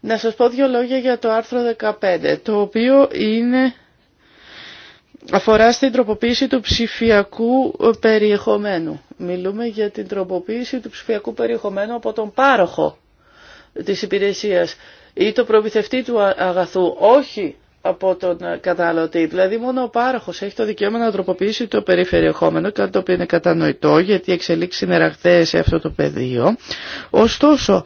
να σας πω δύο λόγια για το άρθρο 15, το οποίο είναι αφορά στην τροποποίηση του ψηφιακού περιεχομένου. Μιλούμε για την τροποποίηση του ψηφιακού περιεχομένου από τον πάροχο της υπηρεσίας ή το προμηθευτή του αγαθού, όχι από τον καταναλωτή. Δηλαδή μόνο ο πάροχος έχει το δικαίωμα να τροποποιήσει το περιφερειεχόμενο, κάτι το οποίο είναι κατανοητό γιατί εξελίξει εξελίξεις σε αυτό το πεδίο. Ωστόσο,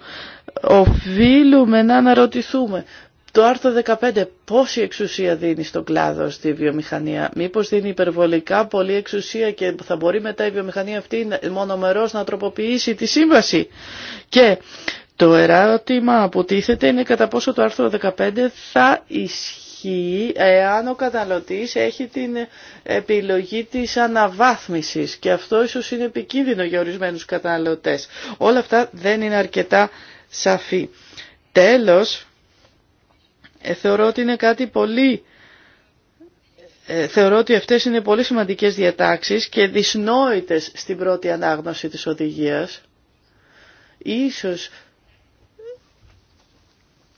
οφείλουμε να αναρωτηθούμε το άρθρο 15 πόση εξουσία δίνει στον κλάδο στη βιομηχανία. Μήπως δίνει υπερβολικά πολλή εξουσία και θα μπορεί μετά η βιομηχανία αυτή μονομερός να τροποποιήσει τη σύμβαση. Και το ερώτημα που τίθεται είναι κατά πόσο το άρθρο 15 θα ισχύει εάν ο καταναλωτής έχει την επιλογή της αναβάθμισης και αυτό ίσως είναι επικίνδυνο για ορισμένους καταναλωτές. Όλα αυτά δεν είναι αρκετά σαφή. Τέλος, ε, θεωρώ ότι είναι κάτι πολύ ε, θεωρώ ότι αυτές είναι πολύ σημαντικές διατάξεις και δυσνόητες στην πρώτη ανάγνωση της οδηγίας. Ίσως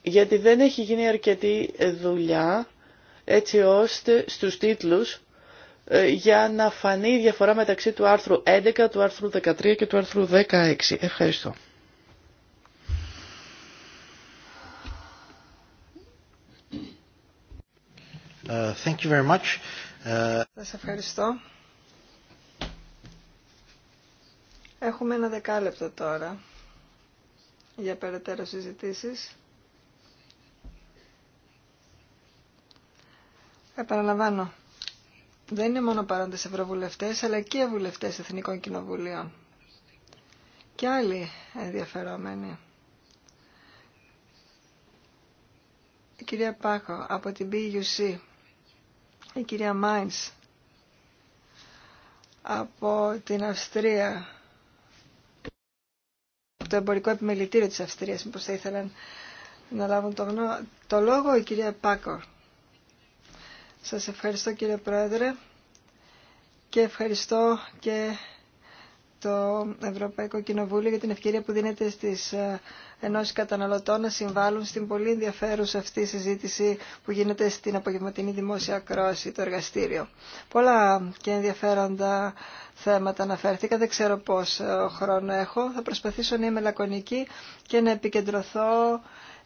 γιατί δεν έχει γίνει αρκετή ε, δουλειά έτσι ώστε στους τίτλους ε, για να φανεί η διαφορά μεταξύ του άρθρου 11, του άρθρου 13 και του άρθρου 16. Ευχαριστώ. Ε, thank you very much. Σας ευχαριστώ. Έχουμε ένα δεκάλεπτο τώρα για περαιτέρω συζητήσεις. Επαναλαμβάνω, δεν είναι μόνο παρόντες ευρωβουλευτές, αλλά και βουλευτές εθνικών κοινοβουλίων. Και άλλοι ενδιαφερόμενοι. Η κυρία Πάκο από την BUC, η κυρία Μάινς από την Αυστρία, από το εμπορικό επιμελητήριο της Αυστρίας, μήπως θα ήθελαν να λάβουν το, το λόγο, η κυρία Πάκο. Σας ευχαριστώ κύριε Πρόεδρε και ευχαριστώ και το Ευρωπαϊκό Κοινοβούλιο για την ευκαιρία που δίνεται στις ε, ενώσεις καταναλωτών να συμβάλλουν στην πολύ ενδιαφέρουσα αυτή συζήτηση που γίνεται στην απογευματινή δημόσια κρόση, το εργαστήριο. Πολλά και ενδιαφέροντα θέματα αναφέρθηκα, δεν ξέρω πώς χρόνο έχω. Θα προσπαθήσω να είμαι λακωνική και να επικεντρωθώ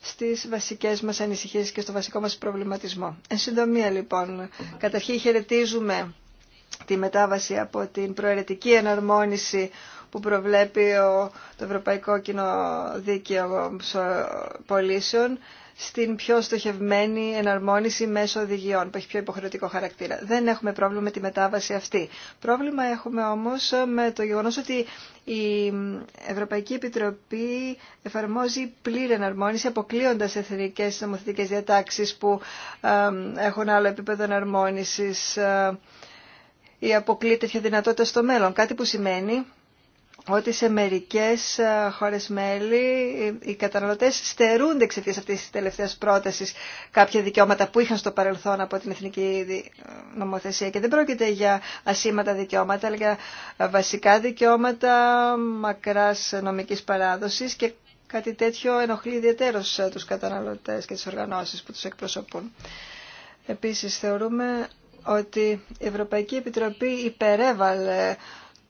στις βασικές μας ανησυχίες και στο βασικό μας προβληματισμό. Εν συντομία λοιπόν, καταρχήν χαιρετίζουμε τη μετάβαση από την προαιρετική εναρμόνιση που προβλέπει το Ευρωπαϊκό Κοινό Δίκαιο Πολίσεων στην πιο στοχευμένη εναρμόνιση μέσω οδηγιών που έχει πιο υποχρεωτικό χαρακτήρα. Δεν έχουμε πρόβλημα με τη μετάβαση αυτή. Πρόβλημα έχουμε όμως με το γεγονός ότι η Ευρωπαϊκή Επιτροπή εφαρμόζει πλήρη εναρμόνιση αποκλείοντας εθνικές νομοθετικές διατάξεις που έχουν άλλο επίπεδο εναρμόνισης ε, ή αποκλεί τέτοια δυνατότητα στο μέλλον. Κάτι που σημαίνει ότι σε μερικές ε, χώρες μέλη οι καταναλωτές στερούνται εξαιτίας αυτής της τελευταίας πρότασης κάποια δικαιώματα που είχαν στο παρελθόν από την Εθνική ε, Νομοθεσία και δεν πρόκειται για ασήματα δικαιώματα αλλά για ε, βασικά δικαιώματα μακράς νομικής παράδοσης και κάτι τέτοιο ενοχλεί ιδιαίτερως τους καταναλωτές και τις οργανώσεις που τους εκπροσωπούν. Επίσης θεωρούμε ότι η Ευρωπαϊκή Επιτροπή υπερέβαλε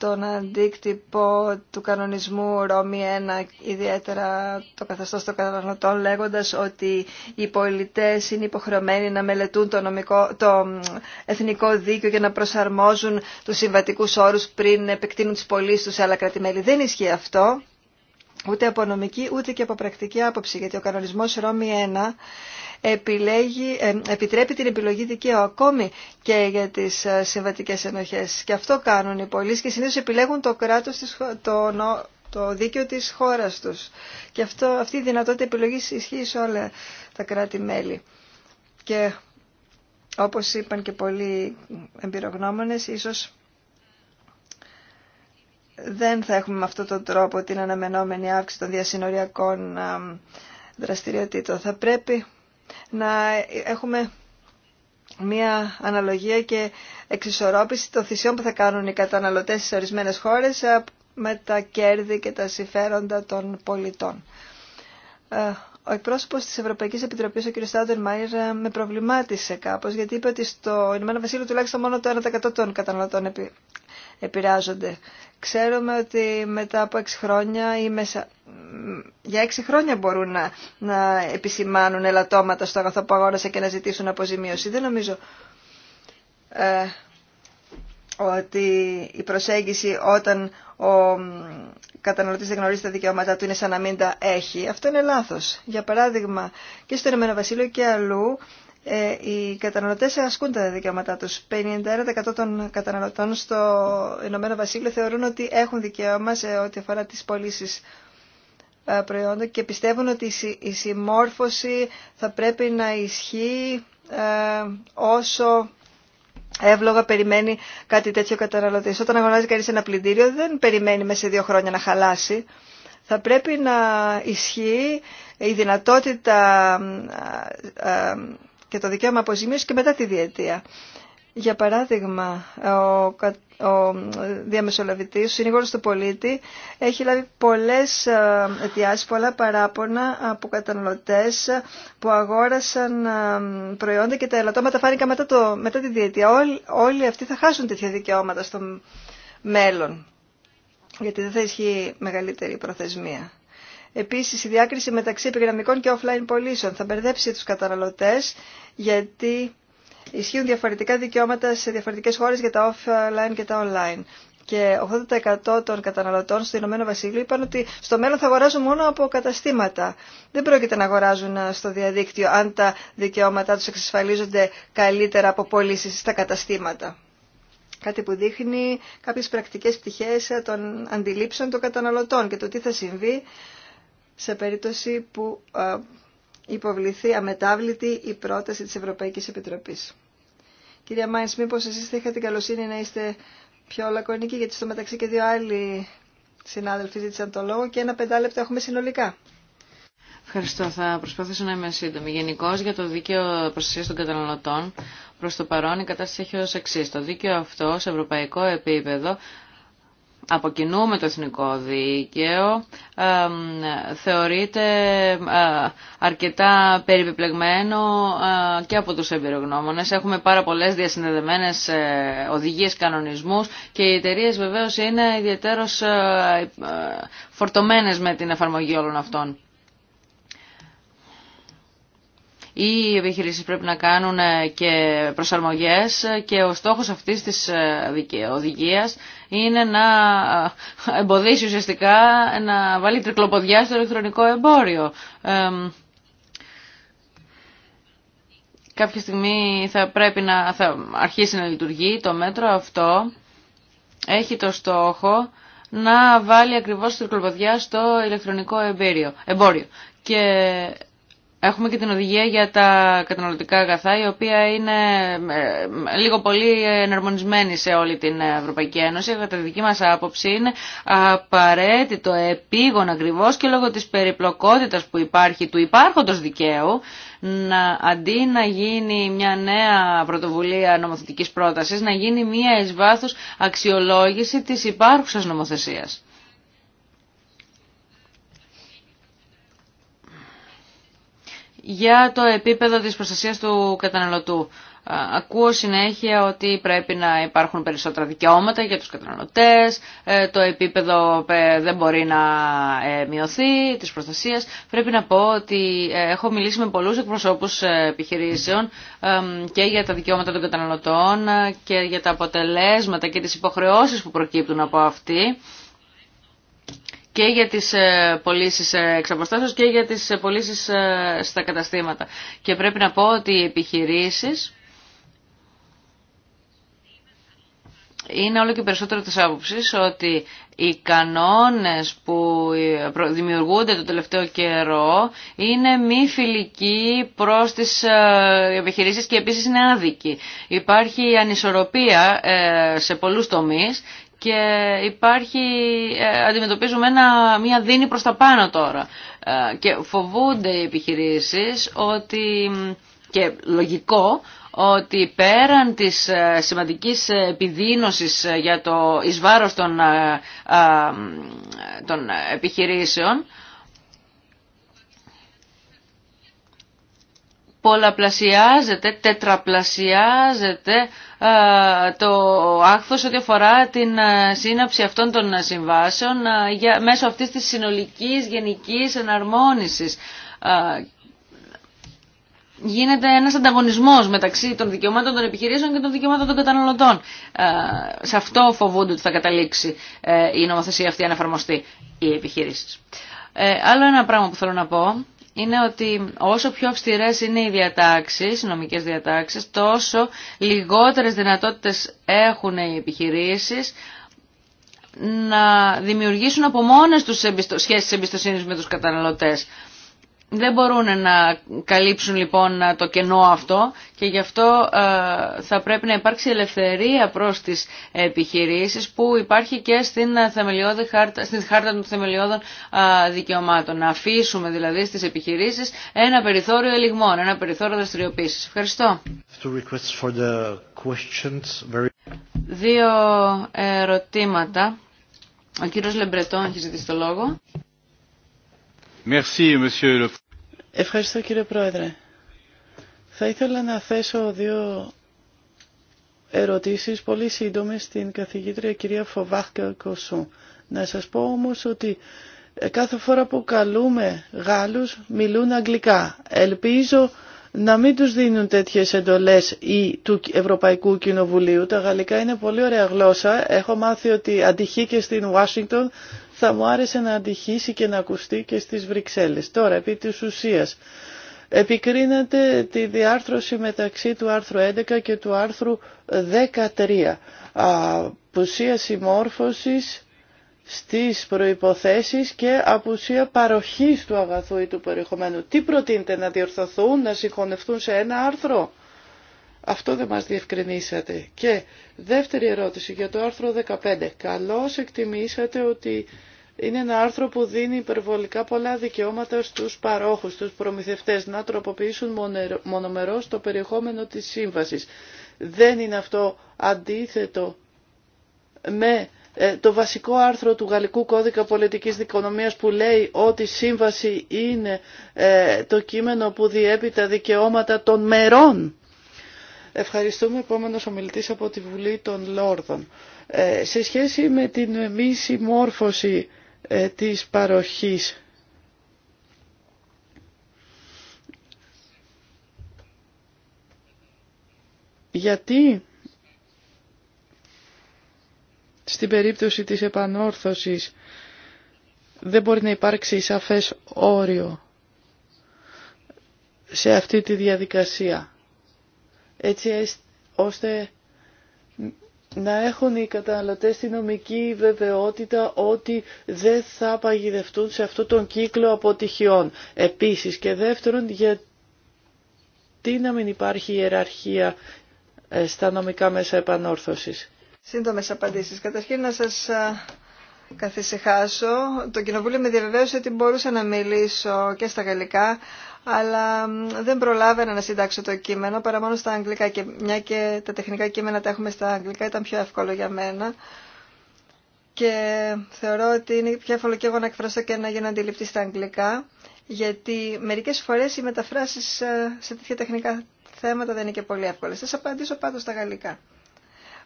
τον αντίκτυπο του κανονισμού Ρώμη 1, ιδιαίτερα το καθεστώ των καταναλωτών, λέγοντα ότι οι πολιτέ είναι υποχρεωμένοι να μελετούν το, νομικό, το εθνικό δίκαιο και να προσαρμόζουν του συμβατικού όρου πριν επεκτείνουν τις πωλήσει του σε άλλα κρατημέλη. Δεν ισχύει αυτό, ούτε από νομική, ούτε και από πρακτική άποψη, γιατί ο κανονισμός Ρώμη 1 επιλέγει, ε, επιτρέπει την επιλογή δικαίου ακόμη και για τις ε, συμβατικέ ενοχές. Και αυτό κάνουν οι πολίτε και συνήθω επιλέγουν το κράτος, το, δίκαιο της χώρας τους. Και αυτό, αυτή η δυνατότητα επιλογής ισχύει σε όλα τα κράτη-μέλη. Και όπως είπαν και πολλοί εμπειρογνώμονες, ίσως δεν θα έχουμε με αυτόν τον τρόπο την αναμενόμενη αύξηση των διασυνοριακών ε, δραστηριοτήτων. Θα πρέπει να έχουμε μια αναλογία και εξισορρόπηση των θυσιών που θα κάνουν οι καταναλωτές σε ορισμένες χώρες ε, με τα κέρδη και τα συμφέροντα των πολιτών. Ε, ο εκπρόσωπο τη Ευρωπαϊκή Επιτροπή, ο κ. Στάντερ Μάιρ, ε, με προβλημάτισε κάπω, γιατί είπε ότι στο Ηνωμένο Βασίλειο τουλάχιστον μόνο το 1% των καταναλωτών επηρεάζονται. Ξέρουμε ότι μετά από 6 χρόνια ή μέσα... για 6 χρόνια μπορούν να, να επισημάνουν ελαττώματα στο αγαθό που αγόρασα και να ζητήσουν αποζημίωση. Δεν νομίζω ε, ότι η προσέγγιση όταν ο καταναλωτής δεν γνωρίζει τα δικαιώματά του είναι σαν να μην τα έχει. Αυτό είναι λάθος. Για παράδειγμα, και στο Ηνωμένο Βασίλειο και αλλού ε, οι καταναλωτέ ασκούν τα δικαιώματά του. 51% των καταναλωτών στο Ηνωμένο Βασίλειο θεωρούν ότι έχουν δικαίωμα σε ό,τι αφορά τις πωλήσει ε, προϊόντων και πιστεύουν ότι η συμμόρφωση θα πρέπει να ισχύει ε, όσο εύλογα περιμένει κάτι τέτοιο καταναλωτή. Όταν αγοράζει κανεί ένα πλυντήριο δεν περιμένει μέσα σε δύο χρόνια να χαλάσει. Θα πρέπει να ισχύει η δυνατότητα ε, και το δικαίωμα αποζημίωση και μετά τη διετία. Για παράδειγμα, ο, ο διαμεσολαβητής, ο συνήγορος του πολίτη, έχει λάβει πολλές ε, αιτιάσεις, πολλά παράπονα από καταναλωτές που αγόρασαν ε, προϊόντα και τα ελαττώματα φάνηκαν μετά, μετά τη διετία. όλοι αυτοί θα χάσουν τέτοια δικαιώματα στο μέλλον, γιατί δεν θα ισχύει μεγαλύτερη προθεσμία. Επίσης, η διάκριση μεταξύ επιγραμμικών και offline πωλήσεων θα μπερδέψει τους καταναλωτές, γιατί ισχύουν διαφορετικά δικαιώματα σε διαφορετικές χώρες για τα offline και τα online. Και 80% των καταναλωτών στο Ηνωμένο Βασίλειο είπαν ότι στο μέλλον θα αγοράζουν μόνο από καταστήματα. Δεν πρόκειται να αγοράζουν ε, στο διαδίκτυο αν τα δικαιώματά τους εξασφαλίζονται καλύτερα από πωλήσει στα καταστήματα. Κάτι που δείχνει κάποιες πρακτικές πτυχές ε, των αντιλήψεων των καταναλωτών και το τι θα συμβεί σε περίπτωση που ε, υποβληθεί αμετάβλητη η πρόταση της Ευρωπαϊκής Επιτροπής. Κυρία Μάινς, μήπως εσείς θα είχατε καλοσύνη να είστε πιο λακωνικοί, γιατί στο μεταξύ και δύο άλλοι συνάδελφοι ζήτησαν το λόγο και ένα πεντάλεπτο έχουμε συνολικά. Ευχαριστώ. Θα προσπαθήσω να είμαι σύντομη. Γενικώ για το δίκαιο προστασία των καταναλωτών, προ το παρόν η κατάσταση έχει ω εξή. Το δίκαιο αυτό σε ευρωπαϊκό επίπεδο από κοινού με το εθνικό δίκαιο θεωρείται ε, αρκετά περιπεπλεγμένο ε, και από τους εμπειρογνώμονες. Έχουμε πάρα πολλές διασυνδεδεμένες ε, οδηγίες κανονισμούς και οι εταιρείε βεβαίως είναι ιδιαίτερως φορτωμένες με την εφαρμογή όλων αυτών. Οι επιχειρήσεις πρέπει να κάνουν ε, και προσαρμογές ε, και ο στόχος αυτής της ε, οδηγίας είναι να εμποδίσει ουσιαστικά να βάλει τρικλοποδιά στο ηλεκτρονικό εμπόριο. Κάποια στιγμή θα πρέπει να θα αρχίσει να λειτουργεί το μέτρο αυτό. Έχει το στόχο να βάλει ακριβώς τρικλοποδιά στο ηλεκτρονικό εμπόριο. εμπόριο. Και Έχουμε και την οδηγία για τα καταναλωτικά αγαθά, η οποία είναι ε, ε, λίγο πολύ εναρμονισμένη σε όλη την Ευρωπαϊκή Ένωση. Κατά τη δική μας άποψη είναι απαραίτητο, επίγον ακριβώ και λόγω της περιπλοκότητας που υπάρχει του υπάρχοντος δικαίου, να, αντί να γίνει μια νέα πρωτοβουλία νομοθετικής πρότασης, να γίνει μια εις αξιολόγηση της υπάρχουσας νομοθεσίας. για το επίπεδο της προστασίας του καταναλωτού. Ακούω συνέχεια ότι πρέπει να υπάρχουν περισσότερα δικαιώματα για τους καταναλωτές, ε, το επίπεδο ε, δεν μπορεί να ε, μειωθεί της προστασίας. Πρέπει να πω ότι έχω μιλήσει με πολλούς εκπροσώπους επιχειρήσεων και για τα δικαιώματα των καταναλωτών και για τα αποτελέσματα και τις υποχρεώσεις που προκύπτουν από αυτή και για τις ε, πωλήσει ε, εξ και για τις ε, πωλήσει στα καταστήματα. Και πρέπει να πω ότι οι επιχειρήσεις είναι όλο και περισσότερο της άποψης ότι οι κανόνες που δημιουργούνται το τελευταίο καιρό είναι μη φιλικοί προς τις επιχειρήσεις και επίσης είναι άδικοι. Υπάρχει ανισορροπία σε πολλούς τομείς και υπάρχει, ε, αντιμετωπίζουμε ένα, μια δίνη προς τα πάνω τώρα ε, και φοβούνται οι επιχειρήσεις ότι, και λογικό ότι πέραν της ε, σημαντικής επιδείνωσης για το εις των, των επιχειρήσεων πολλαπλασιάζεται, τετραπλασιάζεται ε, το άκθος ό,τι αφορά την ε, σύναψη αυτών των ε, συμβάσεων για, μέσω αυτής της συνολικής γενικής εναρμόνισης. Γίνεται ένας ανταγωνισμός μεταξύ των δικαιωμάτων των επιχειρήσεων και των δικαιωμάτων των καταναλωτών. Σε αυτό φοβούνται ότι θα καταλήξει η νομοθεσία αυτή αν εφαρμοστεί οι επιχειρήσεις. Άλλο ένα πράγμα που θέλω να πω είναι ότι όσο πιο αυστηρές είναι οι διατάξεις, οι νομικές διατάξεις, τόσο λιγότερες δυνατότητες έχουν οι επιχειρήσεις να δημιουργήσουν από μόνες τους σχέσεις εμπιστοσύνης με τους καταναλωτές. Δεν μπορούν να καλύψουν λοιπόν το κενό αυτό και γι' αυτό ε, θα πρέπει να υπάρξει ελευθερία προς τις επιχειρήσεις που υπάρχει και στην, θεμελιώδη χάρτα, στην χάρτα των θεμελιώδων ε, δικαιωμάτων. Να αφήσουμε δηλαδή στις επιχειρήσεις ένα περιθώριο ελιγμών, ένα περιθώριο δραστηριοποίησης. Ευχαριστώ. Δύο ερωτήματα. Ο κύριος Λεμπρετόν έχει ζητήσει το λόγο. Ευχαριστώ κύριε Πρόεδρε. Θα ήθελα να θέσω δύο ερωτήσεις πολύ σύντομες στην καθηγήτρια κυρία Φοβάχκα Κοσού. Να σας πω όμως ότι ε, κάθε φορά που καλούμε Γάλλους μιλούν αγγλικά. Ελπίζω να μην τους δίνουν τέτοιες εντολές ή του Ευρωπαϊκού Κοινοβουλίου. Τα γαλλικά είναι πολύ ωραία γλώσσα. Έχω μάθει ότι αντυχεί και στην Ουάσιγκτον θα μου άρεσε να αντυχήσει και να ακουστεί και στις Βρυξέλλες. Τώρα, επί της ουσίας, επικρίνεται τη διάρθρωση μεταξύ του άρθρου 11 και του άρθρου 13. πουσία συμμόρφωσης στις προϋποθέσεις και απουσία παροχής του αγαθού ή του περιεχομένου. Τι προτείνετε να διορθωθούν, να συγχωνευτούν σε ένα άρθρο. Αυτό δεν μας διευκρινίσατε. Και δεύτερη ερώτηση για το άρθρο 15. Καλώς εκτιμήσατε ότι είναι ένα άρθρο που δίνει υπερβολικά πολλά δικαιώματα στους παρόχους, στους προμηθευτές, να τροποποιήσουν μονομερώς το περιεχόμενο της σύμβασης. Δεν είναι αυτό αντίθετο με ε, το βασικό άρθρο του Γαλλικού Κώδικα Πολιτικής Δικονομίας που λέει ότι η σύμβαση είναι ε, το κείμενο που διέπει τα δικαιώματα των μερών. Ευχαριστούμε. Επόμενος ομιλητής από τη Βουλή των Λόρδων. Ε, σε σχέση με την μη συμμόρφωση ε, της παροχής γιατί στην περίπτωση της επανόρθωσης δεν μπορεί να υπάρξει σαφές όριο σε αυτή τη διαδικασία έτσι ώστε να έχουν οι καταναλωτές τη νομική βεβαιότητα ότι δεν θα παγιδευτούν σε αυτόν τον κύκλο αποτυχιών. Επίσης και δεύτερον γιατί να μην υπάρχει ιεραρχία ε, στα νομικά μέσα επανόρθωσης. Σύντομες απαντήσεις. Καταρχήν να σας ε, καθησυχάσω. Το Κοινοβούλιο με διαβεβαίωσε ότι μπορούσα να μιλήσω και στα γαλλικά, αλλά δεν προλάβαινα να συντάξω το κείμενο παρά μόνο στα αγγλικά και μια και τα τεχνικά κείμενα τα έχουμε στα αγγλικά ήταν πιο εύκολο για μένα και θεωρώ ότι είναι πιο εύκολο και εγώ να εκφράσω και να γίνω αντιληπτή στα αγγλικά γιατί μερικές φορές οι μεταφράσεις ε, σε τέτοια τεχνικά θέματα δεν είναι και πολύ εύκολες. Θα σας απαντήσω πάντως στα γαλλικά.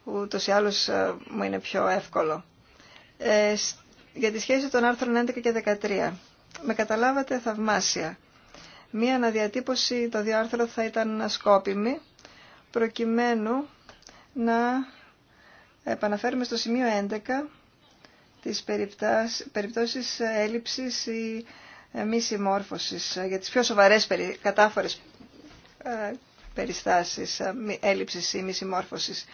Ούτως ή άλλως ε, μου είναι πιο εύκολο. Ε, για τη σχέση των άρθρων 11 και 13. Με καταλάβατε θαυμάσια. Μία αναδιατύπωση το διάρθρο θα ήταν ασκόπιμη, προκειμένου να επαναφέρουμε στο σημείο 11 τις περιπτώσεις ε, ε, ε, έλλειψης ή μη συμμόρφωσης για τις πιο σοβαρές κατάφορες περιστάσεις έλλειψης ή μη συμμόρφωσης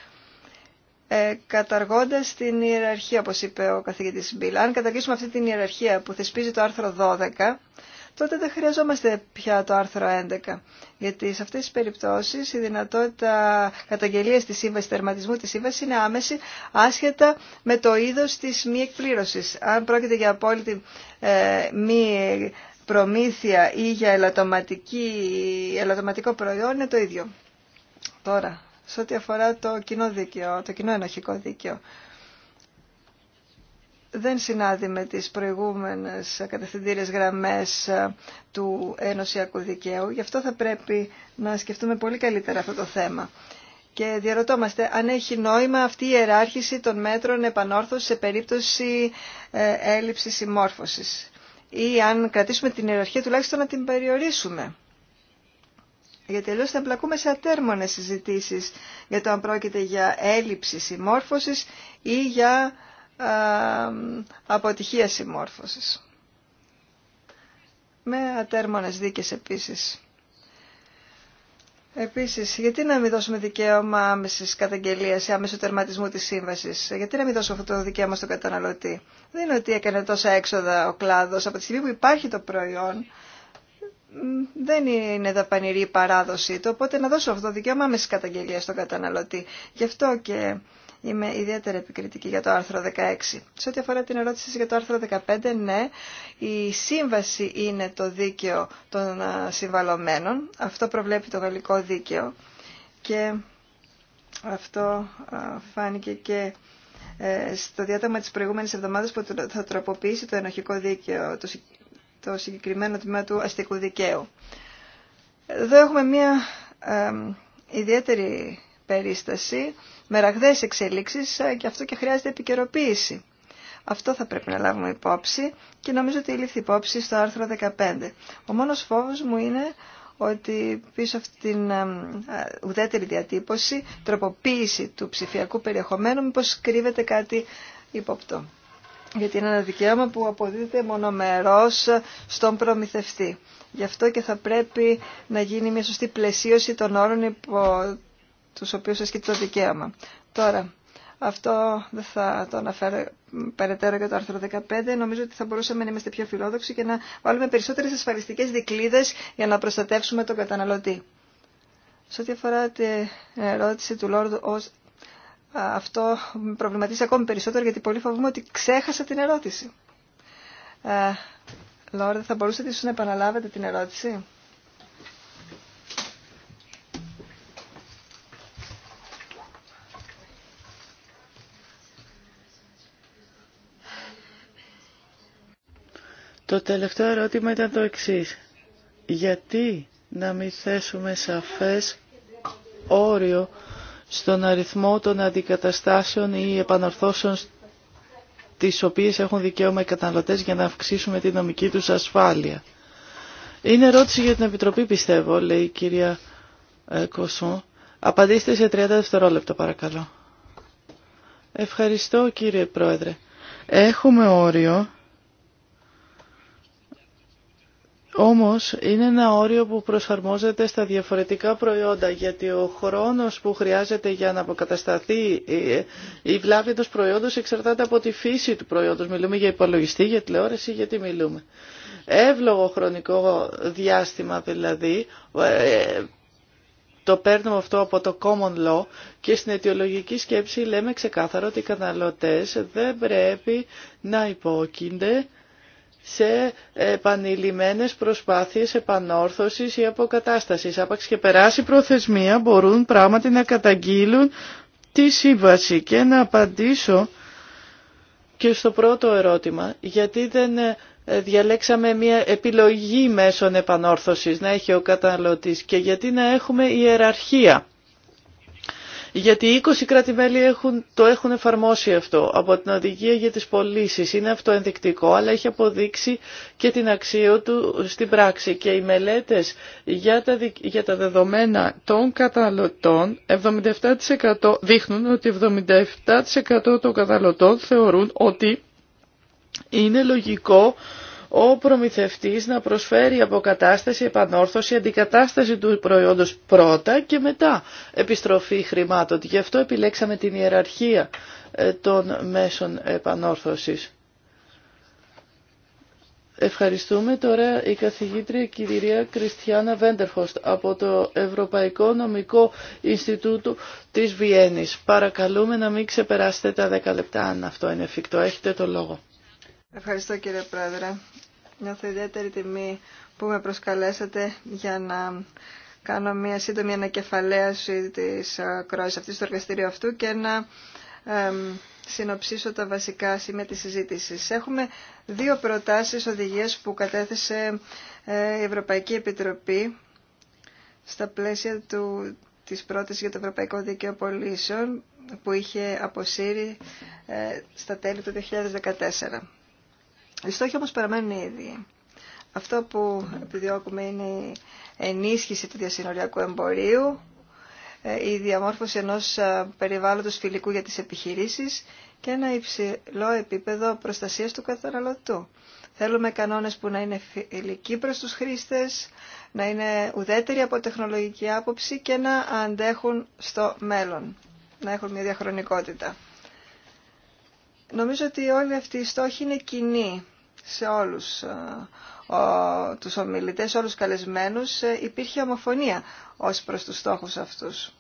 καταργώντας την ιεραρχία, όπως είπε ο καθηγητής Μπίλα. Αν καταργήσουμε αυτή την ιεραρχία που θεσπίζει το άρθρο 12, τότε δεν χρειαζόμαστε πια το άρθρο 11. Γιατί σε αυτές τις περιπτώσεις η δυνατότητα καταγγελίας της σύμβασης, τερματισμού της σύμβασης είναι άμεση άσχετα με το είδος της μη εκπλήρωσης. Αν πρόκειται για απόλυτη ε, μη προμήθεια ή για ελαττωματικό προϊόν είναι το ίδιο. Τώρα, σε ό,τι αφορά το κοινό δίκαιο, το κοινό ενοχικό δίκαιο δεν συνάδει με τις προηγούμενες κατευθυντήριες γραμμές ε, του ενωσιακού δικαίου. Γι' αυτό θα πρέπει να σκεφτούμε πολύ καλύτερα αυτό το θέμα. Και διαρωτόμαστε αν έχει νόημα αυτή η ιεράρχηση των μέτρων επανόρθωσης σε περίπτωση ε, έλλειψης συμμόρφωσης. Ή αν κρατήσουμε την ιεραρχία τουλάχιστον να την περιορίσουμε. Γιατί αλλιώ θα εμπλακούμε σε ατέρμονες συζητήσεις για το αν πρόκειται για έλλειψη συμμόρφωσης ή για ε, αποτυχία συμμόρφωσης. Με ατέρμονες δίκες επίσης. Επίσης, γιατί να μην δώσουμε δικαίωμα άμεσης καταγγελίας ή άμεσου τερματισμού της σύμβασης. Γιατί να μην δώσουμε αυτό το δικαίωμα στον καταναλωτή. Δεν είναι ότι έκανε τόσα έξοδα ο κλάδος. Από τη στιγμή που υπάρχει το προϊόν, δεν είναι δαπανηρή η παράδοσή του, οπότε να δώσω αυτό το δικαίωμα άμεσης καταγγελίας στον καταναλωτή. Γι' αυτό και είμαι ιδιαίτερα επικριτική για το άρθρο 16. Σε ό,τι αφορά την ερώτηση για το άρθρο 15, ναι, η σύμβαση είναι το δίκαιο των συμβαλωμένων. Αυτό προβλέπει το γαλλικό δίκαιο και αυτό φάνηκε και ε, στο διάταγμα της προηγούμενης εβδομάδας που θα τροποποιήσει το ενοχικό δίκαιο, το συγκεκριμένο τμήμα του αστικού δικαίου. Εδώ έχουμε μια ιδιαίτερη περίσταση με ραγδαίες εξελίξεις ε, και αυτό και χρειάζεται επικαιροποίηση. Αυτό θα πρέπει να λάβουμε υπόψη και νομίζω ότι λήφθη υπόψη στο άρθρο 15. Ο μόνος φόβος μου είναι ότι πίσω αυτήν την ε, ε, ουδέτερη διατύπωση, τροποποίηση του ψηφιακού περιεχομένου, μήπως κρύβεται κάτι υποπτό. Γιατί είναι ένα δικαίωμα που αποδίδεται μονομερός στον προμηθευτή. Γι' αυτό και θα πρέπει να γίνει μια σωστή πλαισίωση των όρων υπό τους οποίους ασκείται το δικαίωμα. Τώρα, αυτό δεν θα το αναφέρω περαιτέρω για το άρθρο 15. Νομίζω ότι θα μπορούσαμε να είμαστε πιο φιλόδοξοι και να βάλουμε περισσότερες ασφαλιστικές δικλίδες για να προστατεύσουμε τον καταναλωτή. Σε ό,τι αφορά την ερώτηση του Λόρδου αυτό με προβληματίζει ακόμη περισσότερο γιατί πολύ φοβούμαι ότι ξέχασα την ερώτηση. Ε, θα μπορούσατε ίσως να επαναλάβετε την ερώτηση. Το τελευταίο ερώτημα ήταν το εξής. Γιατί να μην θέσουμε σαφές όριο στον αριθμό των αντικαταστάσεων ή επαναρθώσεων τις οποίες έχουν δικαίωμα οι καταναλωτές για να αυξήσουμε τη νομική τους ασφάλεια. Είναι ερώτηση για την Επιτροπή πιστεύω, λέει η κυρία ε, Κωσό. Απαντήστε σε 30 δευτερόλεπτα παρακαλώ. Ευχαριστώ κύριε Πρόεδρε. Έχουμε όριο Όμως είναι ένα όριο που προσαρμόζεται στα διαφορετικά προϊόντα γιατί ο χρόνος που χρειάζεται για να αποκατασταθεί η βλάβη του προϊόντος εξαρτάται από τη φύση του προϊόντος. Μιλούμε για υπολογιστή, για τηλεόραση, γιατί μιλούμε. Εύλογο χρονικό διάστημα δηλαδή, ε, το παίρνουμε αυτό από το common law και στην αιτιολογική σκέψη λέμε ξεκάθαρο ότι οι καταναλωτές δεν πρέπει να υπόκεινται σε επανειλημμένες προσπάθειες επανόρθωσης ή αποκατάστασης. Άπαξ και περάσει προθεσμία μπορούν πράγματι να καταγγείλουν τη σύμβαση και να απαντήσω και στο πρώτο ερώτημα γιατί δεν ε, διαλέξαμε μια επιλογή μέσων επανόρθωσης να έχει ο καταναλωτής και γιατί να έχουμε ιεραρχία γιατί 20 κράτη-μέλη έχουν, το έχουν εφαρμόσει αυτό από την οδηγία για τις πωλήσει. Είναι αυτό αλλά έχει αποδείξει και την αξία του στην πράξη. Και οι μελέτες για τα, για τα δεδομένα των καταναλωτών 77% δείχνουν ότι 77% των καταναλωτών θεωρούν ότι είναι λογικό ο προμηθευτής να προσφέρει αποκατάσταση, επανόρθωση, αντικατάσταση του προϊόντος πρώτα και μετά επιστροφή χρημάτων. Γι' αυτό επιλέξαμε την ιεραρχία ε, των μέσων επανόρθωσης. Ευχαριστούμε τώρα η καθηγήτρια κυρία Κριστιάνα Βέντερχοστ από το Ευρωπαϊκό Νομικό Ινστιτούτο της Βιέννης. Παρακαλούμε να μην ξεπεράσετε τα 10 λεπτά αν αυτό είναι εφικτό. Έχετε το λόγο. Ευχαριστώ κύριε Πρόεδρε. Νιώθω ιδιαίτερη τιμή που με προσκαλέσατε για να κάνω μια σύντομη ανακεφαλαίωση της κρόση αυτής του εργαστηρίου αυτού και να συνοψίσω τα βασικά σημεία της συζήτησης. Έχουμε δύο προτάσεις οδηγίες που κατέθεσε ε, η Ευρωπαϊκή Επιτροπή στα πλαίσια του, της πρότασης για το Ευρωπαϊκό Δίκαιο Πολίσεων που είχε αποσύρει ε, στα τέλη του 2014. Οι στόχοι όμως παραμένουν οι Αυτό που επιδιώκουμε είναι η ενίσχυση του διασυνοριακού εμπορίου, ε, η διαμόρφωση ενός ε, περιβάλλοντος φιλικού για τις επιχειρήσεις και ένα υψηλό επίπεδο προστασίας του καταναλωτού. Θέλουμε κανόνες που να είναι φιλικοί προς τους χρήστες, να είναι ουδέτεροι από τεχνολογική άποψη και να αντέχουν στο μέλλον, να έχουν μια διαχρονικότητα. Νομίζω ότι όλοι αυτοί οι στόχοι είναι κοινοί σε όλους ε, ο, τους ομιλητές, όλους τους καλεσμένους, ε, υπήρχε ομοφωνία ως προς τους στόχους αυτούς.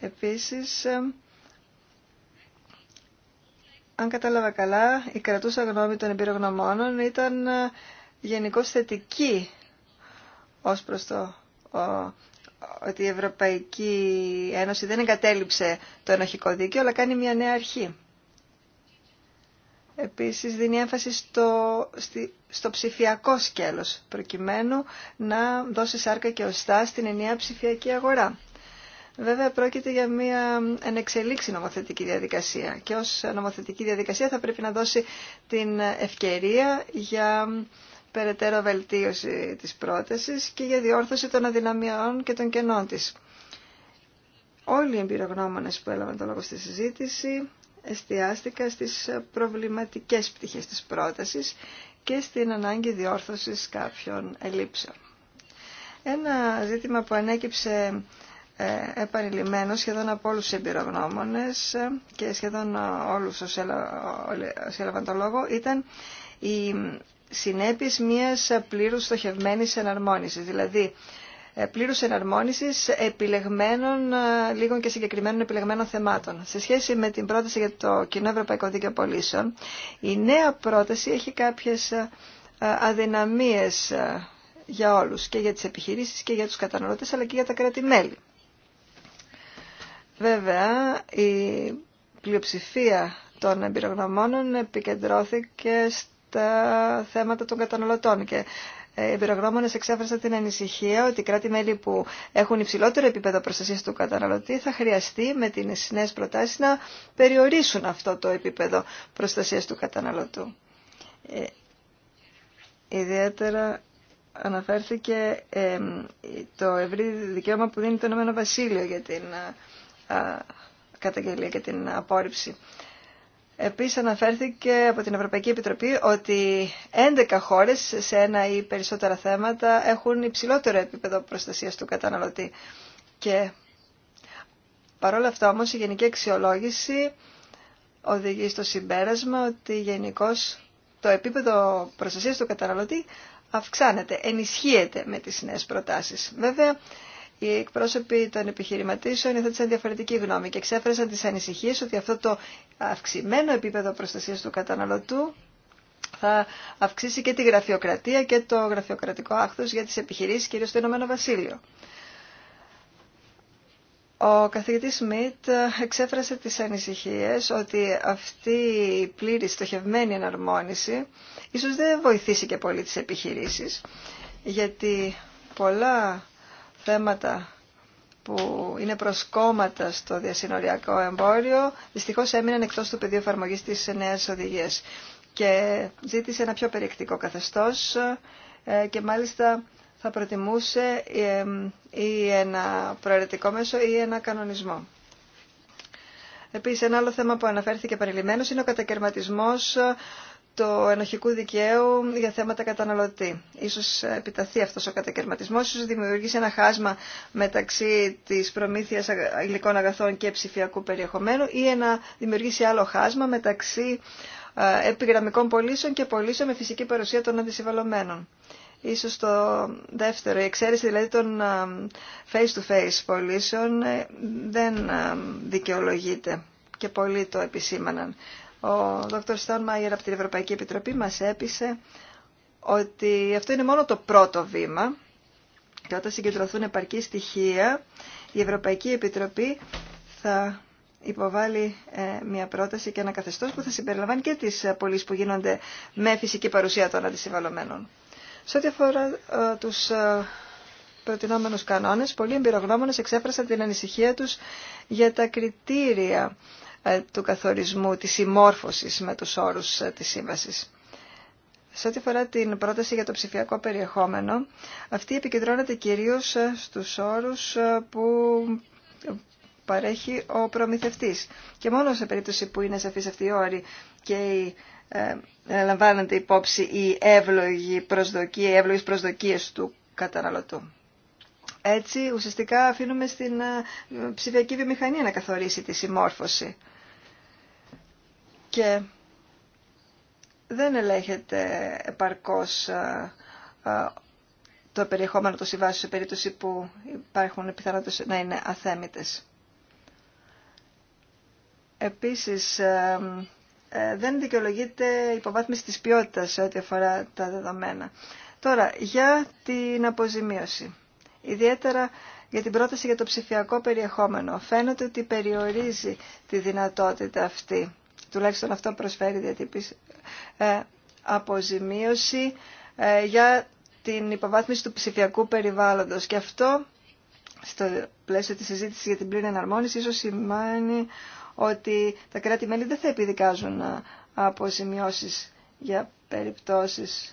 Επίσης, ε, αν κατάλαβα καλά, η κρατούσα γνώμη των εμπειρογνωμόνων ήταν γενικώ θετική ως προς το ότι η Ευρωπαϊκή Ένωση δεν εγκατέλειψε το ενοχικό δίκαιο, αλλά κάνει μια νέα αρχή. Επίσης δίνει έμφαση στο, στο ψηφιακό σκέλος, προκειμένου να δώσει σάρκα και οστά στην ενιαία ψηφιακή αγορά. Βέβαια πρόκειται για μια ενεξελίξη νομοθετική διαδικασία και ως νομοθετική διαδικασία θα πρέπει να δώσει την ευκαιρία για περαιτέρω βελτίωση της πρότασης και για διόρθωση των αδυναμιών και των κενών της. Όλοι οι εμπειρογνώμονες που έλαβαν το λόγο στη συζήτηση εστιάστηκα στις προβληματικές πτυχές της πρότασης και στην ανάγκη διόρθωσης κάποιων ελλείψεων. Ένα ζήτημα που ανέκυψε ε, επανειλημμένο σχεδόν από όλους τους εμπειρογνώμονες ε, και σχεδόν όλους όσοι έλαβαν το λόγο ήταν η συνέπειες μιας πλήρους στοχευμένης εναρμόνισης. Δηλαδή, ε, πλήρους εναρμόνισης επιλεγμένων, ε, λίγων και συγκεκριμένων επιλεγμένων θεμάτων. Σε σχέση με την πρόταση για το Κοινό Ευρωπαϊκό Δίκαιο Πολίσεων, η νέα πρόταση έχει κάποιες ε, αδυναμίες για όλους, και για τις επιχειρήσεις και για τους καταναλωτές, αλλά και για τα κράτη-μέλη. Βέβαια, η πλειοψηφία των εμπειρογνωμόνων επικεντρώθηκε στα θέματα των καταναλωτών ε, πυρογνώμονε εξέφρασαν την ανησυχία ότι οι κράτη-μέλη που έχουν υψηλότερο επίπεδο προστασία του καταναλωτή θα χρειαστεί με τις νέες προτάσει να περιορίσουν αυτό το επίπεδο προστασία του καταναλωτού. Ε, ιδιαίτερα αναφέρθηκε το ευρύ δικαίωμα που δίνει το Ηνωμένο Βασίλειο για την ε, καταγγελία και την απόρριψη. Επίσης αναφέρθηκε από την Ευρωπαϊκή Επιτροπή ότι 11 χώρες σε ένα ή περισσότερα θέματα έχουν υψηλότερο επίπεδο προστασίας του καταναλωτή. Και παρόλα αυτά όμως η γενική αξιολόγηση οδηγεί στο συμπέρασμα ότι γενικώ το επίπεδο προστασίας του καταναλωτή αυξάνεται, ενισχύεται με τις νέες προτάσεις. Βέβαια, οι εκπρόσωποι των επιχειρηματήσεων έθεσαν διαφορετική γνώμη και εξέφρασαν τις ανησυχίες ότι αυτό το αυξημένο επίπεδο προστασίας του καταναλωτού θα αυξήσει και τη γραφειοκρατία και το γραφειοκρατικό άχθος για τις επιχειρήσεις, κυρίως στο Ηνωμένο Βασίλειο. Ο καθηγητής Σμιτ εξέφρασε τις ανησυχίες ότι αυτή η πλήρη στοχευμένη εναρμόνιση ίσως δεν βοηθήσει και πολύ τις επιχειρήσεις, γιατί πολλά θέματα που είναι προσκόμματα στο διασυνοριακό εμπόριο, Δυστυχώ έμειναν εκτό του πεδίου εφαρμογή τη Νέα οδηγία. και ζήτησε ένα πιο περιεκτικό καθεστώ ε, και μάλιστα θα προτιμούσε ε, ε, ή ένα προαιρετικό μέσο ή ένα κανονισμό. Επίσης, ένα άλλο θέμα που αναφέρθηκε παρελειμμένως είναι ο κατακαιρματισμός το ενοχικού δικαίου για θέματα καταναλωτή. Ίσως επιταθεί αυτός ο κατακαιρματισμός, ίσως δημιουργήσει ένα χάσμα μεταξύ της προμήθειας υλικών αγαθών και ψηφιακού περιεχομένου ή να δημιουργήσει άλλο χάσμα μεταξύ ε, επιγραμμικών πωλήσεων και πωλήσεων με φυσική παρουσία των αντισυμβαλωμένων. Ίσως το δεύτερο, η εξαίρεση δηλαδή των ε, face-to-face -face πωλήσεων ε, δεν δικαιολογείται και πολλοί το δευτερο η εξαιρεση δηλαδη των face to face πωλησεων δεν δικαιολογειται και πολλοι το επισημαναν ο Δ. Στόν από την Ευρωπαϊκή Επιτροπή μας έπεισε ότι αυτό είναι μόνο το πρώτο βήμα και όταν συγκεντρωθούν επαρκή στοιχεία η Ευρωπαϊκή Επιτροπή θα υποβάλει ε, μια πρόταση και ένα καθεστώς που θα συμπεριλαμβάνει και τις πωλήσει που γίνονται με φυσική παρουσία των αντισυμβαλωμένων. Σε ό,τι αφορά ε, τους ε, προτινόμενους κανόνες, πολλοί εμπειρογνώμονες εξέφρασαν την ανησυχία τους για τα κριτήρια ε, του καθορισμού, της συμμόρφωσης με τους όρους ε, της σύμβασης. Σε ό,τι αφορά την πρόταση για το ψηφιακό περιεχόμενο, αυτή επικεντρώνεται κυρίως ε, στους όρους που παρέχει ο προμηθευτής. Και μόνο σε περίπτωση που είναι σαφή αυτή η όρη και η ε, λαμβάνεται υπόψη οι εύλογη προσδοκία, οι εύλογες προσδοκίες του καταναλωτού. Έτσι, ουσιαστικά αφήνουμε στην ψηφιακή βιομηχανία να καθορίσει τη συμμόρφωση και δεν ελέγχεται επαρκώς ε, ε, το περιεχόμενο των συμβάσεων σε περίπτωση που υπάρχουν πιθανότητες να είναι αθέμητες. Επίσης, ε, δεν δικαιολογείται υποβάθμιση της ποιότητας σε ό,τι αφορά τα δεδομένα. Τώρα, για την αποζημίωση. Ιδιαίτερα για την πρόταση για το ψηφιακό περιεχόμενο. Φαίνεται ότι περιορίζει τη δυνατότητα αυτή τουλάχιστον αυτό προσφέρει ε, αποζημίωση ε, για την υποβάθμιση του ψηφιακού περιβάλλοντος. Και αυτό, στο πλαίσιο της συζήτησης για την πλήρη εναρμόνιση, ίσως σημαίνει ότι τα κράτη-μέλη δεν θα επιδικάζουν ε, αποζημιώσεις για περιπτώσεις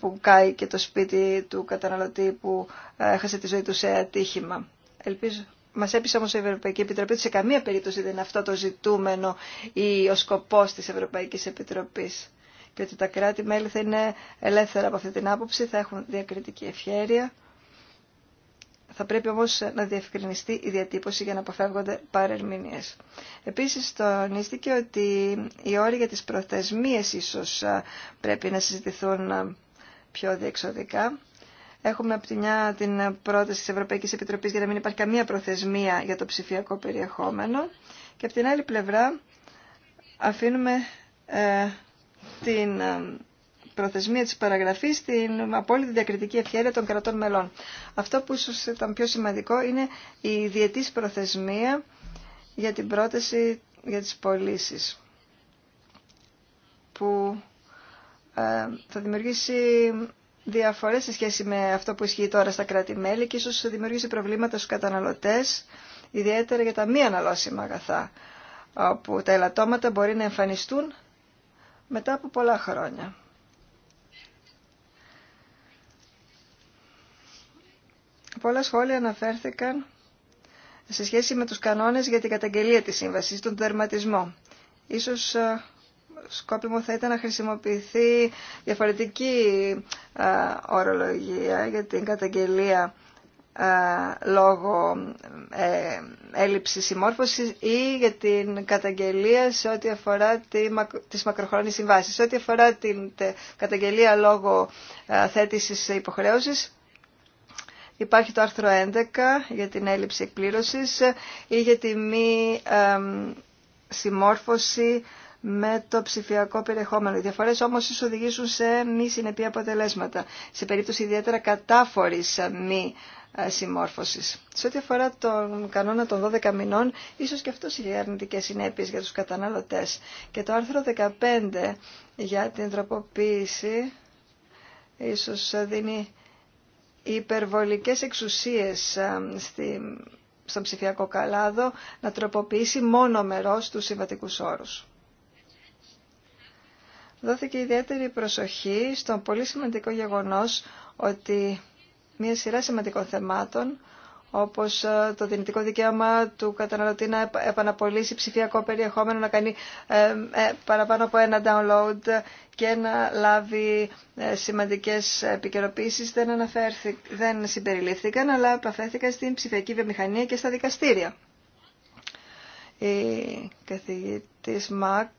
που κάει και το σπίτι του καταναλωτή που έχασε τη ζωή του σε ατύχημα. Ελπίζω Μα έπεισε όμω η Ευρωπαϊκή Επιτροπή ότι σε καμία περίπτωση δεν είναι αυτό το ζητούμενο ή ο σκοπό τη Ευρωπαϊκή Επιτροπή. Και ότι τα κράτη-μέλη θα είναι ελεύθερα από αυτή την άποψη, θα έχουν διακριτική ευχέρεια. Θα πρέπει όμω να διευκρινιστεί η διατύπωση για να αποφεύγονται παρερμηνίε. Επίση, τονίστηκε ότι οι όροι για τι προθεσμίε ίσω πρέπει να συζητηθούν πιο διεξοδικά Έχουμε από τη μια την πρόταση της Ευρωπαϊκής Επιτροπής για να μην υπάρχει καμία προθεσμία για το ψηφιακό περιεχόμενο και από την άλλη πλευρά αφήνουμε ε, την ε, προθεσμία της παραγραφής στην απόλυτη διακριτική ευχαίρεια των κρατών μελών. Αυτό που ίσως ήταν πιο σημαντικό είναι η διετής προθεσμία για την πρόταση για τις πωλήσει που ε, θα δημιουργήσει Διαφορέ σε σχέση με αυτό που ισχύει τώρα στα κράτη-μέλη και ίσως δημιουργήσει προβλήματα στους καταναλωτές, ιδιαίτερα για τα μη αναλώσιμα αγαθά, όπου τα ελαττώματα μπορεί να εμφανιστούν μετά από πολλά χρόνια. Πολλά σχόλια αναφέρθηκαν σε σχέση με τους κανόνες για την καταγγελία της σύμβασης, τον τερματισμό. Ίσως σκόπιμο θα ήταν να χρησιμοποιηθεί διαφορετική ορολογία για την καταγγελία λόγω ε, έλλειψης συμμόρφωσης ή για την καταγγελία σε ό,τι αφορά τη, τις μακροχρόνιες συμβάσεις. Σε ό,τι αφορά την καταγγελία λόγω θέτησης υποχρέωσης, υπάρχει το άρθρο 11 για την έλλειψη εκπλήρωσης ή για τη μη συμμόρφωση με το ψηφιακό περιεχόμενο. Οι διαφορές όμως ίσως οδηγήσουν σε μη συνεπή αποτελέσματα, σε περίπτωση ιδιαίτερα κατάφορης μη ε, συμμόρφωσης. Σε ό,τι αφορά τον κανόνα των 12 μηνών, ίσως και αυτό είχε αρνητικέ συνέπειες για τους καταναλωτές. Και το άρθρο 15 για την τροποποίηση ίσως δίνει υπερβολικές εξουσίες ε, στη, στον ψηφιακό καλάδο να τροποποιήσει μόνο μερός τους συμβατικούς όρους δόθηκε ιδιαίτερη προσοχή στον πολύ σημαντικό γεγονός ότι μια σειρά σημαντικών θεμάτων όπως ε, το δυνητικό δικαίωμα του καταναλωτή να επαναπολύσει ψηφιακό περιεχόμενο, να κάνει ε, ε, παραπάνω από ένα download και να λάβει σημαντικές επικαιροποίησεις δεν, δεν συμπεριλήφθηκαν, αλλά επαφέθηκαν στην ψηφιακή βιομηχανία και στα δικαστήρια η καθηγητής ΜΑΚ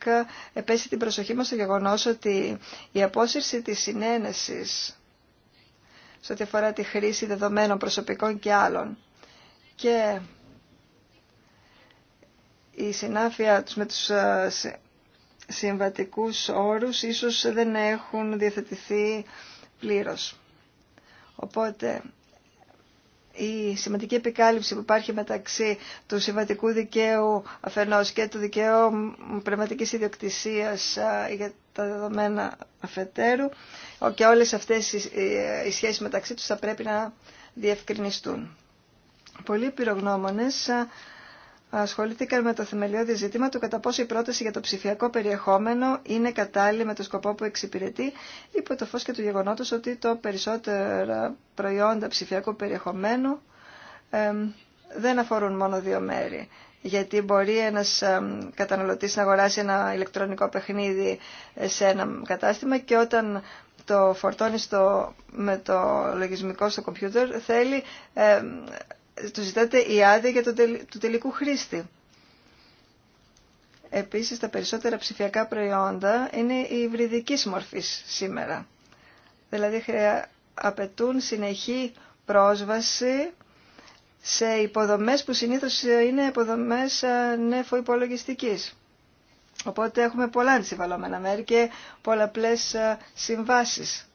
επέσει την προσοχή μας στο γεγονός ότι η απόσυρση της συνένεσης σε ό,τι αφορά τη χρήση δεδομένων προσωπικών και άλλων και η συνάφεια τους με τους ε, συμβατικούς όρους ίσως δεν έχουν διαθετηθεί πλήρως. Οπότε η σημαντική επικάλυψη που υπάρχει μεταξύ του συμβατικού δικαίου αφενός και του δικαίου πνευματικής ιδιοκτησίας για τα δεδομένα αφετέρου και όλες αυτές οι σχέσεις μεταξύ τους θα πρέπει να διευκρινιστούν. Πολλοί πυρογνώμονες ασχολήθηκαν με το θεμελιώδη ζήτημα του κατά πόσο η πρόταση για το ψηφιακό περιεχόμενο είναι κατάλληλη με το σκοπό που εξυπηρετεί υπό το φως και του γεγονότος ότι το περισσότερα προϊόντα ψηφιακού περιεχομένου δεν αφορούν μόνο δύο μέρη. Γιατί μπορεί ένας καταναλωτής να αγοράσει ένα ηλεκτρονικό παιχνίδι ε, σε ένα κατάστημα και όταν το φορτώνει στο, με το λογισμικό στο κομπιούτερ θέλει του ζητάτε η άδεια για τον του τελικού χρήστη. Επίσης, τα περισσότερα ψηφιακά προϊόντα είναι υβριδικής μορφής σήμερα. Δηλαδή, απαιτούν συνεχή πρόσβαση σε υποδομές που συνήθως ε, είναι υποδομές ε, νεφοϋπολογιστικής. Οπότε έχουμε πολλά αντισυμβαλόμενα μέρη και πολλαπλές ε, συμβάσεις.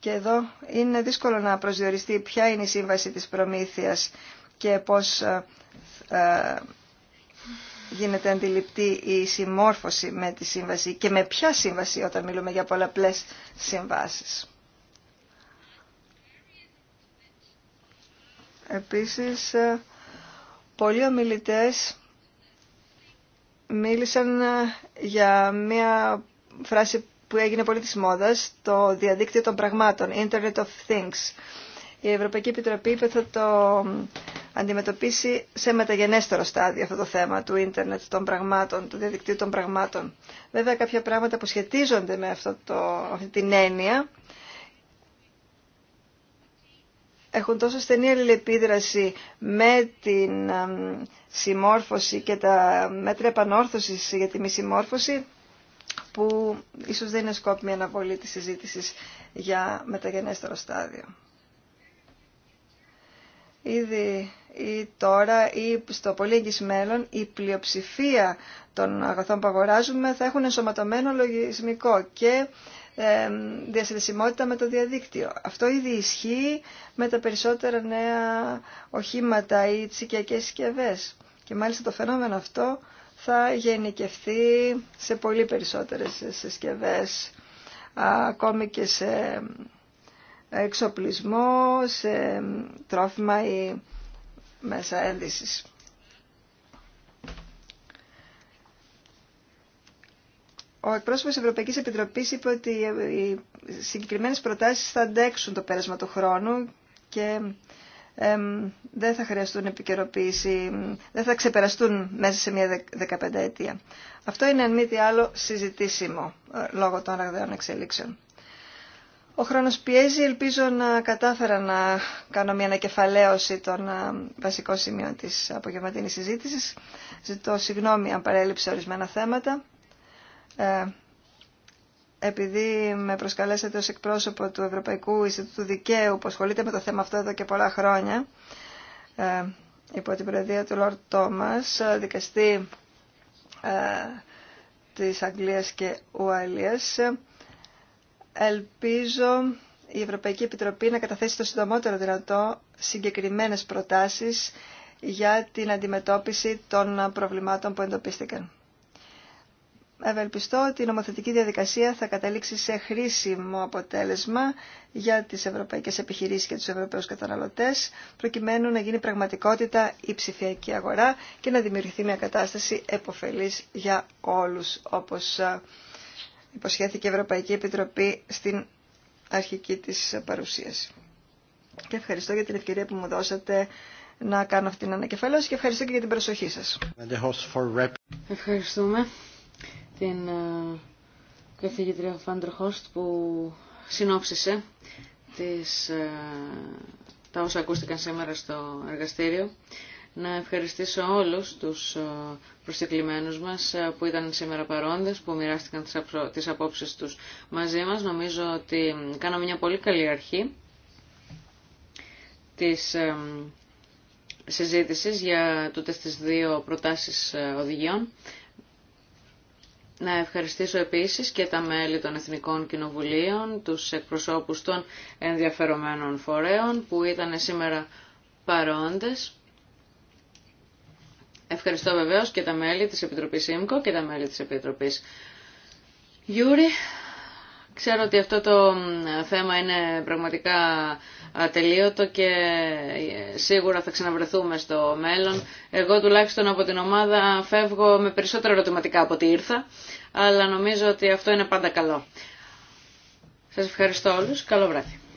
Και εδώ είναι δύσκολο να προσδιοριστεί ποια είναι η σύμβαση της προμήθειας και πώς ε, ε, γίνεται αντιληπτή η συμμόρφωση με τη σύμβαση και με ποια σύμβαση όταν μιλούμε για πολλαπλές συμβάσεις. Επίσης, ε, πολλοί ομιλητές μίλησαν για μία φράση που έγινε πολύ της μόδας, το διαδίκτυο των πραγμάτων, Internet of Things. Η Ευρωπαϊκή Επιτροπή είπε θα το αντιμετωπίσει σε μεταγενέστερο στάδιο αυτό το θέμα του ίντερνετ των πραγμάτων, του διαδικτύου των πραγμάτων. Βέβαια κάποια πράγματα που σχετίζονται με αυτό το, αυτή την έννοια έχουν τόσο στενή αλληλεπίδραση με την συμμόρφωση και τα μέτρα επανόρθωσης για τη μη συμμόρφωση που ίσως δεν είναι σκόπιμη αναβολή της συζήτησης για μεταγενέστερο στάδιο. Ήδη ή τώρα ή στο πολύ εγγύς μέλλον η τωρα η στο πολυ εγγυς η πλειοψηφια των αγαθών που αγοράζουμε θα έχουν ενσωματωμένο λογισμικό και ε, διασυνδεσιμότητα με το διαδίκτυο. Αυτό ήδη ισχύει με τα περισσότερα νέα οχήματα ή τσικιακές συσκευέ. Και μάλιστα το φαινόμενο αυτό θα γενικευθεί σε πολύ περισσότερες συσκευές, ακόμη και σε εξοπλισμό, σε τρόφιμα ή μέσα ένδυσης. Ο εκπρόσωπος της Ευρωπαϊκής Επιτροπής είπε ότι οι συγκεκριμένες προτάσεις θα αντέξουν το πέρασμα του χρόνου και δεν θα χρειαστούν επικαιροποίηση, δεν θα ξεπεραστούν μέσα σε μια 15 Αυτό είναι αν μη τι άλλο συζητήσιμο ε, λόγω των ραγδαίων εξελίξεων. Ο χρόνος πιέζει, ελπίζω να κατάφερα να κάνω μια ανακεφαλαίωση των ε, βασικών σημείων της απογευματινής συζήτησης. Ζητώ συγγνώμη αν παρέλειψε ορισμένα θέματα. Ε, επειδή με προσκαλέσατε ως εκπρόσωπο του Ευρωπαϊκού Ινστιτούτου Δικαίου που ασχολείται με το θέμα αυτό εδώ και πολλά χρόνια ε, υπό την προεδρία του Λόρτ Τόμας, ε, δικαστή ε, της Αγγλίας και Ουαλίας. Ε, ελπίζω η Ευρωπαϊκή Επιτροπή να καταθέσει το συντομότερο δυνατό συγκεκριμένες προτάσεις για την αντιμετώπιση των προβλημάτων που εντοπίστηκαν. Ευελπιστώ ότι η νομοθετική διαδικασία θα καταλήξει σε χρήσιμο αποτέλεσμα για τις ευρωπαϊκές επιχειρήσεις και τους ευρωπαίους καταναλωτές, προκειμένου να γίνει πραγματικότητα η ψηφιακή αγορά και να δημιουργηθεί μια κατάσταση εποφελής για όλους, όπως ε, υποσχέθηκε η Ευρωπαϊκή Επιτροπή στην αρχική της παρουσίαση. Και ευχαριστώ για την ευκαιρία που μου δώσατε να κάνω αυτήν την ανακεφαλώση και ευχαριστώ και για την προσοχή σας. Ευχαριστούμε την ε, καθηγήτρια Φάντροχόστ που συνόψισε τις, ε, τα όσα ακούστηκαν σήμερα στο εργαστήριο. Να ευχαριστήσω όλους τους ε, προσκεκλημένους μας που ήταν σήμερα παρόντες, που μοιράστηκαν τις απόψεις τους μαζί μας. Νομίζω ότι κάναμε μια πολύ καλή αρχή της συζήτησης για τούτες τις δύο προτάσεις οδηγιών. Να ευχαριστήσω επίσης και τα μέλη των Εθνικών Κοινοβουλίων, τους εκπροσώπους των ενδιαφερομένων φορέων που ήταν σήμερα παρόντες. Ευχαριστώ βεβαίως και τα μέλη της Επιτροπής ΣΥΜΚΟ και τα μέλη της Επιτροπής Γιούρι. Ξέρω ότι αυτό το θέμα είναι πραγματικά ατελείωτο και ε, σίγουρα θα ξαναβρεθούμε στο μέλλον. Εγώ τουλάχιστον από την ομάδα φεύγω με περισσότερα ερωτηματικά από ό,τι ήρθα, αλλά νομίζω ότι αυτό είναι πάντα καλό. Σας ευχαριστώ όλους. Καλό βράδυ.